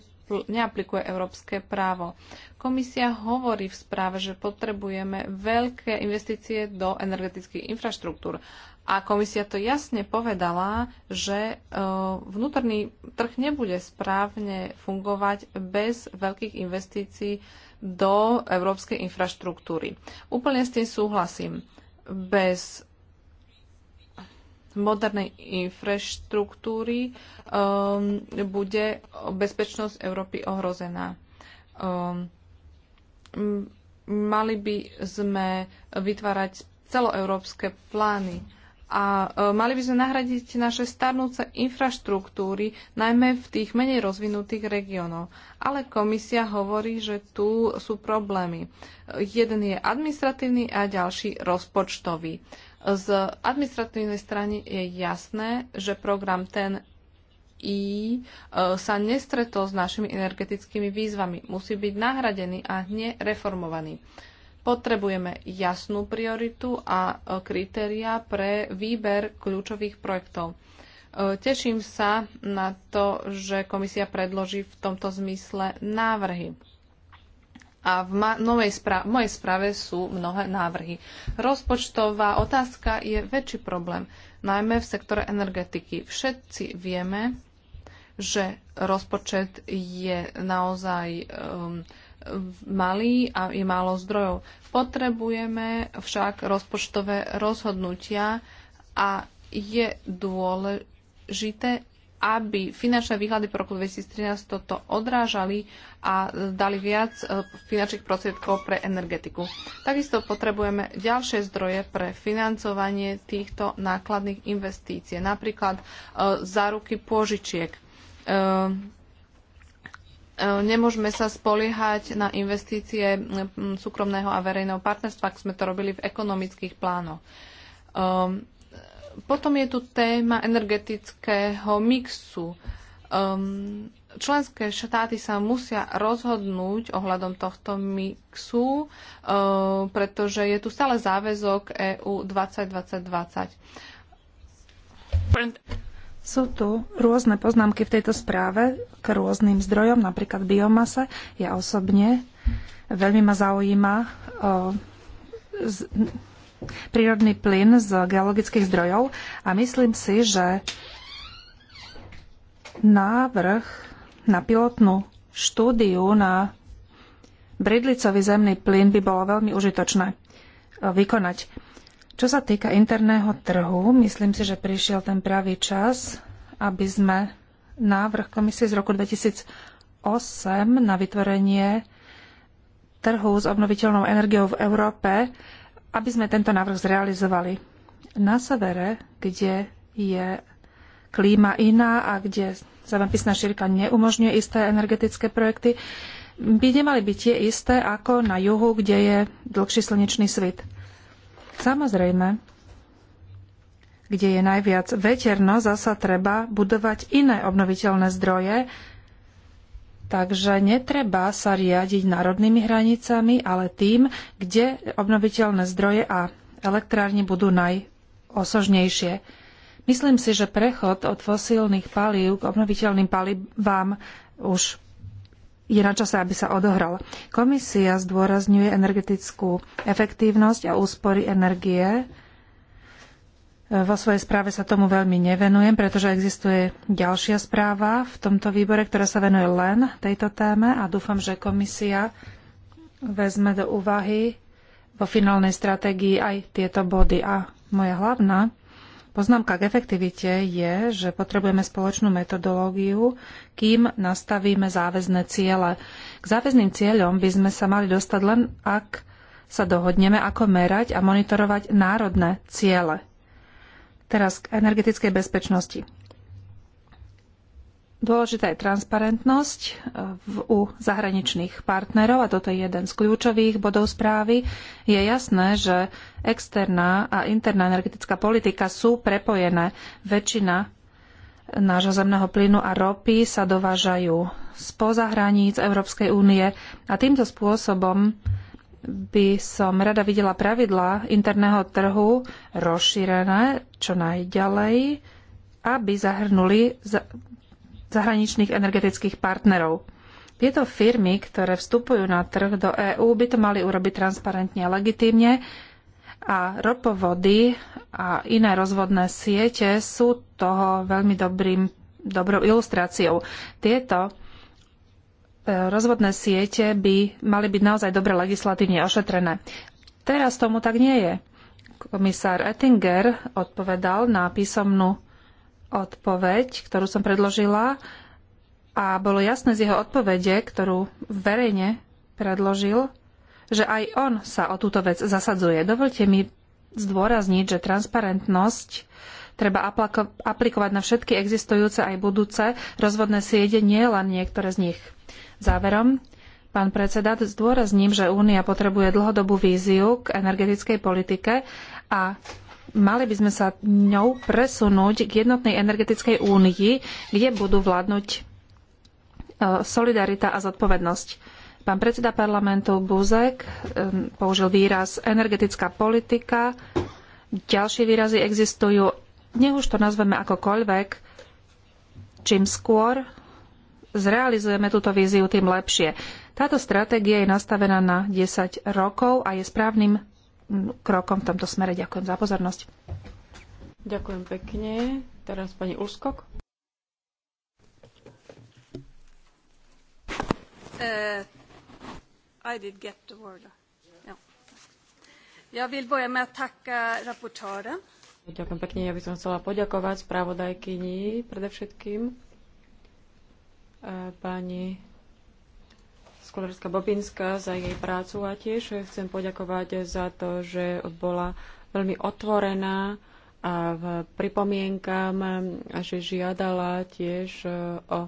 neaplikuje európske právo. Komisia hovorí v správe, že potrebujeme veľké investície do energetických infraštruktúr. A komisia to jasne povedala, že e, vnútorný trh nebude správne fungovať bez veľkých investícií do európskej infraštruktúry. Úplne s tým súhlasím. Bez modernej infraštruktúry um, bude bezpečnosť Európy ohrozená. Um, mali by sme vytvárať celoeurópske plány a um, mali by sme nahradiť naše starnúce infraštruktúry, najmä v tých menej rozvinutých regiónoch. Ale komisia hovorí, že tu sú problémy. Jeden je administratívny a ďalší rozpočtový. Z administratívnej strany je jasné, že program ten i e, sa nestretol s našimi energetickými výzvami. Musí byť nahradený a nereformovaný. Potrebujeme jasnú prioritu a e, kritéria pre výber kľúčových projektov. E, teším sa na to, že komisia predloží v tomto zmysle návrhy a v novej spra- mojej správe sú mnohé návrhy. Rozpočtová otázka je väčší problém, najmä v sektore energetiky. Všetci vieme, že rozpočet je naozaj um, malý a je málo zdrojov. Potrebujeme však rozpočtové rozhodnutia a je dôležité, aby finančné výhľady po roku 2013 toto odrážali a dali viac e, finančných prostriedkov pre energetiku. Takisto potrebujeme ďalšie zdroje pre financovanie týchto nákladných investícií, napríklad e, záruky pôžičiek. E, nemôžeme sa spoliehať na investície súkromného a verejného partnerstva, ak sme to robili v ekonomických plánoch. Potom je tu téma energetického mixu. Um, členské štáty sa musia rozhodnúť ohľadom tohto mixu, uh, pretože je tu stále záväzok EU 2020 Sú tu rôzne poznámky v tejto správe k rôznym zdrojom, napríklad biomase. Ja osobne veľmi ma zaujíma uh, z, prírodný plyn z geologických zdrojov a myslím si, že návrh na pilotnú štúdiu na bridlicový zemný plyn by bolo veľmi užitočné e, vykonať. Čo sa týka interného trhu, myslím si, že prišiel ten pravý čas, aby sme návrh komisie z roku 2008 na vytvorenie trhu s obnoviteľnou energiou v Európe aby sme tento návrh zrealizovali. Na severe, kde je klíma iná a kde zemepisná šírka neumožňuje isté energetické projekty, by nemali byť tie isté ako na juhu, kde je dlhší slnečný svit. Samozrejme, kde je najviac veterno, zasa treba budovať iné obnoviteľné zdroje, Takže netreba sa riadiť národnými hranicami, ale tým, kde obnoviteľné zdroje a elektrárne budú najosožnejšie. Myslím si, že prechod od fosílnych palív k obnoviteľným palivám už je na čase, aby sa odohral. Komisia zdôrazňuje energetickú efektívnosť a úspory energie vo svojej správe sa tomu veľmi nevenujem, pretože existuje ďalšia správa v tomto výbore, ktorá sa venuje len tejto téme a dúfam, že komisia vezme do úvahy vo finálnej stratégii aj tieto body. A moja hlavná poznámka k efektivite je, že potrebujeme spoločnú metodológiu, kým nastavíme záväzné ciele. K záväzným cieľom by sme sa mali dostať len, ak sa dohodneme, ako merať a monitorovať národné ciele Teraz k energetickej bezpečnosti. Dôležitá je transparentnosť eh, u zahraničných partnerov a toto je jeden z kľúčových bodov správy. Je jasné, že externá a interná energetická politika sú prepojené. Väčšina nášho zemného plynu a ropy sa dovážajú spoza hraníc Európskej únie a týmto spôsobom by som rada videla pravidlá interného trhu rozšírené čo najďalej, aby zahrnuli zahraničných energetických partnerov. Tieto firmy, ktoré vstupujú na trh do EÚ, by to mali urobiť transparentne a legitímne a ropovody a iné rozvodné siete sú toho veľmi dobrým, dobrou ilustráciou. Tieto E, rozvodné siete by mali byť naozaj dobre legislatívne ošetrené. Teraz tomu tak nie je. Komisár Ettinger odpovedal na písomnú odpoveď, ktorú som predložila a bolo jasné z jeho odpovede, ktorú verejne predložil, že aj on sa o túto vec zasadzuje. Dovolte mi zdôrazniť, že transparentnosť treba aplikovať na všetky existujúce aj budúce rozvodné siede, nie len niektoré z nich. Záverom, pán predseda, zdôrazním, že Únia potrebuje dlhodobú víziu k energetickej politike a mali by sme sa ňou presunúť k jednotnej energetickej únii, kde budú vládnuť e, solidarita a zodpovednosť. Pán predseda parlamentu Buzek e, použil výraz energetická politika. Ďalšie výrazy existujú. Nech už to nazveme akokoľvek, čím skôr zrealizujeme túto víziu, tým lepšie. Táto stratégia je nastavená na 10 rokov a je správnym mm, krokom v tomto smere. Ďakujem za pozornosť. Ďakujem pekne. Teraz pani Úskok. Uh, I did get the word. No. Ďakujem pekne. Ja by som chcela poďakovať spravodajkyni predovšetkým pani Skolárska Bobinská za jej prácu a tiež chcem poďakovať za to, že bola veľmi otvorená a v pripomienkam, že žiadala tiež e, o e,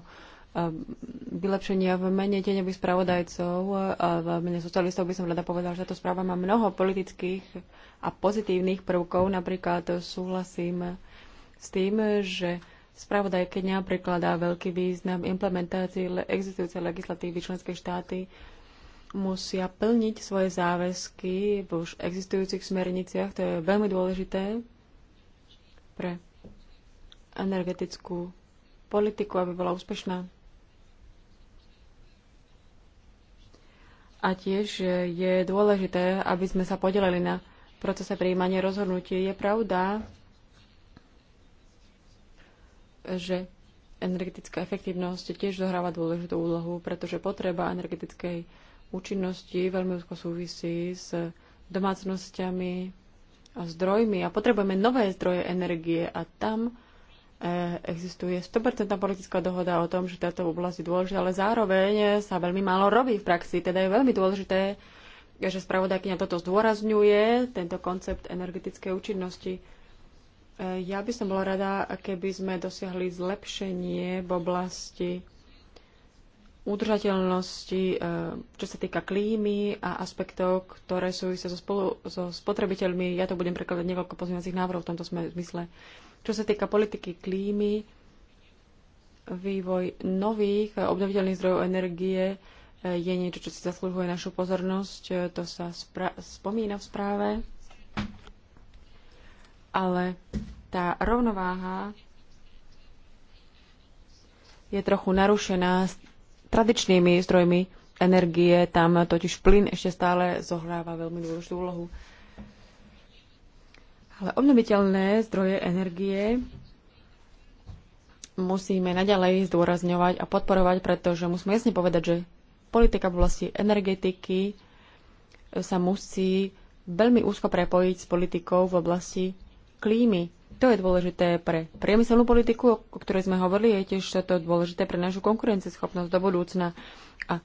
vylepšenia v mene deňových spravodajcov a v mene socialistov by som rada povedala, že táto správa má mnoho politických a pozitívnych prvkov. Napríklad súhlasím s tým, že Spravodajkyňa prikladá veľký význam implementácii existujúcej legislatívy členské štáty musia plniť svoje záväzky v už existujúcich smerniciach. To je veľmi dôležité pre energetickú politiku, aby bola úspešná. A tiež je dôležité, aby sme sa podelili na procese príjmania rozhodnutí. Je pravda, že energetická efektívnosť tiež zohráva dôležitú úlohu, pretože potreba energetickej účinnosti veľmi úzko súvisí s domácnosťami a zdrojmi a potrebujeme nové zdroje energie a tam e, existuje 100% politická dohoda o tom, že táto oblasť je dôležitá, ale zároveň sa veľmi málo robí v praxi. Teda je veľmi dôležité, že spravodajkynia toto zdôrazňuje, tento koncept energetickej účinnosti. Ja by som bola rada, keby sme dosiahli zlepšenie v oblasti udržateľnosti, eh, čo sa týka klímy a aspektov, ktoré súvisia so, spolu, so spotrebiteľmi. Ja to budem prekladať niekoľko pozmeňovacích návrhov v tomto zmysle. Čo sa týka politiky klímy, vývoj nových obnoviteľných zdrojov energie eh, je niečo, čo si zaslúžuje našu pozornosť. Eh, to sa spomína v správe ale tá rovnováha je trochu narušená s tradičnými zdrojmi energie. Tam totiž plyn ešte stále zohráva veľmi dôležitú úlohu. Ale obnoviteľné zdroje energie musíme naďalej zdôrazňovať a podporovať, pretože musíme jasne povedať, že politika v oblasti energetiky sa musí veľmi úzko prepojiť s politikou v oblasti klímy. To je dôležité pre priemyselnú politiku, o ktorej sme hovorili, je tiež to dôležité pre našu konkurencieschopnosť do budúcna. A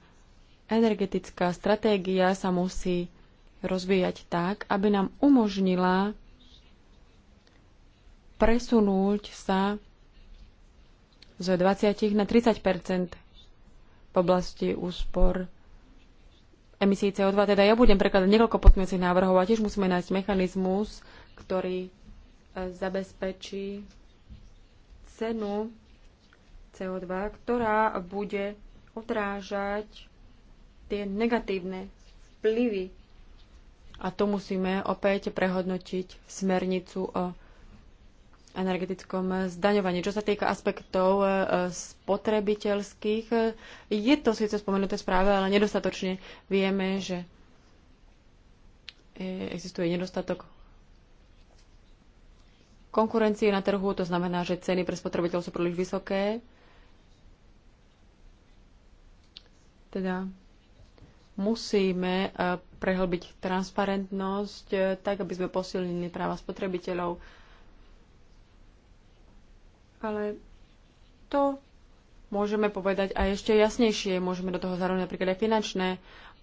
energetická stratégia sa musí rozvíjať tak, aby nám umožnila presunúť sa z 20 na 30 v oblasti úspor emisí CO2. Teda ja budem prekladať niekoľko podmienujúcich návrhov a tiež musíme nájsť mechanizmus, ktorý zabezpečí cenu CO2, ktorá bude odrážať tie negatívne vplyvy. A tu musíme opäť prehodnotiť smernicu o energetickom zdaňovaní. Čo sa týka aspektov e, spotrebiteľských, je to síce spomenuté správe, ale nedostatočne vieme, že e, existuje nedostatok konkurencie na trhu, to znamená, že ceny pre spotrebiteľov sú príliš vysoké. Teda musíme e, prehlbiť transparentnosť e, tak, aby sme posilnili práva spotrebiteľov. Ale to môžeme povedať aj ešte jasnejšie. Môžeme do toho zároveň napríklad aj finančné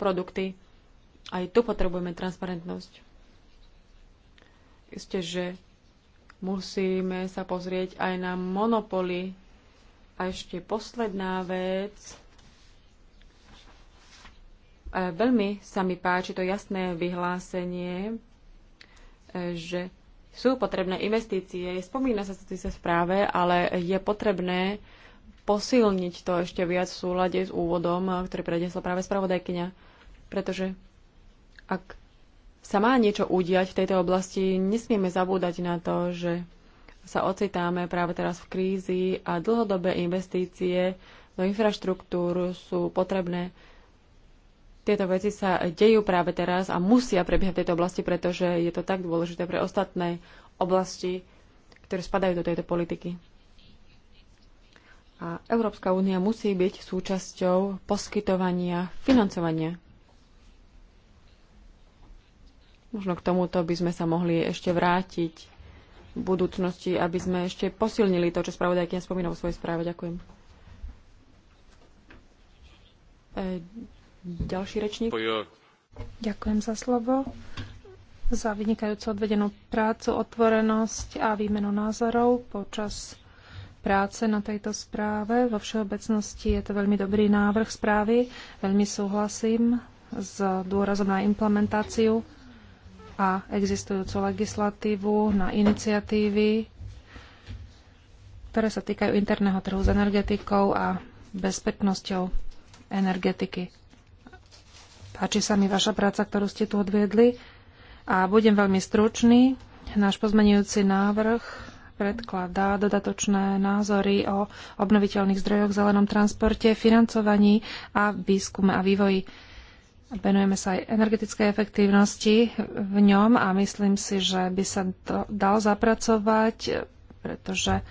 produkty. Aj tu potrebujeme transparentnosť. Isté, že Musíme sa pozrieť aj na monopoly. A ešte posledná vec. E, veľmi sa mi páči to jasné vyhlásenie, e, že sú potrebné investície. Spomína sa to sa správe, ale je potrebné posilniť to ešte viac v súlade s úvodom, ktorý prednesla práve spravodajkyňa. Pretože ak sa má niečo udiať v tejto oblasti, nesmieme zabúdať na to, že sa ocitáme práve teraz v krízi a dlhodobé investície do infraštruktúr sú potrebné. Tieto veci sa dejú práve teraz a musia prebiehať v tejto oblasti, pretože je to tak dôležité pre ostatné oblasti, ktoré spadajú do tejto politiky. A Európska únia musí byť súčasťou poskytovania financovania Možno k tomuto by sme sa mohli ešte vrátiť v budúcnosti, aby sme ešte posilnili to, čo spravodajkyňa spomína vo svojej správe. Ďakujem. E, ďalší rečník. Ďakujem za slovo, za vynikajúco odvedenú prácu, otvorenosť a výmenu názorov počas práce na tejto správe. Vo všeobecnosti je to veľmi dobrý návrh správy. Veľmi súhlasím s dôrazom na implementáciu a existujúcu legislatívu na iniciatívy, ktoré sa týkajú interného trhu s energetikou a bezpečnosťou energetiky. Páči sa mi vaša práca, ktorú ste tu odviedli a budem veľmi stručný. Náš pozmenujúci návrh predkladá dodatočné názory o obnoviteľných zdrojoch, v zelenom transporte, financovaní a výskume a vývoji Venujeme sa aj energetickej efektívnosti v ňom a myslím si, že by sa to dal zapracovať, pretože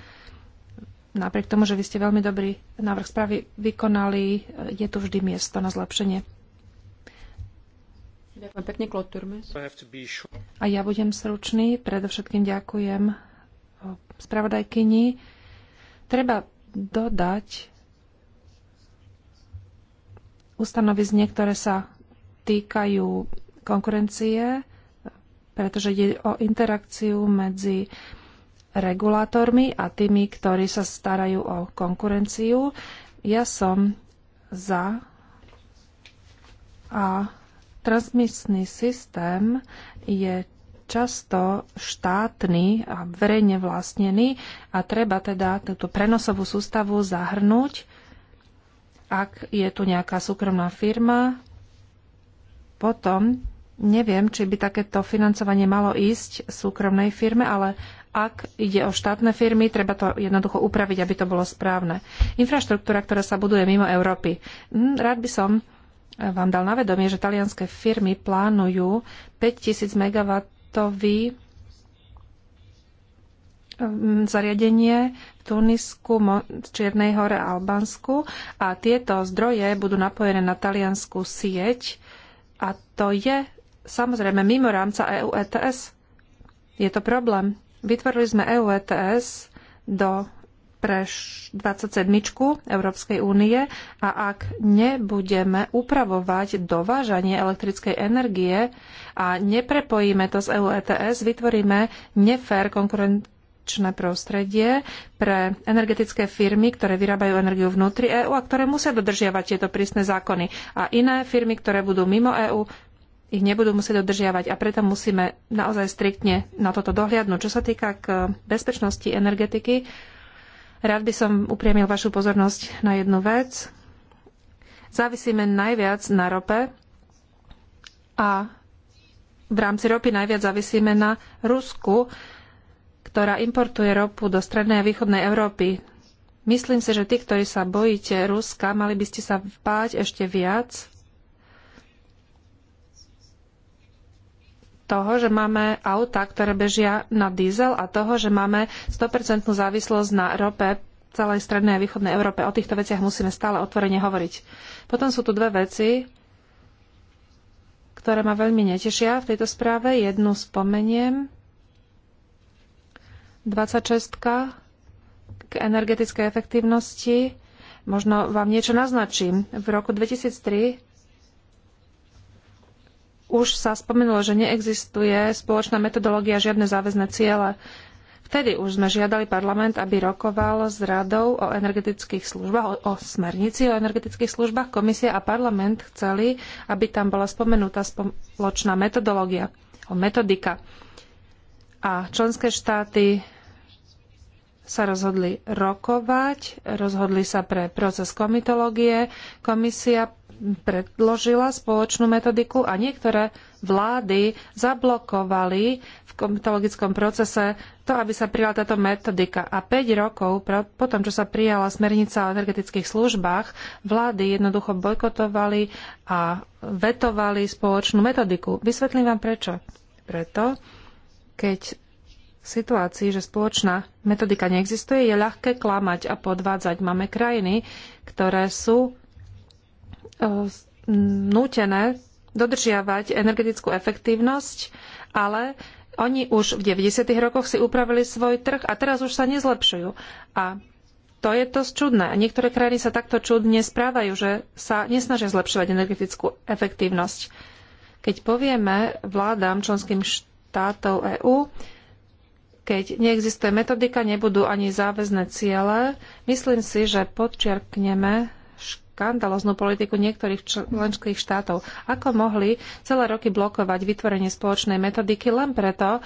napriek tomu, že vy ste veľmi dobrý návrh správy vykonali, je tu vždy miesto na zlepšenie. Ďakujem pekne, A ja budem sručný. Predovšetkým ďakujem spravodajkyni. Treba dodať ustanovisť, niektoré sa týkajú konkurencie, pretože ide o interakciu medzi regulátormi a tými, ktorí sa starajú o konkurenciu. Ja som za a transmisný systém je často štátny a verejne vlastnený a treba teda túto prenosovú sústavu zahrnúť. Ak je tu nejaká súkromná firma, potom neviem, či by takéto financovanie malo ísť súkromnej firme, ale ak ide o štátne firmy, treba to jednoducho upraviť, aby to bolo správne. Infraštruktúra, ktorá sa buduje mimo Európy. Mm, rád by som eh, vám dal na vedomie, že talianské firmy plánujú 5000 MW mm, zariadenie v Tunisku, Čiernej hore a Albánsku a tieto zdroje budú napojené na taliansku sieť a to je samozrejme mimo rámca EU ETS. Je to problém. Vytvorili sme EU ETS do pre 27. Európskej únie a ak nebudeme upravovať dovážanie elektrickej energie a neprepojíme to z EU ETS, vytvoríme nefér konkurenčný regulačné prostredie pre energetické firmy, ktoré vyrábajú energiu vnútri EÚ a ktoré musia dodržiavať tieto prísne zákony. A iné firmy, ktoré budú mimo EÚ, ich nebudú musieť dodržiavať a preto musíme naozaj striktne na toto dohliadnúť. Čo sa týka k bezpečnosti energetiky, rád by som upriamil vašu pozornosť na jednu vec. Závisíme najviac na rope a v rámci ropy najviac závisíme na Rusku ktorá importuje ropu do strednej a východnej Európy. Myslím si, že tí, ktorí sa bojíte Ruska, mali by ste sa báť ešte viac toho, že máme auta, ktoré bežia na diesel a toho, že máme 100% závislosť na rope celej strednej a východnej Európe. O týchto veciach musíme stále otvorene hovoriť. Potom sú tu dve veci, ktoré ma veľmi netešia v tejto správe. Jednu spomeniem. 26 k energetickej efektívnosti. Možno vám niečo naznačím. V roku 2003 už sa spomenulo, že neexistuje spoločná metodológia, žiadne záväzné ciele. Vtedy už sme žiadali parlament, aby rokoval s radou o energetických službách, o, o smernici o energetických službách. Komisia a parlament chceli, aby tam bola spomenutá spoločná metodológia, o metodika. A členské štáty sa rozhodli rokovať, rozhodli sa pre proces komitológie. Komisia predložila spoločnú metodiku a niektoré vlády zablokovali v komitologickom procese to, aby sa prijala táto metodika. A 5 rokov po tom, čo sa prijala smernica o energetických službách, vlády jednoducho bojkotovali a vetovali spoločnú metodiku. Vysvetlím vám prečo. Preto, keď situácii, že spoločná metodika neexistuje, je ľahké klamať a podvádzať. Máme krajiny, ktoré sú eh, nútené dodržiavať energetickú efektívnosť, ale oni už v 90. rokoch si upravili svoj trh a teraz už sa nezlepšujú. A to je dosť čudné. A Niektoré krajiny sa takto čudne správajú, že sa nesnažia zlepšovať energetickú efektívnosť. Keď povieme vládám členským štátov EÚ, keď neexistuje metodika, nebudú ani záväzné ciele. Myslím si, že podčiarkneme škandaloznú politiku niektorých členských štátov. Ako mohli celé roky blokovať vytvorenie spoločnej metodiky len preto,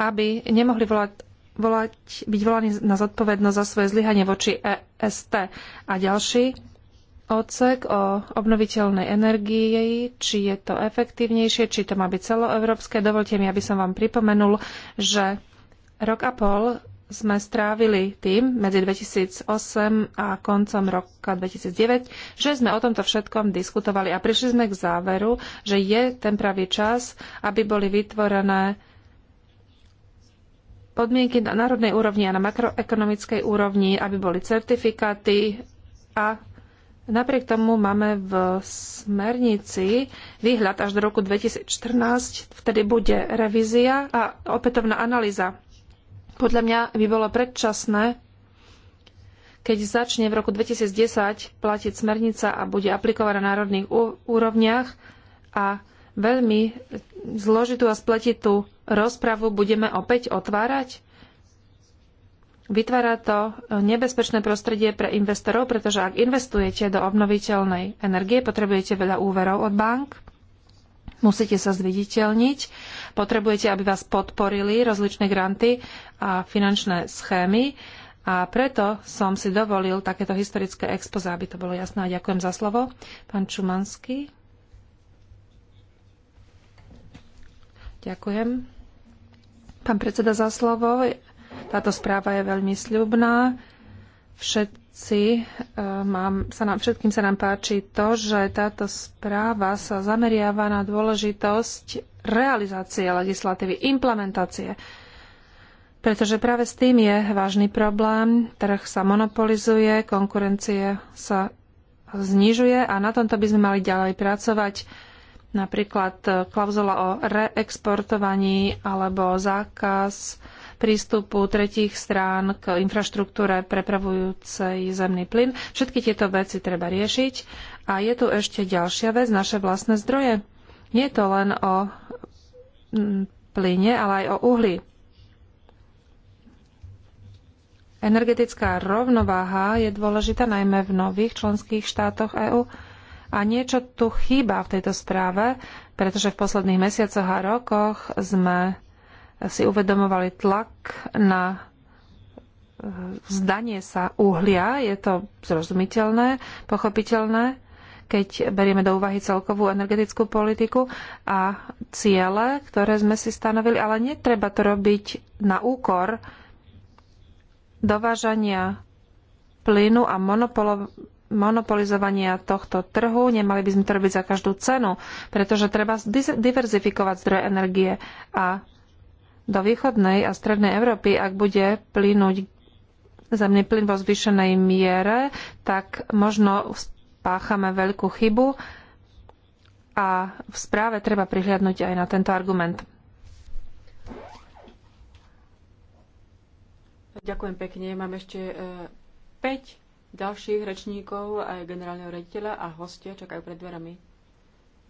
aby nemohli volať, volať, byť volaní na zodpovednosť za svoje zlyhanie voči EST. A ďalší odsek o obnoviteľnej energii, či je to efektívnejšie, či to má byť celoevropské. Dovolte mi, aby som vám pripomenul, že rok a pol sme strávili tým medzi 2008 a koncom roka 2009, že sme o tomto všetkom diskutovali a prišli sme k záveru, že je ten pravý čas, aby boli vytvorené podmienky na národnej úrovni a na makroekonomickej úrovni, aby boli certifikáty a Napriek tomu máme v smernici výhľad až do roku 2014, vtedy bude revízia a opätovná analýza. Podľa mňa by bolo predčasné, keď začne v roku 2010 platiť smernica a bude aplikovaná na národných úrovniach a veľmi zložitú a spletitú rozpravu budeme opäť otvárať? Vytvára to e, nebezpečné prostredie pre investorov, pretože ak investujete do obnoviteľnej energie, potrebujete veľa úverov od bank, musíte sa zviditeľniť, potrebujete, aby vás podporili rozličné granty a finančné schémy. A preto som si dovolil takéto historické expoza, aby to bolo jasné. A ďakujem za slovo. Pán Čumanský. Ďakujem. Pán predseda za slovo. Táto správa je veľmi sľubná. Všetci, e, mám, sa nám, všetkým sa nám páči to, že táto správa sa zameriava na dôležitosť realizácie legislatívy, implementácie. Pretože práve s tým je vážny problém. Trh sa monopolizuje, konkurencie sa znižuje a na tomto by sme mali ďalej pracovať. Napríklad e, klauzula o reexportovaní alebo zákaz prístupu tretích strán k infraštruktúre prepravujúcej zemný plyn. Všetky tieto veci treba riešiť. A je tu ešte ďalšia vec, naše vlastné zdroje. Nie je to len o mm, plyne, ale aj o uhli. Energetická rovnováha je dôležitá najmä v nových členských štátoch EÚ a niečo tu chýba v tejto správe, pretože v posledných mesiacoch a rokoch sme si uvedomovali tlak na eh, zdanie sa uhlia. Je to zrozumiteľné, pochopiteľné, keď berieme do úvahy celkovú energetickú politiku a ciele, ktoré sme si stanovili, ale netreba to robiť na úkor dovážania plynu a monopolo, monopolizovania tohto trhu. Nemali by sme to robiť za každú cenu, pretože treba diverzifikovať zdroje energie a do východnej a strednej Európy, ak bude plynúť zemný plyn vo zvýšenej miere, tak možno spáchame veľkú chybu a v správe treba prihliadnúť aj na tento argument. Ďakujem pekne. Mám ešte 5 e, ďalších rečníkov, aj generálneho rediteľa a hostia čakajú pred dverami.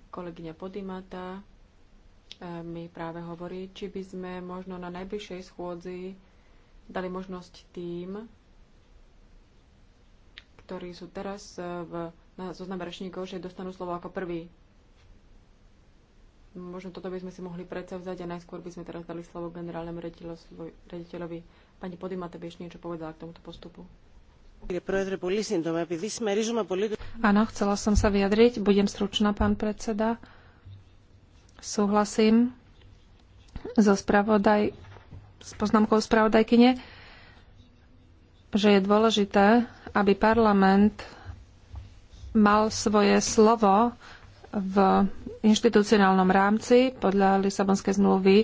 Kolegyňa Podimata, E, mi práve hovorí, či by sme možno na najbližšej schôdzi dali možnosť tým, ktorí sú teraz e, v, na zozname rečníkov, že dostanú slovo ako prvý. Možno toto by sme si mohli predsa vzdať a najskôr by sme teraz dali slovo generálnemu rediteľovi. Pani Podima, by ešte niečo povedala k tomuto postupu. Áno, chcela som sa vyjadriť. Budem stručná, pán predseda Súhlasím so spravodaj, s poznámkou spravodajkyne, že je dôležité, aby parlament mal svoje slovo v inštitucionálnom rámci podľa Lisabonskej zmluvy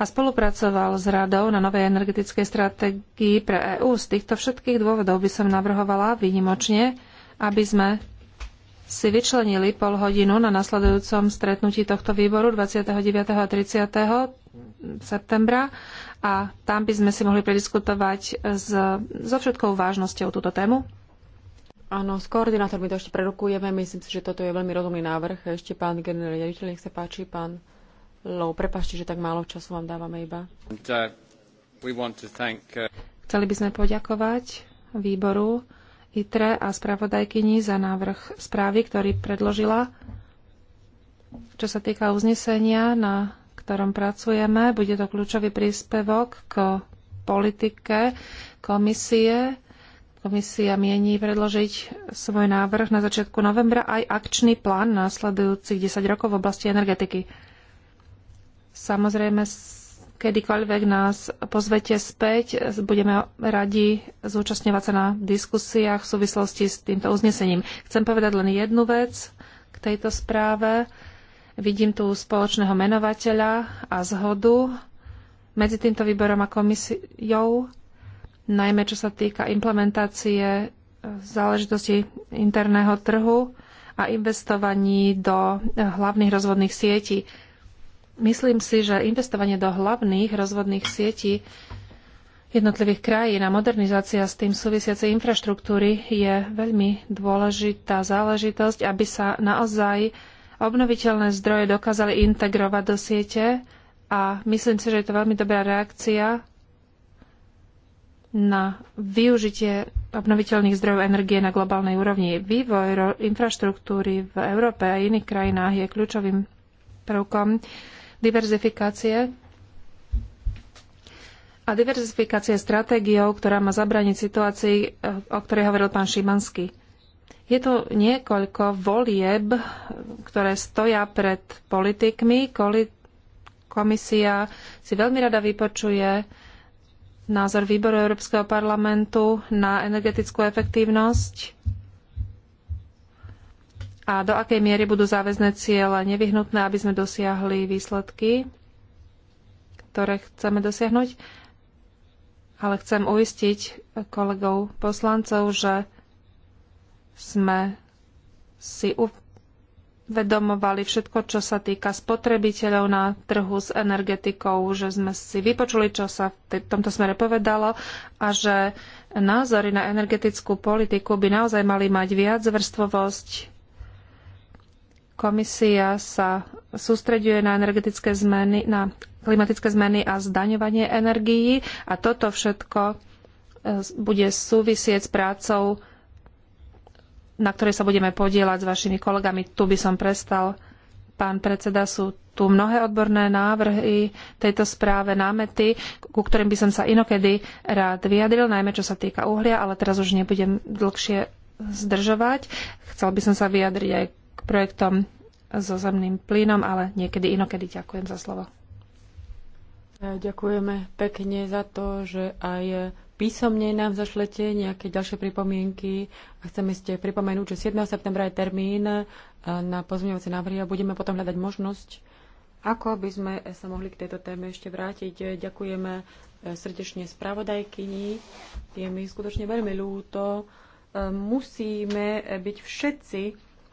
a spolupracoval s Radou na novej energetickej stratégii pre EÚ. Z týchto všetkých dôvodov by som navrhovala výnimočne, aby sme si vyčlenili pol hodinu na nasledujúcom stretnutí tohto výboru 29. a 30. septembra a tam by sme si mohli prediskutovať s, so všetkou vážnosťou túto tému. Áno, s koordinátormi to ešte prerokujeme. Myslím si, že toto je veľmi rozumný návrh. Ešte pán generál riaditeľ, nech sa páči, pán Lou, Prepašte, že tak málo času vám dávame iba. And, uh, thank, uh... Chceli by sme poďakovať výboru ITRE a spravodajkyni za návrh správy, ktorý predložila. Čo sa týka uznesenia, na ktorom pracujeme, bude to kľúčový príspevok k politike komisie. Komisia mieni predložiť svoj návrh na začiatku novembra aj akčný plán nasledujúcich 10 rokov v oblasti energetiky. Samozrejme, kedykoľvek nás pozvete späť, budeme radi zúčastňovať sa na diskusiách v súvislosti s týmto uznesením. Chcem povedať len jednu vec k tejto správe. Vidím tu spoločného menovateľa a zhodu medzi týmto výborom a komisiou, najmä čo sa týka implementácie eh, záležitosti interného trhu a investovaní do eh, hlavných rozvodných sietí. Myslím si, že investovanie do hlavných rozvodných sietí jednotlivých krajín a modernizácia s tým súvisiacej infraštruktúry je veľmi dôležitá záležitosť, aby sa naozaj obnoviteľné zdroje dokázali integrovať do siete a myslím si, že je to veľmi dobrá reakcia na využitie obnoviteľných zdrojov energie na globálnej úrovni. Vývoj infraštruktúry v Európe a iných krajinách je kľúčovým prvkom diverzifikácie a diverzifikácie stratégiou, ktorá má zabrániť situácii, eh, o ktorej hovoril pán Šimanský. Je to niekoľko volieb, ktoré stoja pred politikmi. Komisia si veľmi rada vypočuje názor výboru Európskeho parlamentu na energetickú efektívnosť a do akej miery budú záväzné ciele nevyhnutné, aby sme dosiahli výsledky, ktoré chceme dosiahnuť. Ale chcem uistiť kolegov poslancov, že sme si uvedomovali všetko, čo sa týka spotrebiteľov na trhu s energetikou, že sme si vypočuli, čo sa v tomto smere povedalo a že názory na energetickú politiku by naozaj mali mať viac vrstvovosť, Komisia sa sústreďuje na energetické zmeny, na klimatické zmeny a zdaňovanie energií a toto všetko e, bude súvisieť s prácou, na ktorej sa budeme podielať s vašimi kolegami. Tu by som prestal. Pán predseda, sú tu mnohé odborné návrhy tejto správe, námety, ku ktorým by som sa inokedy rád vyjadril, najmä čo sa týka uhlia, ale teraz už nebudem dlhšie zdržovať. Chcel by som sa vyjadriť aj projektom so zemným plynom, ale niekedy inokedy ďakujem za slovo. Ďakujeme pekne za to, že aj písomne nám zašlete nejaké ďalšie pripomienky. A chceme ste pripomenúť, že 7. septembra je termín na pozmeňovacie návrhy a budeme potom hľadať možnosť, ako by sme sa mohli k tejto téme ešte vrátiť. Ďakujeme e, srdečne spravodajkyni. Je mi skutočne veľmi ľúto. E, musíme e, byť všetci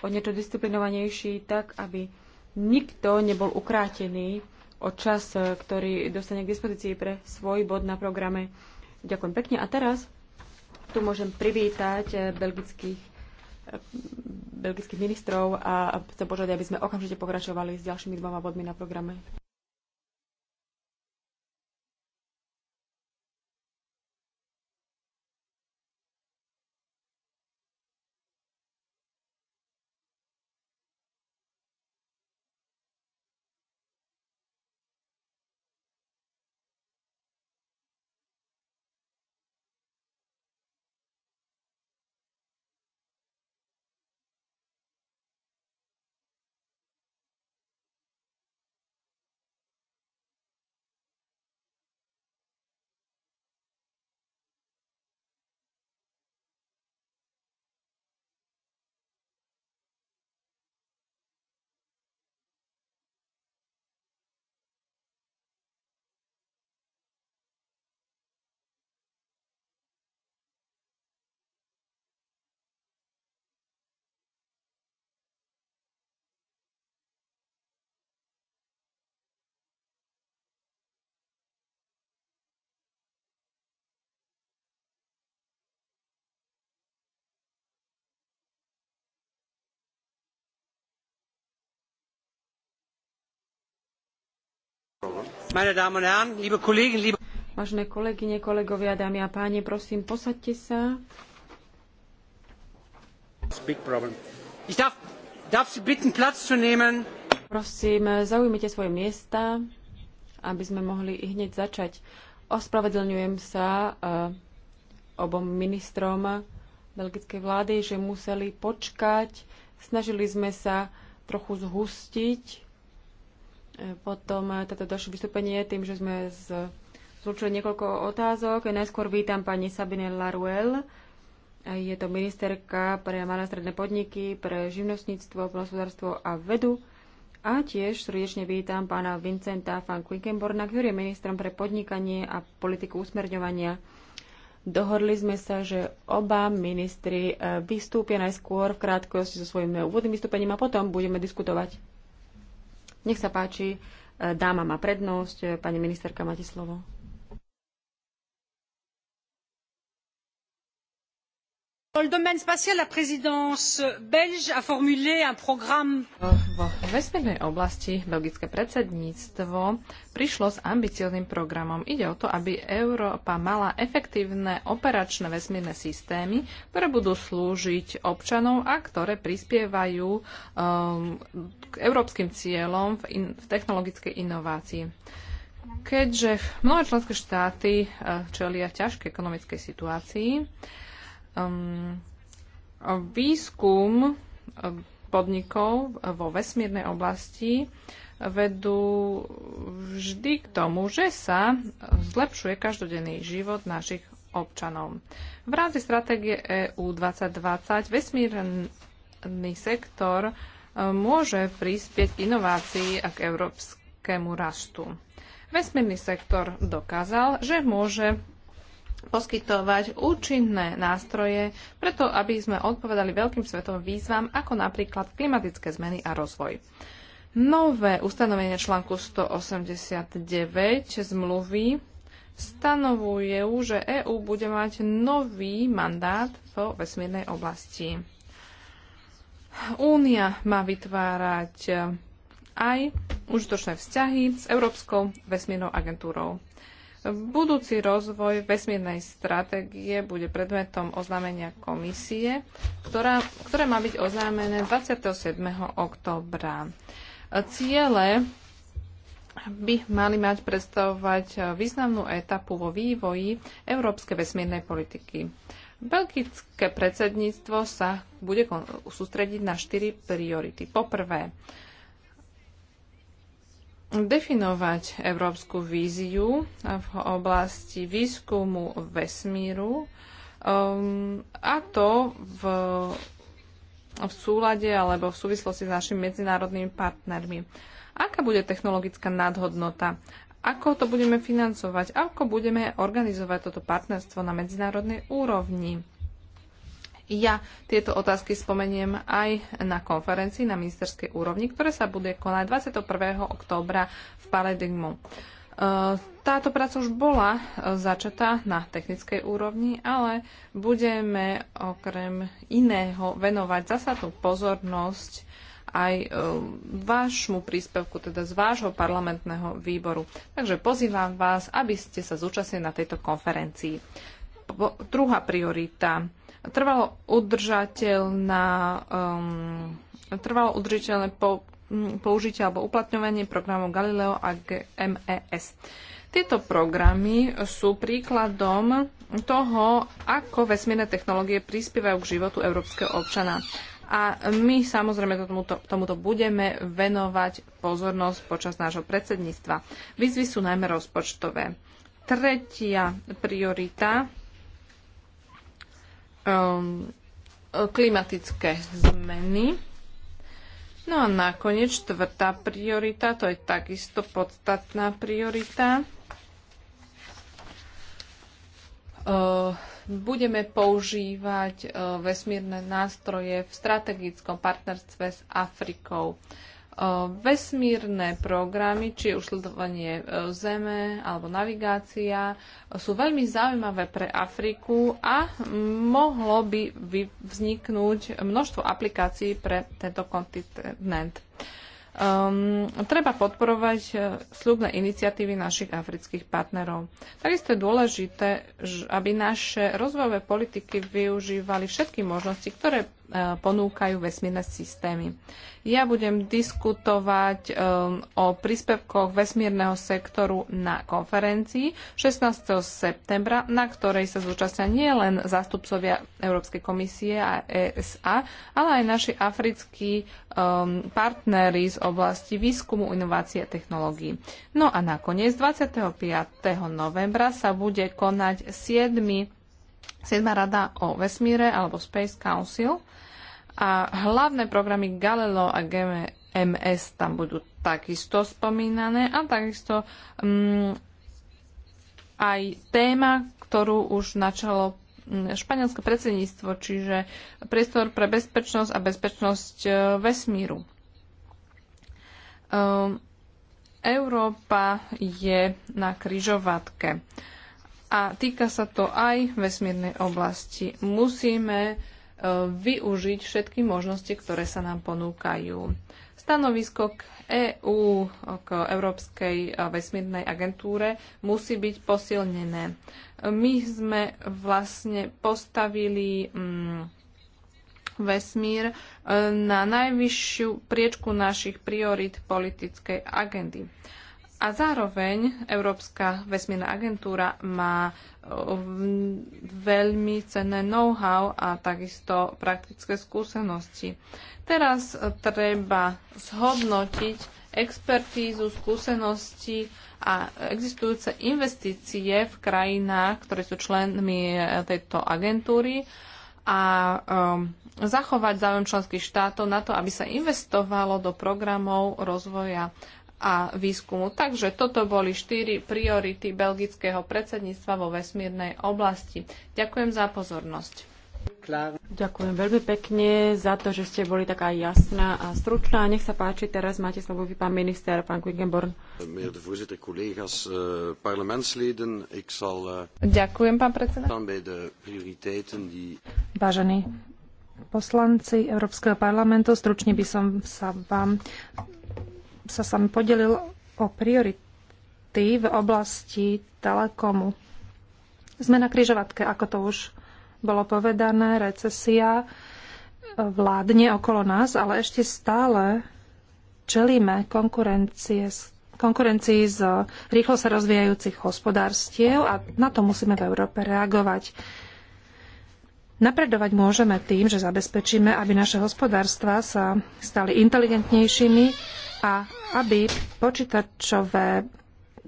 o niečo disciplinovanejší, tak aby nikto nebol ukrátený o čas, eh, ktorý dostane k dispozícii pre svoj bod na programe. Ďakujem pekne. A teraz tu môžem privítať eh, belgických, eh, belgických ministrov a chcem požiadať, aby sme okamžite pokračovali s ďalšími dvoma bodmi na programe. Vážené kolegyne, kolegovia, dámy a páni, prosím, posaďte sa. Prosím, zaujmite svoje miesta, aby sme mohli hneď začať. Ospravedlňujem sa eh, obom ministrom belgickej vlády, že museli počkať. Snažili sme sa trochu zhustiť potom eh, toto ďalšie vystúpenie tým, že sme z, zlučili niekoľko otázok. Najskôr vítam pani Sabine Laruel. Je to ministerka pre malé stredné podniky, pre živnostníctvo, hospodárstvo a vedu. A tiež srdečne vítam pána Vincenta van Quickenborna, ktorý je ministrom pre podnikanie a politiku usmerňovania. Dohodli sme sa, že oba ministri eh, vystúpia najskôr v krátkosti so svojimi úvodným vystúpením a potom budeme diskutovať. Nech sa páči, e, dáma má prednosť. E, pani ministerka, máte slovo. Dans le domaine spatial, la présidence belge a formulé un programme. Vo vesmírnej oblasti belgické predsedníctvo prišlo s ambiciozným programom. Ide o to, aby Európa mala efektívne operačné vesmírne systémy, ktoré budú slúžiť občanov a ktoré prispievajú um, k európskym cieľom v, in, v technologickej inovácii. Keďže mnohé členské štáty eh, čelia ťažkej ekonomickej situácii, um, výskum podnikov vo vesmírnej oblasti vedú vždy k tomu, že sa zlepšuje každodenný život našich občanov. V rámci stratégie EU 2020 vesmírny sektor môže prispieť k inovácii a k európskemu rastu. Vesmírny sektor dokázal, že môže poskytovať účinné nástroje, preto aby sme odpovedali veľkým svetovým výzvam, ako napríklad klimatické zmeny a rozvoj. Nové ustanovenie článku 189 zmluvy stanovuje, že EÚ bude mať nový mandát vo vesmírnej oblasti. Únia má vytvárať aj užitočné vzťahy s Európskou vesmírnou agentúrou. Budúci rozvoj vesmírnej stratégie bude predmetom oznámenia komisie, ktorá, ktoré má byť oznámené 27. oktobra. Ciele by mali mať predstavovať významnú etapu vo vývoji európskej vesmírnej politiky. Belgické predsedníctvo sa bude sústrediť na štyri priority. Poprvé, definovať európsku víziu v oblasti výskumu vesmíru um, a to v, v súlade alebo v súvislosti s našimi medzinárodnými partnermi. Aká bude technologická nadhodnota? Ako to budeme financovať? Ako budeme organizovať toto partnerstvo na medzinárodnej úrovni? ja tieto otázky spomeniem aj na konferencii na ministerskej úrovni, ktoré sa bude konať 21. októbra v Paradigmu. E, táto práca už bola e, začatá na technickej úrovni, ale budeme okrem iného venovať zasadnú pozornosť aj e, vášmu príspevku, teda z vášho parlamentného výboru. Takže pozývam vás, aby ste sa zúčastnili na tejto konferencii. Druhá priorita trvalo udržateľná, um, trvalo udržateľné po, um, použitie alebo uplatňovanie programov Galileo a GMES. Tieto programy sú príkladom toho, ako vesmírne technológie prispievajú k životu európskeho občana. A my samozrejme tomuto, tomuto budeme venovať pozornosť počas nášho predsedníctva. Výzvy sú najmä rozpočtové. Tretia priorita um, klimatické zmeny. No a nakoniec štvrtá priorita, to je takisto podstatná priorita. Uh, budeme používať uh, vesmírne nástroje v strategickom partnerstve s Afrikou vesmírne programy, či už sledovanie e, Zeme alebo navigácia, sú veľmi zaujímavé pre Afriku a mohlo by vzniknúť množstvo aplikácií pre tento kontinent. Um, treba podporovať e, slubné iniciatívy našich afrických partnerov. Takisto je dôležité, aby naše rozvojové politiky využívali všetky možnosti, ktoré E, ponúkajú vesmírne systémy. Ja budem diskutovať e, o príspevkoch vesmírneho sektoru na konferencii 16. septembra, na ktorej sa zúčastnia nielen zástupcovia Európskej komisie a ESA, ale aj naši africkí e, partnery z oblasti výskumu, inovácie a technológií. No a nakoniec 25. novembra sa bude konať 7 7. rada o vesmíre alebo Space Council a hlavné programy Galileo a GMS tam budú takisto spomínané a takisto um, aj téma, ktorú už načalo mm, španielské predsedníctvo, čiže priestor pre bezpečnosť a bezpečnosť e, vesmíru. Ehm, Európa je na kryžovatke a týka sa to aj vesmírnej oblasti. Musíme e, využiť všetky možnosti, ktoré sa nám ponúkajú. Stanovisko k EÚ, EU, k Európskej e, vesmírnej agentúre, musí byť posilnené. My sme vlastne postavili mm, vesmír e, na najvyššiu priečku našich priorit politickej agendy. A zároveň Európska vesmírna agentúra má e, veľmi cenné know-how a takisto praktické skúsenosti. Teraz treba zhodnotiť expertízu, skúsenosti a existujúce investície v krajinách, ktoré sú členmi e, tejto agentúry a um, zachovať záujem členských štátov na to, aby sa investovalo do programov rozvoja a výskumu. Takže toto boli štyri priority belgického predsedníctva vo vesmírnej oblasti. Ďakujem za pozornosť. Ďakujem veľmi pekne za to, že ste boli taká jasná a stručná. Nech sa páči, teraz máte slovo vy, pán minister, pán Quickenborn. Eh, eh, Ďakujem, pán predseda. Vážení poslanci Európskeho parlamentu, stručne by som sa vám sa sa podelil o priority v oblasti telekomu. Sme na križovatke, ako to už bolo povedané, recesia vládne okolo nás, ale ešte stále čelíme konkurencie, konkurencii z rýchlo sa rozvíjajúcich hospodárstiev a na to musíme v Európe reagovať. Napredovať môžeme tým, že zabezpečíme, aby naše hospodárstva sa stali inteligentnejšími a aby počítačové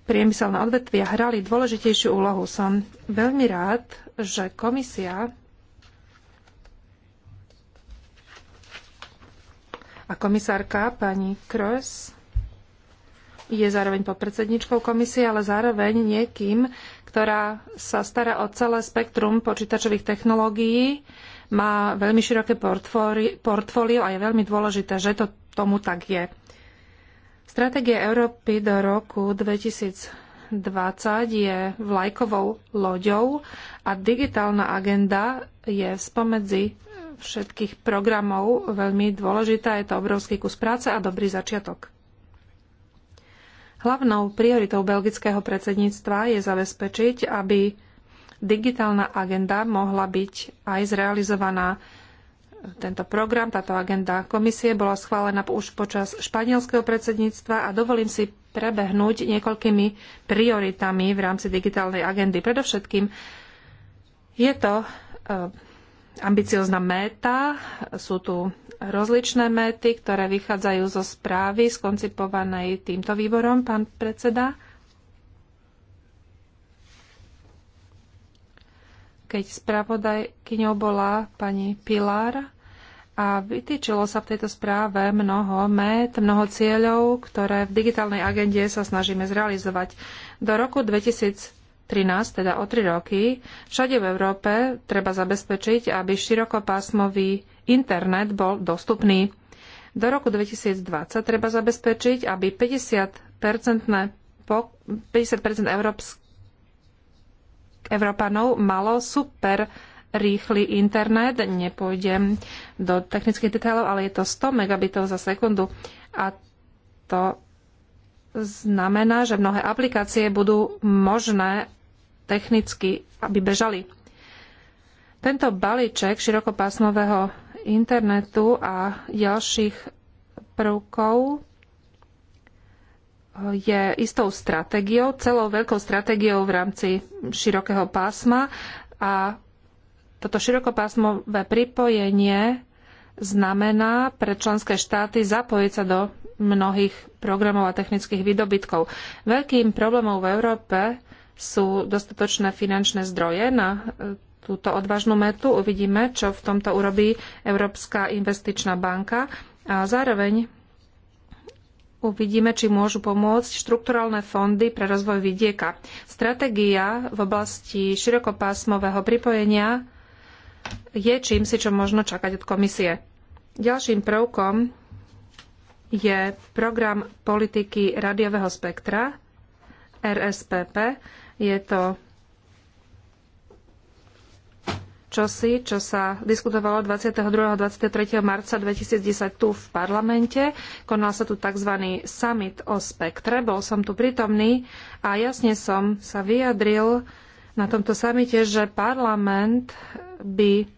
priemyselné odvetvia hrali dôležitejšiu úlohu. Som veľmi rád, že komisia a komisárka pani Kroes je zároveň podpredsedničkou komisie, ale zároveň niekým, ktorá sa stará o celé spektrum počítačových technológií, má veľmi široké portfólio a je veľmi dôležité, že to tomu tak je. Stratégia Európy do roku 2020 je vlajkovou loďou a digitálna agenda je spomedzi všetkých programov veľmi dôležitá. Je to obrovský kus práce a dobrý začiatok. Hlavnou prioritou belgického predsedníctva je zabezpečiť, aby digitálna agenda mohla byť aj zrealizovaná tento program, táto agenda komisie bola schválená už počas španielského predsedníctva a dovolím si prebehnúť niekoľkými prioritami v rámci digitálnej agendy. Predovšetkým je to eh, ambiciózna méta, sú tu rozličné méty, ktoré vychádzajú zo správy skoncipovanej týmto výborom, pán predseda. keď spravodajkyňou bola pani Pilar, a vytýčilo sa v tejto správe mnoho met, mnoho cieľov, ktoré v digitálnej agende sa snažíme zrealizovať. Do roku 2013, teda o tri roky, všade v Európe treba zabezpečiť, aby širokopásmový internet bol dostupný. Do roku 2020 treba zabezpečiť, aby 50%, 50% Európanov malo super rýchly internet. Nepôjdem do technických detailov, ale je to 100 megabitov za sekundu. A to znamená, že mnohé aplikácie budú možné technicky, aby bežali. Tento balíček širokopásmového internetu a ďalších prvkov je istou stratégiou, celou veľkou stratégiou v rámci širokého pásma a toto širokopásmové pripojenie znamená pre členské štáty zapojiť sa do mnohých programov a technických výdobytkov. Veľkým problémom v Európe sú dostatočné finančné zdroje na e, túto odvážnu metu. Uvidíme, čo v tomto urobí Európska investičná banka. A zároveň uvidíme, či môžu pomôcť štrukturálne fondy pre rozvoj vidieka. Stratégia v oblasti širokopásmového pripojenia je čím si, čo možno čakať od komisie. Ďalším prvkom je program politiky radiového spektra RSPP. Je to čosi, čo sa diskutovalo 22. a 23. marca 2010 tu v parlamente. Konal sa tu tzv. summit o spektre. Bol som tu prítomný a jasne som sa vyjadril na tomto samite, že parlament by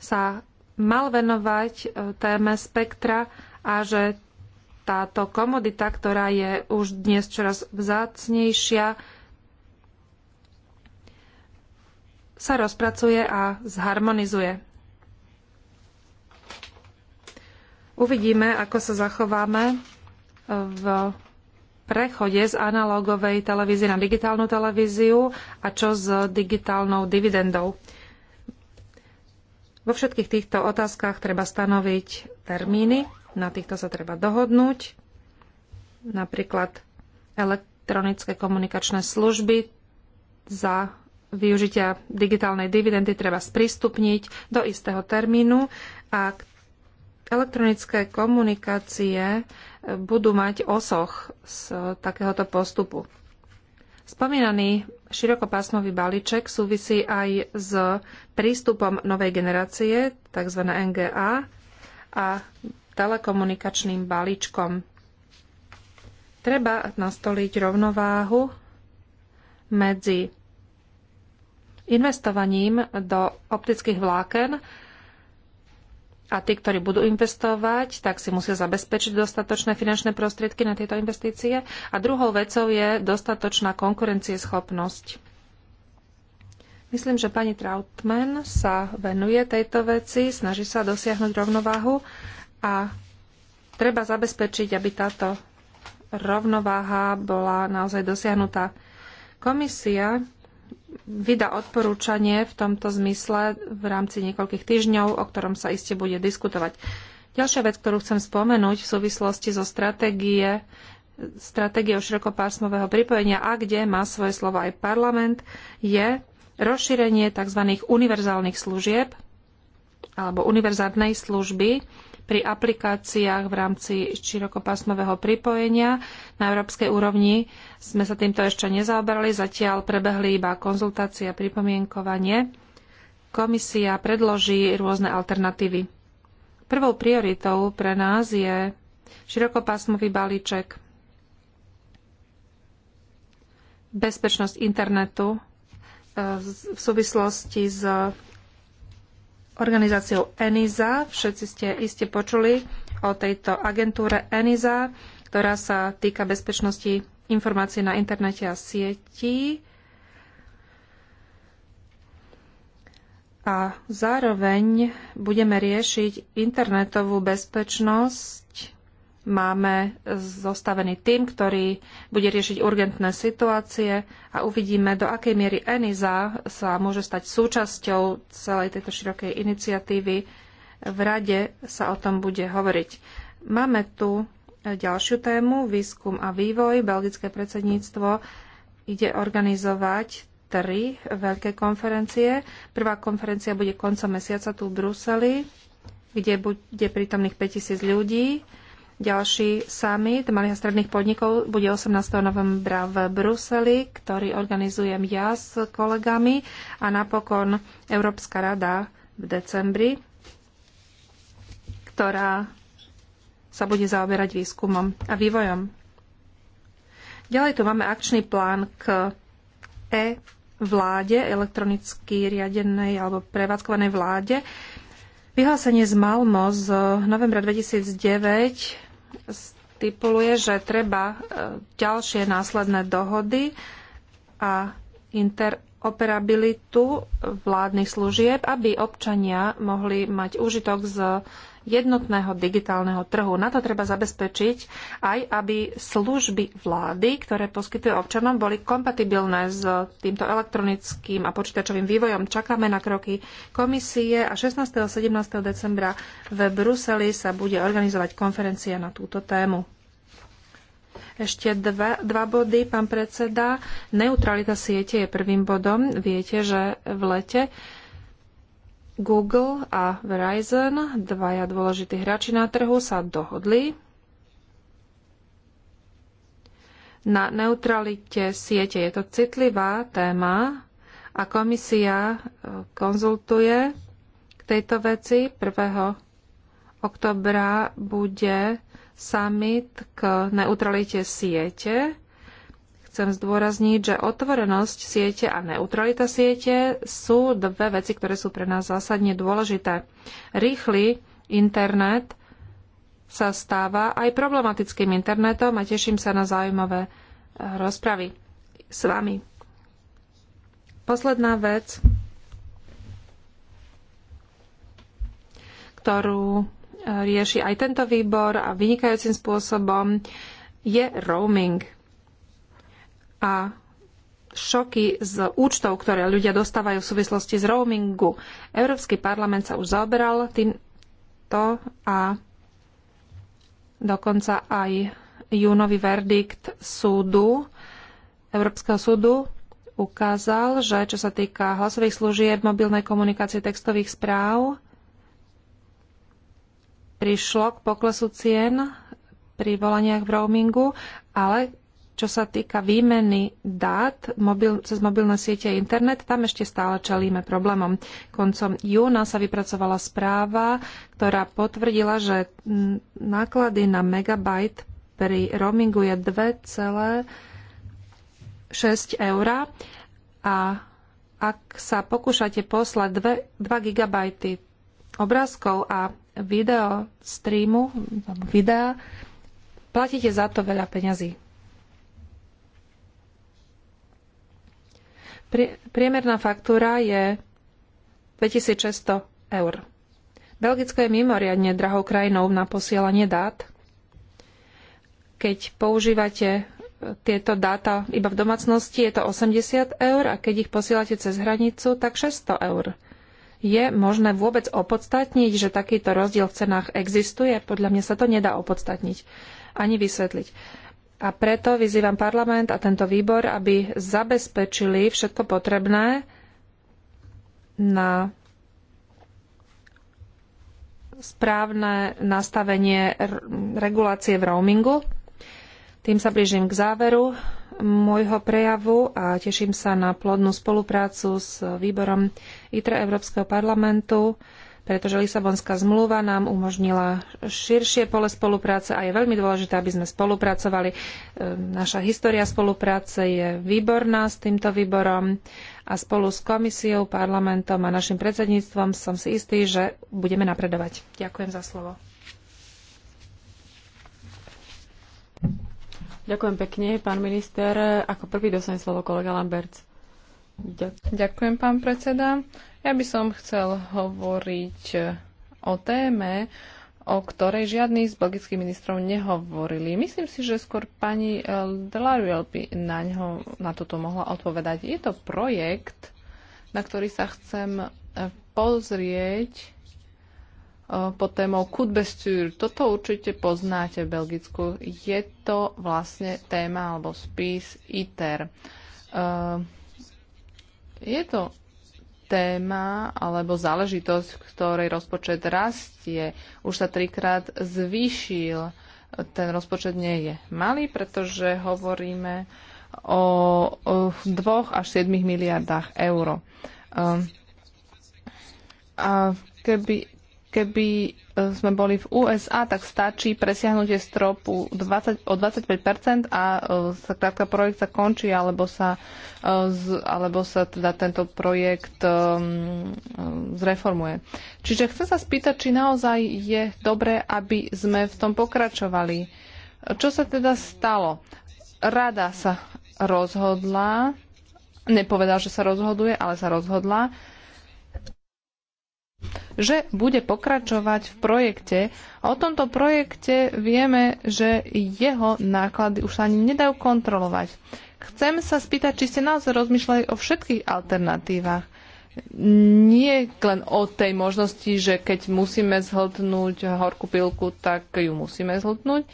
sa mal venovať e, téme spektra a že táto komodita, ktorá je už dnes čoraz vzácnejšia, sa rozpracuje a zharmonizuje. Uvidíme, ako sa zachováme e, v prechode z analógovej televízie na digitálnu televíziu a čo s digitálnou dividendou. Vo všetkých týchto otázkach treba stanoviť termíny, na týchto sa treba dohodnúť. Napríklad elektronické komunikačné služby za využitia digitálnej dividendy treba sprístupniť do istého termínu a elektronické komunikácie e, budú mať osoch z takéhoto postupu. Spomínaný širokopásmový balíček súvisí aj s prístupom novej generácie, tzv. NGA, a telekomunikačným balíčkom. Treba nastoliť rovnováhu medzi investovaním do optických vláken a tí, ktorí budú investovať, tak si musia zabezpečiť dostatočné finančné prostriedky na tieto investície. A druhou vecou je dostatočná konkurencieschopnosť. Myslím, že pani Trautmann sa venuje tejto veci, snaží sa dosiahnuť rovnováhu a treba zabezpečiť, aby táto rovnováha bola naozaj dosiahnutá. Komisia vydá odporúčanie v tomto zmysle v rámci niekoľkých týždňov, o ktorom sa iste bude diskutovať. Ďalšia vec, ktorú chcem spomenúť v súvislosti so stratégie, stratégiou širokopásmového pripojenia a kde má svoje slovo aj parlament, je rozšírenie tzv. univerzálnych služieb alebo univerzálnej služby pri aplikáciách v rámci širokopásmového pripojenia. Na európskej úrovni sme sa týmto ešte nezaoberali, zatiaľ prebehli iba konzultácia a pripomienkovanie. Komisia predloží rôzne alternatívy. Prvou prioritou pre nás je širokopásmový balíček bezpečnosť internetu e, v súvislosti s organizáciou ENISA. Všetci ste iste počuli o tejto agentúre ENISA, ktorá sa týka bezpečnosti informácií na internete a sieti. A zároveň budeme riešiť internetovú bezpečnosť máme zostavený tým, ktorý bude riešiť urgentné situácie a uvidíme, do akej miery ENISA sa môže stať súčasťou celej tejto širokej iniciatívy. V rade sa o tom bude hovoriť. Máme tu ďalšiu tému, výskum a vývoj. Belgické predsedníctvo ide organizovať tri veľké konferencie. Prvá konferencia bude koncom mesiaca tu v Bruseli, kde bude prítomných 5000 ľudí ďalší summit malých a stredných podnikov bude 18. novembra v Bruseli, ktorý organizujem ja s kolegami a napokon Európska rada v decembri, ktorá sa bude zaoberať výskumom a vývojom. Ďalej tu máme akčný plán k e-vláde, elektronicky riadenej alebo prevádzkovanej vláde. Vyhlásenie z Malmo z novembra 2009 stipuluje, že treba e, ďalšie následné dohody a interoperabilitu vládnych služieb, aby občania mohli mať úžitok z jednotného digitálneho trhu. Na to treba zabezpečiť aj, aby služby vlády, ktoré poskytuje občanom, boli kompatibilné s týmto elektronickým a počítačovým vývojom. Čakáme na kroky komisie a 16. a 17. decembra v Bruseli sa bude organizovať konferencia na túto tému. Ešte dva, dva body, pán predseda. Neutralita siete je prvým bodom. Viete, že v lete Google a Verizon, dvaja dôležití hráči na trhu, sa dohodli na neutralite siete. Je to citlivá téma a komisia e, konzultuje k tejto veci. 1. oktobra bude summit k neutralite siete chcem zdôrazniť, že otvorenosť siete a neutralita siete sú dve veci, ktoré sú pre nás zásadne dôležité. Rýchly internet sa stáva aj problematickým internetom a teším sa na zaujímavé eh, rozpravy s vami. Posledná vec, ktorú eh, rieši aj tento výbor a vynikajúcim spôsobom, je roaming a šoky z účtov, ktoré ľudia dostávajú v súvislosti s roamingu. Európsky parlament sa už zaoberal týmto a dokonca aj júnový verdikt súdu, Európskeho súdu ukázal, že čo sa týka hlasových služieb, mobilnej komunikácie, textových správ, prišlo k poklesu cien pri volaniach v roamingu, ale čo sa týka výmeny dát mobil, cez mobilné siete a internet, tam ešte stále čelíme problémom. Koncom júna sa vypracovala správa, ktorá potvrdila, že náklady na megabajt pri roamingu je 2,6 eur a ak sa pokúšate poslať 2, 2 GB obrázkov a video streamu, videa, platíte za to veľa peňazí. Priemerná faktúra je 2600 eur. Belgicko je mimoriadne drahou krajinou na posielanie dát. Keď používate e, tieto dáta iba v domácnosti, je to 80 eur a keď ich posielate cez hranicu, tak 600 eur. Je možné vôbec opodstatniť, že takýto rozdiel v cenách existuje? Podľa mňa sa to nedá opodstatniť ani vysvetliť. A preto vyzývam parlament a tento výbor, aby zabezpečili všetko potrebné na správne nastavenie regulácie v roamingu. Tým sa blížim k záveru môjho prejavu a teším sa na plodnú spoluprácu s výborom ITRE Európskeho parlamentu pretože Lisabonská zmluva nám umožnila širšie pole spolupráce a je veľmi dôležité, aby sme spolupracovali. E, naša história spolupráce je výborná s týmto výborom a spolu s komisiou, parlamentom a našim predsedníctvom som si istý, že budeme napredovať. Ďakujem za slovo. Ďakujem pekne, pán minister. Ako prvý dostane slovo kolega Lamberts. Ďakujem. Ďakujem, pán predseda. Ja by som chcel hovoriť e, o téme, o ktorej žiadny z belgických ministrov nehovorili. Myslím si, že skôr pani e, Delariel by na, ňo, na toto mohla odpovedať. Je to projekt, na ktorý sa chcem e, pozrieť pod témou Kutbestur. Toto určite poznáte v Belgicku. Je to vlastne téma alebo spis ITER. Je to téma alebo záležitosť, v ktorej rozpočet rastie. Už sa trikrát zvýšil. Ten rozpočet nie je malý, pretože hovoríme o 2 až 7 miliardách eur. Ehm, a keby keby e, sme boli v USA, tak stačí presiahnutie stropu 20, o 25 a e, sa krátka projekt sa končí, alebo sa, e, alebo sa teda tento projekt zreformuje. Čiže chcem sa spýtať, či naozaj je dobré, aby sme v tom pokračovali. Čo sa teda stalo? Rada sa rozhodla, nepovedal, že sa rozhoduje, ale sa rozhodla, že bude pokračovať v projekte. o tomto projekte vieme, že jeho náklady už sa ani nedajú kontrolovať. Chcem sa spýtať, či ste naozaj rozmýšľali o všetkých alternatívach. Nie len o tej možnosti, že keď musíme zhltnúť horkú pilku, tak ju musíme zhltnúť.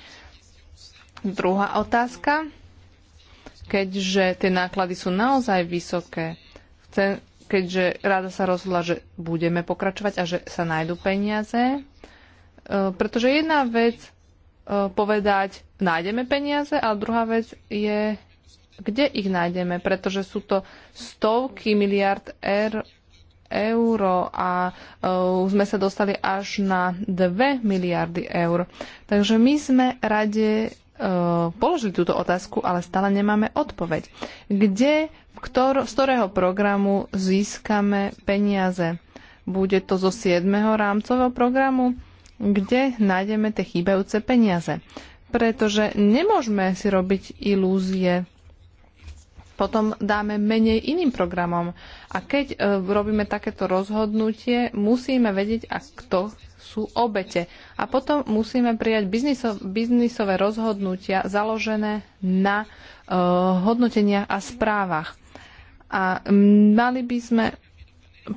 Druhá otázka. Keďže tie náklady sú naozaj vysoké, chcem keďže rada sa rozhodla, že budeme pokračovať a že sa nájdú peniaze. E, pretože jedna vec e, povedať, nájdeme peniaze, a druhá vec je, kde ich nájdeme, pretože sú to stovky miliard eur euro a uh, sme sa dostali až na 2 miliardy eur. Takže my sme rade uh, položili túto otázku, ale stále nemáme odpoveď. Kde ktor- z ktorého programu získame peniaze. Bude to zo 7. rámcového programu, kde nájdeme tie chýbajúce peniaze. Pretože nemôžeme si robiť ilúzie. Potom dáme menej iným programom. A keď e, robíme takéto rozhodnutie, musíme vedieť, a kto sú obete. A potom musíme prijať bizniso- biznisové rozhodnutia založené na e, hodnoteniach a správach. A mali by sme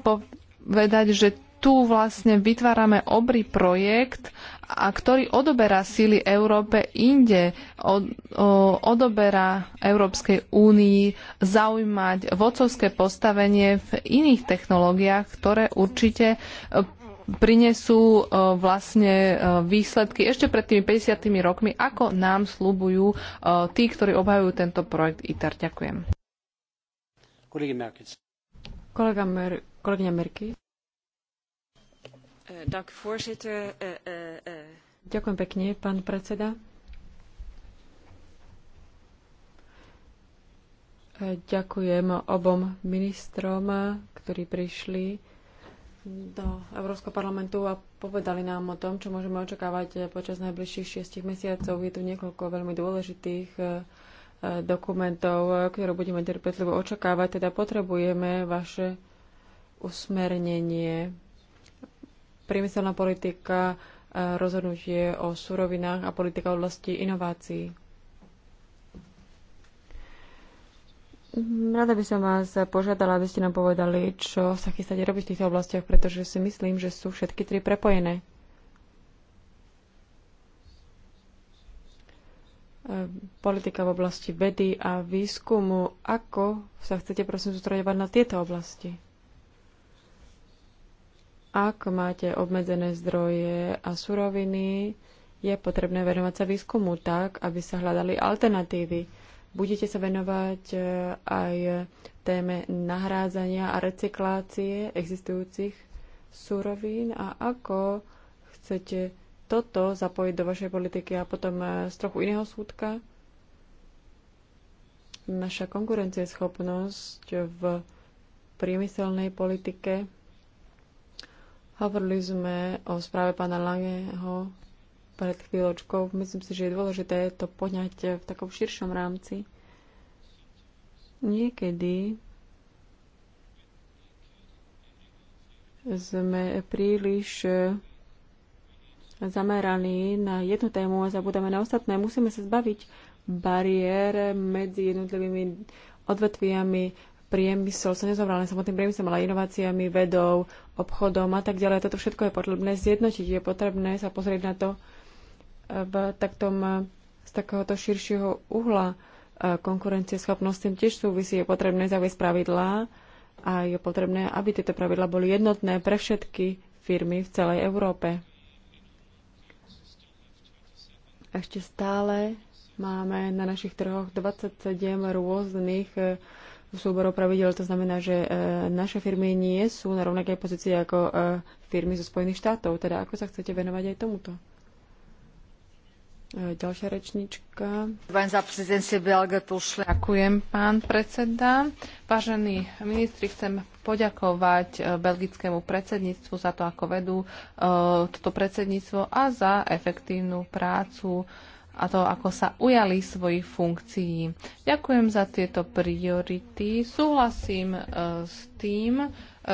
povedať, že tu vlastne vytvárame obrý projekt, a ktorý odoberá síly Európe inde, od, o, odoberá Európskej únii zaujímať vocovské postavenie v iných technológiách, ktoré určite e, prinesú e, vlastne e, výsledky ešte pred tými 50 rokmi, ako nám slúbujú tí, ktorí obhajujú tento projekt ITER. Ďakujem. Kolegyne eh, eh, eh, Ďakujem pekne, pán predseda. Ďakujem obom ministrom, ktorí prišli do Európskeho parlamentu a povedali nám o tom, čo môžeme očakávať počas najbližších šiestich mesiacov. Je tu niekoľko veľmi dôležitých dokumentov, ktoré budeme trpetlivo očakávať. Teda potrebujeme vaše usmernenie. Priemyselná politika, e, rozhodnutie o surovinách a politika oblasti inovácií. Mm, rada by som vás požiadala, aby ste nám povedali, čo sa chystáte robiť v týchto oblastiach, pretože si myslím, že sú všetky tri prepojené. Ehm, politika v oblasti vedy a výskumu. Ako sa chcete prosím sústredovať na tieto oblasti? Ak máte obmedzené zdroje a suroviny, je potrebné venovať sa výskumu tak, aby sa hľadali alternatívy. Budete sa venovať e, aj téme nahrádzania a recyklácie existujúcich surovín a ako chcete toto zapojiť do vašej politiky a potom e, z trochu iného súdka. Naša konkurencieschopnosť v priemyselnej politike. Hovorili sme o správe pána Langeho pred chvíľočkou. Myslím si, že je dôležité to poňať v takom širšom rámci. Niekedy sme príliš zameraní na jednu tému a zabudáme na ostatné. Musíme sa zbaviť bariér medzi jednotlivými odvetviami priemysel sa nezobral len samotným priemyslom, ale inováciami, vedou, obchodom a tak ďalej. Toto všetko je potrebné zjednotiť. Je potrebné sa pozrieť na to eh, v taktom, eh, z takéhoto širšieho uhla eh, konkurencieschopnosť tým tiež súvisí. Je potrebné zaviesť pravidlá a je potrebné, aby tieto pravidlá boli jednotné pre všetky firmy v celej Európe. Ešte stále máme na našich trhoch 27 rôznych e, súborov pravidel. To znamená, že e, naše firmy nie sú na rovnakej pozícii ako e, firmy zo Spojených štátov. Teda ako sa chcete venovať aj tomuto? Ďalšia rečnička. Ďakujem, pán predseda. Vážení ministri, chcem poďakovať e, belgickému predsedníctvu za to, ako vedú e, toto predsedníctvo a za efektívnu prácu a to, ako sa ujali svojich funkcií. Ďakujem za tieto priority. Súhlasím e, s tým,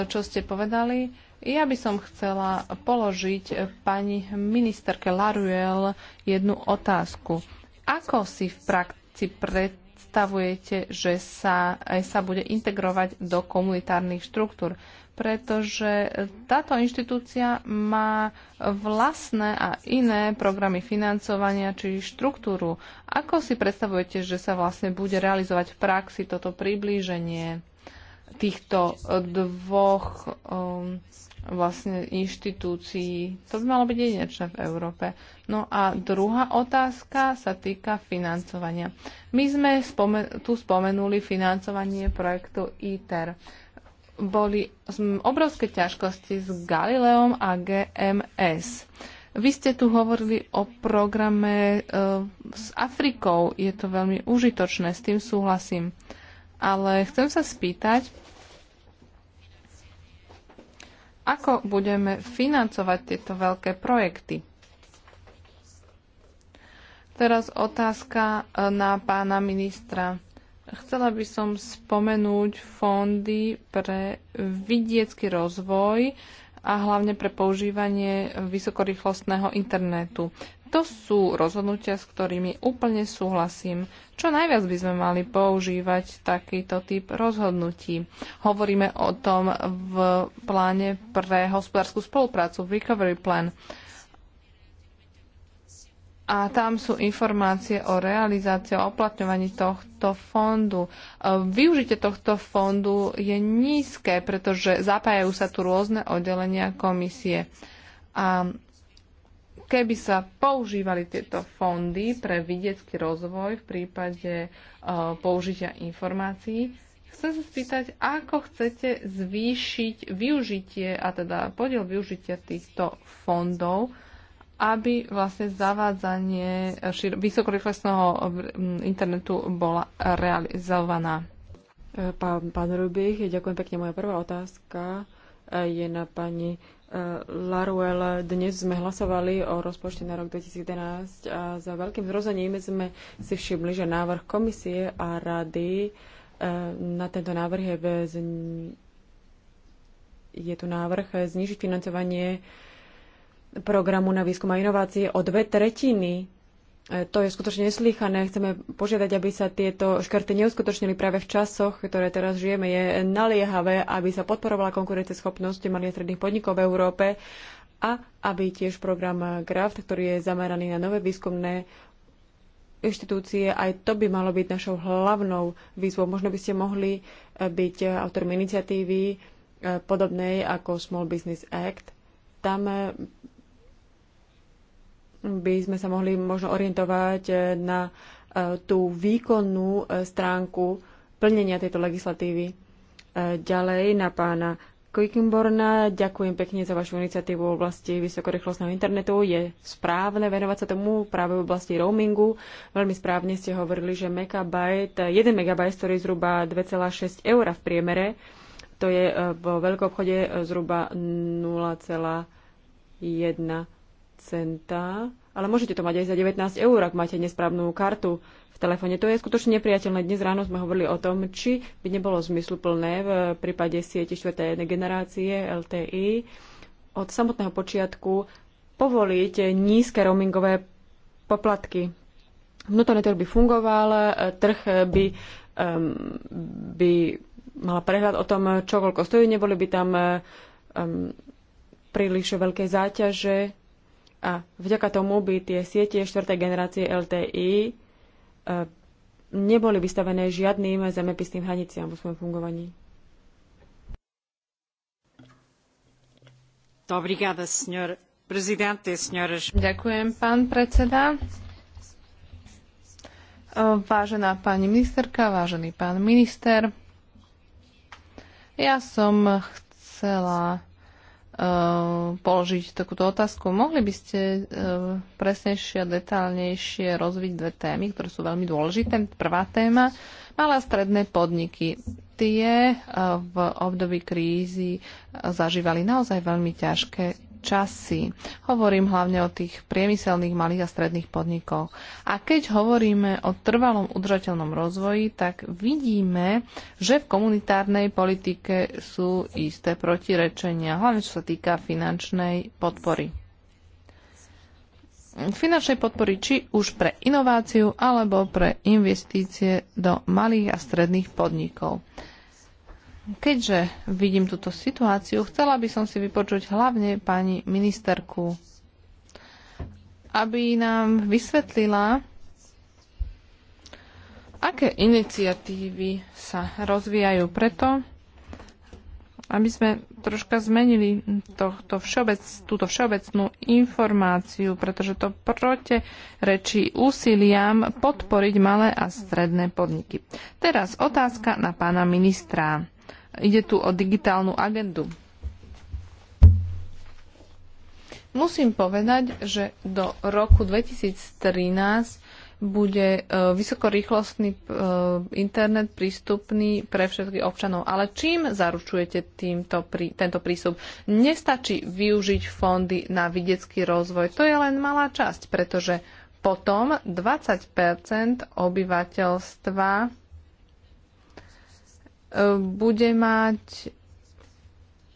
čo ste povedali. Ja by som chcela položiť pani ministerke Laruel jednu otázku. Ako si v praxi pred predstavujete, že sa sa bude integrovať do komunitárnych štruktúr, pretože táto inštitúcia má vlastné a iné programy financovania či štruktúru. Ako si predstavujete, že sa vlastne bude realizovať v praxi toto priblíženie týchto dvoch um, vlastne inštitúcií. To by malo byť jedinečné v Európe. No a druhá otázka sa týka financovania. My sme spomen- tu spomenuli financovanie projektu ITER. Boli obrovské ťažkosti s Galileom a GMS. Vy ste tu hovorili o programe e, s Afrikou. Je to veľmi užitočné, s tým súhlasím. Ale chcem sa spýtať, ako budeme financovať tieto veľké projekty? Teraz otázka e, na pána ministra. Chcela by som spomenúť fondy pre vidiecký rozvoj a hlavne pre používanie vysokorýchlostného internetu. To sú rozhodnutia, s ktorými úplne súhlasím. Čo najviac by sme mali používať takýto typ rozhodnutí. Hovoríme o tom v pláne pre hospodárskú spoluprácu, Recovery Plan. A tam sú informácie o realizácii a oplatňovaní tohto fondu. Využite tohto fondu je nízke, pretože zapájajú sa tu rôzne oddelenia komisie. A keby sa používali tieto fondy pre vidiecký rozvoj v prípade e, použitia informácií, chcem sa spýtať, ako chcete zvýšiť využitie a teda podiel využitia týchto fondov, aby vlastne zavádzanie vysokorýchlesného vysokorýchlostného internetu bola realizovaná. E, pán, pán Rubich, ďakujem pekne. Moja prvá otázka e, je na pani Laruel, dnes sme hlasovali o rozpočte na rok 2011 a za veľkým zrozením sme si všimli, že návrh komisie a rady e, na tento návrh je, bez, je tu návrh znižiť financovanie programu na výskum a inovácie o dve tretiny E, to je skutočne neslýchané. Chceme požiadať, aby sa tieto škrty neuskutočnili práve v časoch, ktoré teraz žijeme. Je naliehavé, aby sa podporovala konkurenceschopnosť malých a stredných podnikov v Európe a aby tiež program GRAFT, ktorý je zameraný na nové výskumné inštitúcie, aj to by malo byť našou hlavnou výzvou. Možno by ste mohli e, byť e, autorom iniciatívy podobnej ako Small Business Act. Tam by sme sa mohli možno orientovať eh, na eh, tú výkonnú eh, stránku plnenia tejto legislatívy. Ďalej na pána Quickenborna. Ďakujem pekne za vašu iniciatívu v oblasti vysokorýchlostného internetu. Je správne venovať sa tomu práve v oblasti roamingu. Veľmi správne ste hovorili, že megabajt, 1 ktorý stojí zhruba 2,6 eur v priemere. To je vo veľkom obchode zhruba 0,1 centa, ale môžete to mať aj za 19 eur, ak máte nesprávnu kartu v telefóne. To je skutočne nepriateľné. Dnes ráno sme hovorili o tom, či by nebolo zmysluplné v prípade siete 4. generácie LTI od samotného počiatku povoliť nízke roamingové poplatky. Vnútorný trh by fungoval, trh by, um, by mal prehľad o tom, čo koľko stojí, neboli by tam um, príliš veľké záťaže a vďaka tomu by tie siete 4. generácie LTI e, neboli vystavené žiadnym zemepisným hraniciam vo svojom fungovaní. Ďakujem, pán predseda. E, vážená pani ministerka, vážený pán minister, ja som chcela Eh, položiť takúto otázku. Mohli by ste eh, presnejšie a detálnejšie rozviť dve témy, ktoré sú veľmi dôležité. Prvá téma, malé a stredné podniky. Tie eh, v období krízy zažívali naozaj veľmi ťažké časy. Hovorím hlavne o tých priemyselných malých a stredných podnikoch. A keď hovoríme o trvalom udržateľnom rozvoji, tak vidíme, že v komunitárnej politike sú isté protirečenia, hlavne čo sa týka finančnej podpory. Finančnej podpory či už pre inováciu alebo pre investície do malých a stredných podnikov. Keďže vidím túto situáciu, chcela by som si vypočuť hlavne pani ministerku, aby nám vysvetlila, aké iniciatívy sa rozvíjajú preto, aby sme troška zmenili tohto všeobec, túto všeobecnú informáciu, pretože to proti reči úsiliam podporiť malé a stredné podniky. Teraz otázka na pána ministra. Ide tu o digitálnu agendu. Musím povedať, že do roku 2013 bude e, vysokorýchlostný e, internet prístupný pre všetkých občanov. Ale čím zaručujete týmto, prí, tento prístup? Nestačí využiť fondy na vidiecký rozvoj. To je len malá časť, pretože potom 20 obyvateľstva bude mať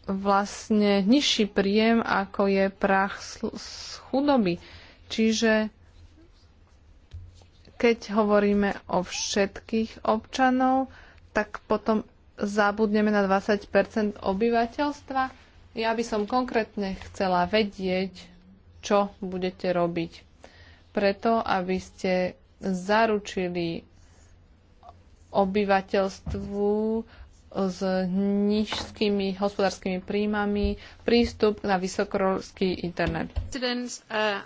vlastne nižší príjem, ako je prach z chudoby. Čiže keď hovoríme o všetkých občanov, tak potom zabudneme na 20 obyvateľstva. Ja by som konkrétne chcela vedieť, čo budete robiť. Preto, aby ste zaručili obyvateľstvu s nízkymi hospodárskymi príjmami prístup na vysokorolský internet. Uh,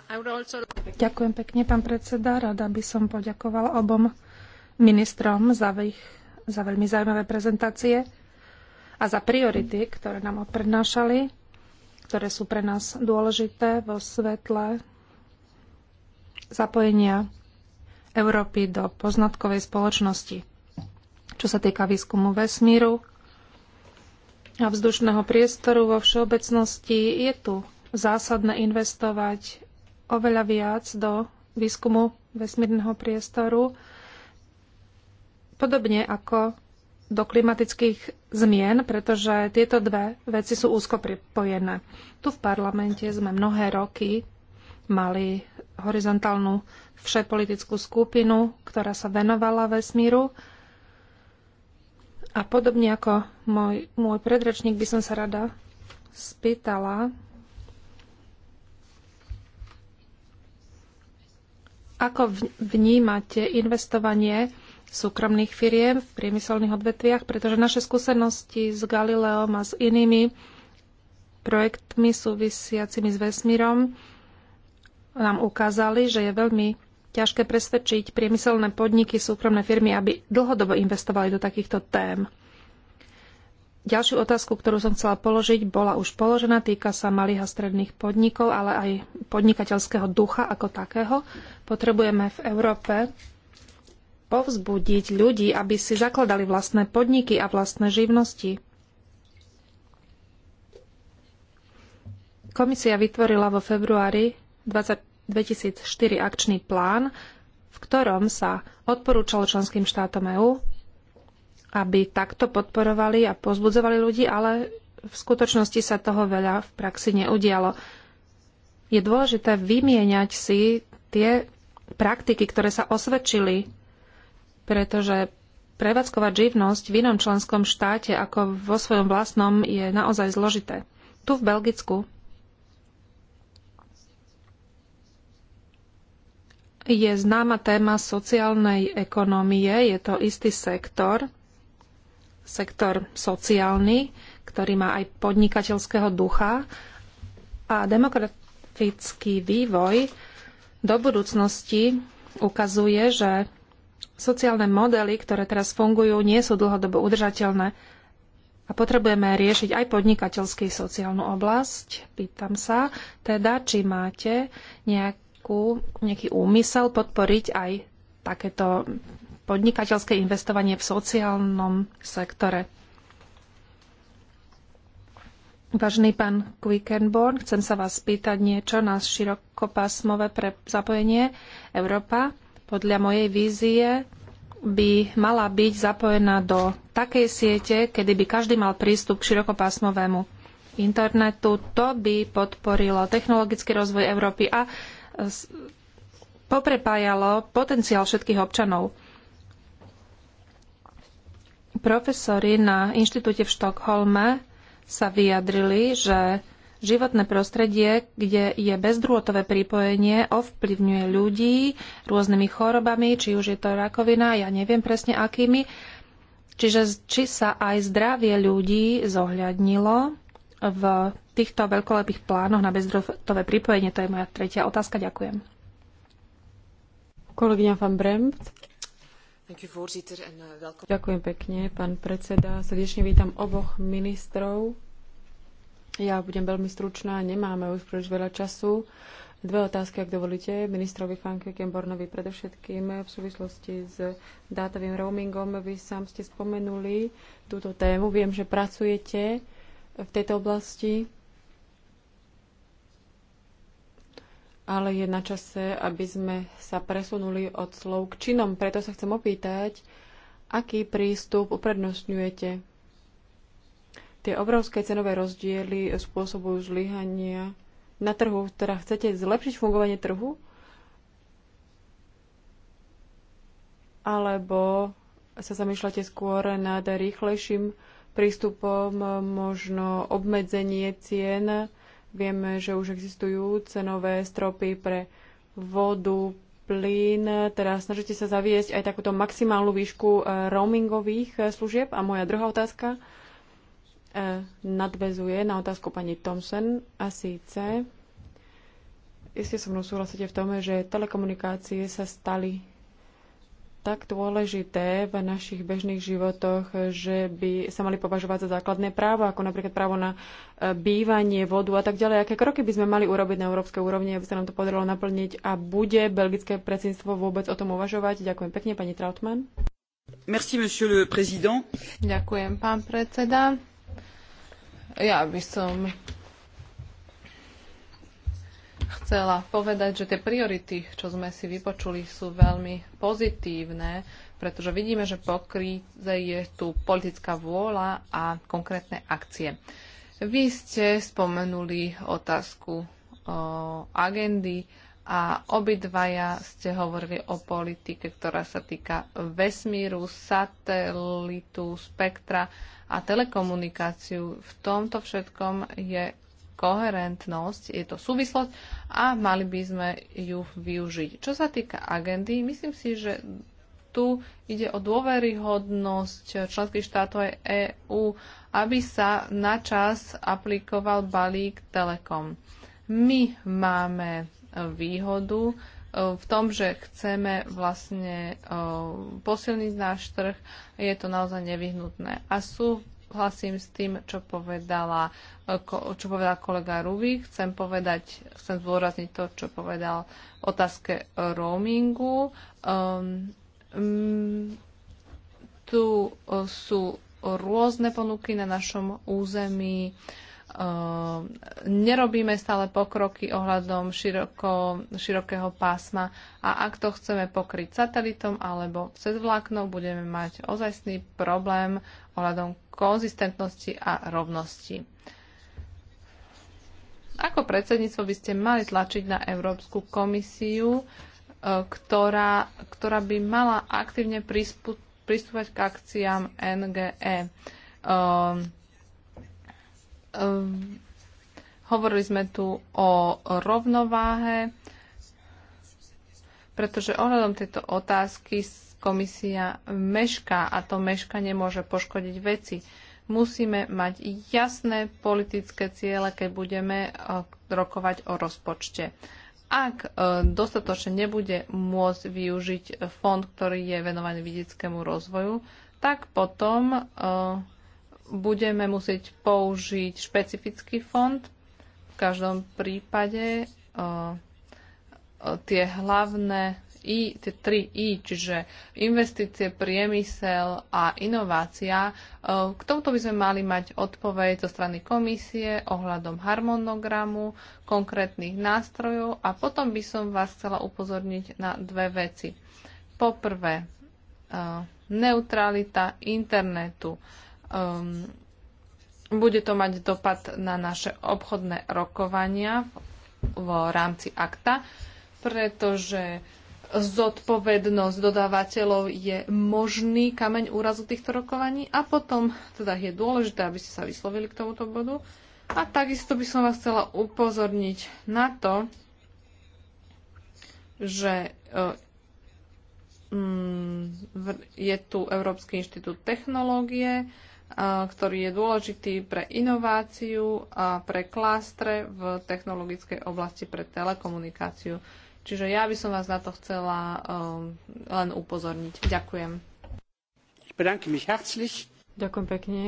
Ďakujem pekne, pán predseda. Rada by som poďakovala obom ministrom za, ich, za veľmi zaujímavé prezentácie a za priority, ktoré nám odprednášali, ktoré sú pre nás dôležité vo svetle zapojenia Európy do poznatkovej spoločnosti čo sa týka výskumu vesmíru a vzdušného priestoru vo všeobecnosti, je tu zásadné investovať oveľa viac do výskumu vesmírneho priestoru, podobne ako do klimatických zmien, pretože tieto dve veci sú úzko pripojené. Tu v parlamente sme mnohé roky mali horizontálnu všepolitickú skupinu, ktorá sa venovala vesmíru a podobne ako môj, môj predrečník by som sa rada spýtala, ako vnímate investovanie súkromných firiem v priemyselných odvetviach, pretože naše skúsenosti s Galileom a s inými projektmi súvisiacimi s vesmírom nám ukázali, že je veľmi ťažké presvedčiť priemyselné podniky, súkromné firmy, aby dlhodobo investovali do takýchto tém. Ďalšiu otázku, ktorú som chcela položiť, bola už položená, týka sa malých a stredných podnikov, ale aj podnikateľského ducha ako takého. Potrebujeme v Európe povzbudiť ľudí, aby si zakladali vlastné podniky a vlastné živnosti. Komisia vytvorila vo februári 20 2004 akčný plán, v ktorom sa odporúčalo členským štátom EÚ, aby takto podporovali a pozbudzovali ľudí, ale v skutočnosti sa toho veľa v praxi neudialo. Je dôležité vymieňať si tie praktiky, ktoré sa osvedčili, pretože prevádzkovať živnosť v inom členskom štáte ako vo svojom vlastnom je naozaj zložité. Tu v Belgicku je známa téma sociálnej ekonomie. Je to istý sektor, sektor sociálny, ktorý má aj podnikateľského ducha. A demografický vývoj do budúcnosti ukazuje, že sociálne modely, ktoré teraz fungujú, nie sú dlhodobo udržateľné. A potrebujeme riešiť aj podnikateľský sociálnu oblasť. Pýtam sa teda, či máte nejaké nejakú, nejaký úmysel podporiť aj takéto podnikateľské investovanie v sociálnom sektore. Vážený pán Quickenborn, chcem sa vás spýtať niečo na širokopásmové pre zapojenie. Európa podľa mojej vízie by mala byť zapojená do takej siete, kedy by každý mal prístup k širokopásmovému internetu. To by podporilo technologický rozvoj Európy a poprepájalo potenciál všetkých občanov. Profesori na inštitúte v Štokholme sa vyjadrili, že životné prostredie, kde je bezdrôtové pripojenie, ovplyvňuje ľudí rôznymi chorobami, či už je to rakovina, ja neviem presne akými. Čiže či sa aj zdravie ľudí zohľadnilo v týchto veľkolepých plánoch na bezdrotové pripojenie? To je moja tretia otázka. Ďakujem. Kolegyňa van Bremt. Eh, Ďakujem pekne, pán predseda. Srdečne vítam oboch ministrov. Ja budem veľmi stručná, nemáme už príliš veľa času. Dve otázky, ak dovolíte. Ministrovi Fanke Kembornovi predovšetkým eh, v súvislosti s dátovým roamingom. Vy sám ste spomenuli túto tému. Viem, že pracujete v tejto oblasti, ale je na čase, aby sme sa presunuli od slov k činom. Preto sa chcem opýtať, aký prístup uprednostňujete. Tie obrovské cenové rozdiely spôsobujú zlyhania na trhu, teda chcete zlepšiť fungovanie trhu? Alebo sa zamýšľate skôr nad rýchlejším prístupom, možno obmedzenie cien. Vieme, že už existujú cenové stropy pre vodu, plyn, Teraz snažíte sa zaviesť aj takúto maximálnu výšku eh, roamingových eh, služieb. A moja druhá otázka eh, nadvezuje na otázku pani Thompson a síce Isté so mnou súhlasíte v tom, že telekomunikácie sa stali tak dôležité v našich bežných životoch, že by sa mali považovať za základné právo, ako napríklad právo na e, bývanie, vodu a tak ďalej. Aké kroky by sme mali urobiť na európskej úrovni, aby sa nám to podarilo naplniť a bude belgické predsedníctvo vôbec o tom uvažovať? Ďakujem pekne, pani Trautmann. Merci, monsieur le président. Ďakujem, pán predseda. Ja by som chcela povedať, že tie priority, čo sme si vypočuli, sú veľmi pozitívne, pretože vidíme, že po kríze je tu politická vôľa a konkrétne akcie. Vy ste spomenuli otázku o, agendy a obidvaja ste hovorili o politike, ktorá sa týka vesmíru, satelitu, spektra a telekomunikáciu. V tomto všetkom je koherentnosť, je to súvislosť a mali by sme ju využiť. Čo sa týka agendy, myslím si, že tu ide o dôveryhodnosť členských štátov aj EÚ, aby sa na čas aplikoval balík Telekom. My máme výhodu e, v tom, že chceme vlastne e, posilniť náš trh, je to naozaj nevyhnutné. A sú súhlasím s tým, čo povedala, e, čo povedal kolega Ruby, Chcem povedať, chcem zdôrazniť to, čo povedal otázke roamingu. Um, um, tu e, sú rôzne ponuky na našom území. Um, nerobíme stále pokroky ohľadom široko, širokého pásma a ak to chceme pokryť satelitom alebo cez vlákno, budeme mať ozajstný problém ohľadom konzistentnosti a rovnosti. Ako predsedníctvo by ste mali tlačiť na Európsku komisiu, e, ktorá, ktorá by mala aktívne pristúpať k akciám NGE. Um, ehm, um, ehm, hovorili sme tu o rovnováhe, pretože ohľadom tejto otázky Komisia mešká a to meškanie môže poškodiť veci. Musíme mať jasné politické ciele, keď budeme e, rokovať o rozpočte. Ak e, dostatočne nebude môcť využiť fond, ktorý je venovaný vidieckému rozvoju, tak potom e, budeme musieť použiť špecifický fond. V každom prípade tie hlavné i, tie 3 I, čiže investície, priemysel a inovácia. E, k tomuto by sme mali mať odpoveď zo strany komisie ohľadom harmonogramu, konkrétnych nástrojov a potom by som vás chcela upozorniť na dve veci. Poprvé, e, neutralita internetu. Ehm, bude to mať dopad na naše obchodné rokovania v rámci akta, pretože zodpovednosť dodávateľov je možný kameň úrazu týchto rokovaní a potom teda je dôležité, aby ste sa vyslovili k tomuto bodu. A takisto by som vás chcela upozorniť na to, že e, mm, je tu Európsky inštitút technológie, e, ktorý je dôležitý pre inováciu a pre klástre v technologickej oblasti pre telekomunikáciu. Čiže ja by som vás na to chcela um, len upozorniť. Ďakujem. Ďakujem pekne.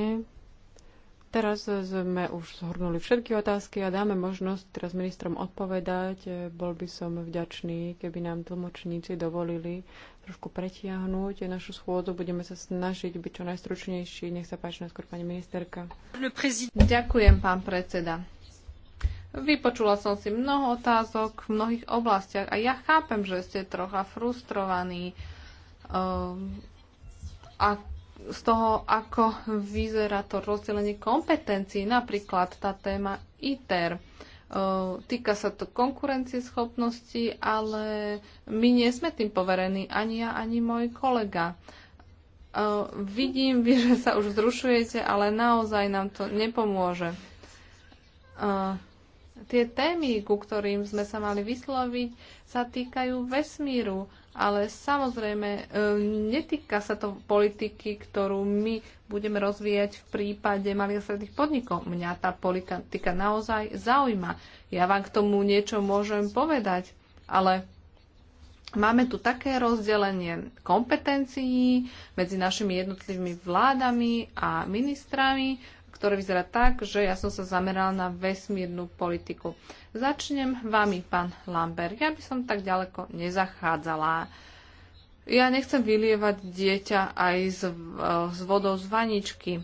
Teraz sme už zhrnuli všetky otázky a dáme možnosť teraz ministrom odpovedať. Bol by som vďačný, keby nám tlmočníci dovolili trošku pretiahnuť našu schôdzu. Budeme sa snažiť byť čo najstručnejší. Nech sa páči najskôr pani ministerka. Ďakujem, pán predseda. Vypočula som si mnoho otázok v mnohých oblastiach a ja chápem, že ste trocha frustrovaní ehm, a z toho, ako vyzerá to rozdelenie kompetencií, napríklad tá téma ITER. Ehm, týka sa to schopnosti, ale my nie sme tým poverení, ani ja, ani môj kolega. Ehm, vidím, vy, [LAUGHS] že sa už zrušujete, ale naozaj nám to nepomôže tie témy, ku ktorým sme sa mali vysloviť, sa týkajú vesmíru, ale samozrejme e, netýka sa to politiky, ktorú my budeme rozvíjať v prípade malých a stredných podnikov. Mňa tá politika naozaj zaujíma. Ja vám k tomu niečo môžem povedať, ale máme tu také rozdelenie kompetencií medzi našimi jednotlivými vládami a ministrami, ktoré vyzerá tak, že ja som sa zameral na vesmírnu politiku. Začnem vami, pán Lambert. Ja by som tak ďaleko nezachádzala. Ja nechcem vylievať dieťa aj z, e, z vodou z vaničky. E,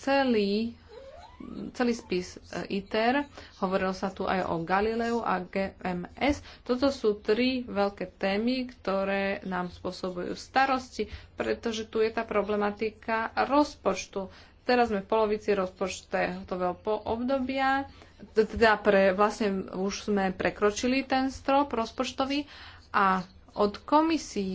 celý, celý spis e, ITER, hovorilo sa tu aj o Galileu a GMS. Toto sú tri veľké témy, ktoré nám spôsobujú starosti, pretože tu je tá problematika rozpočtu. Teraz sme v polovici rozpočtového obdobia, teda pre, vlastne už sme prekročili ten strop rozpočtový a od komisí.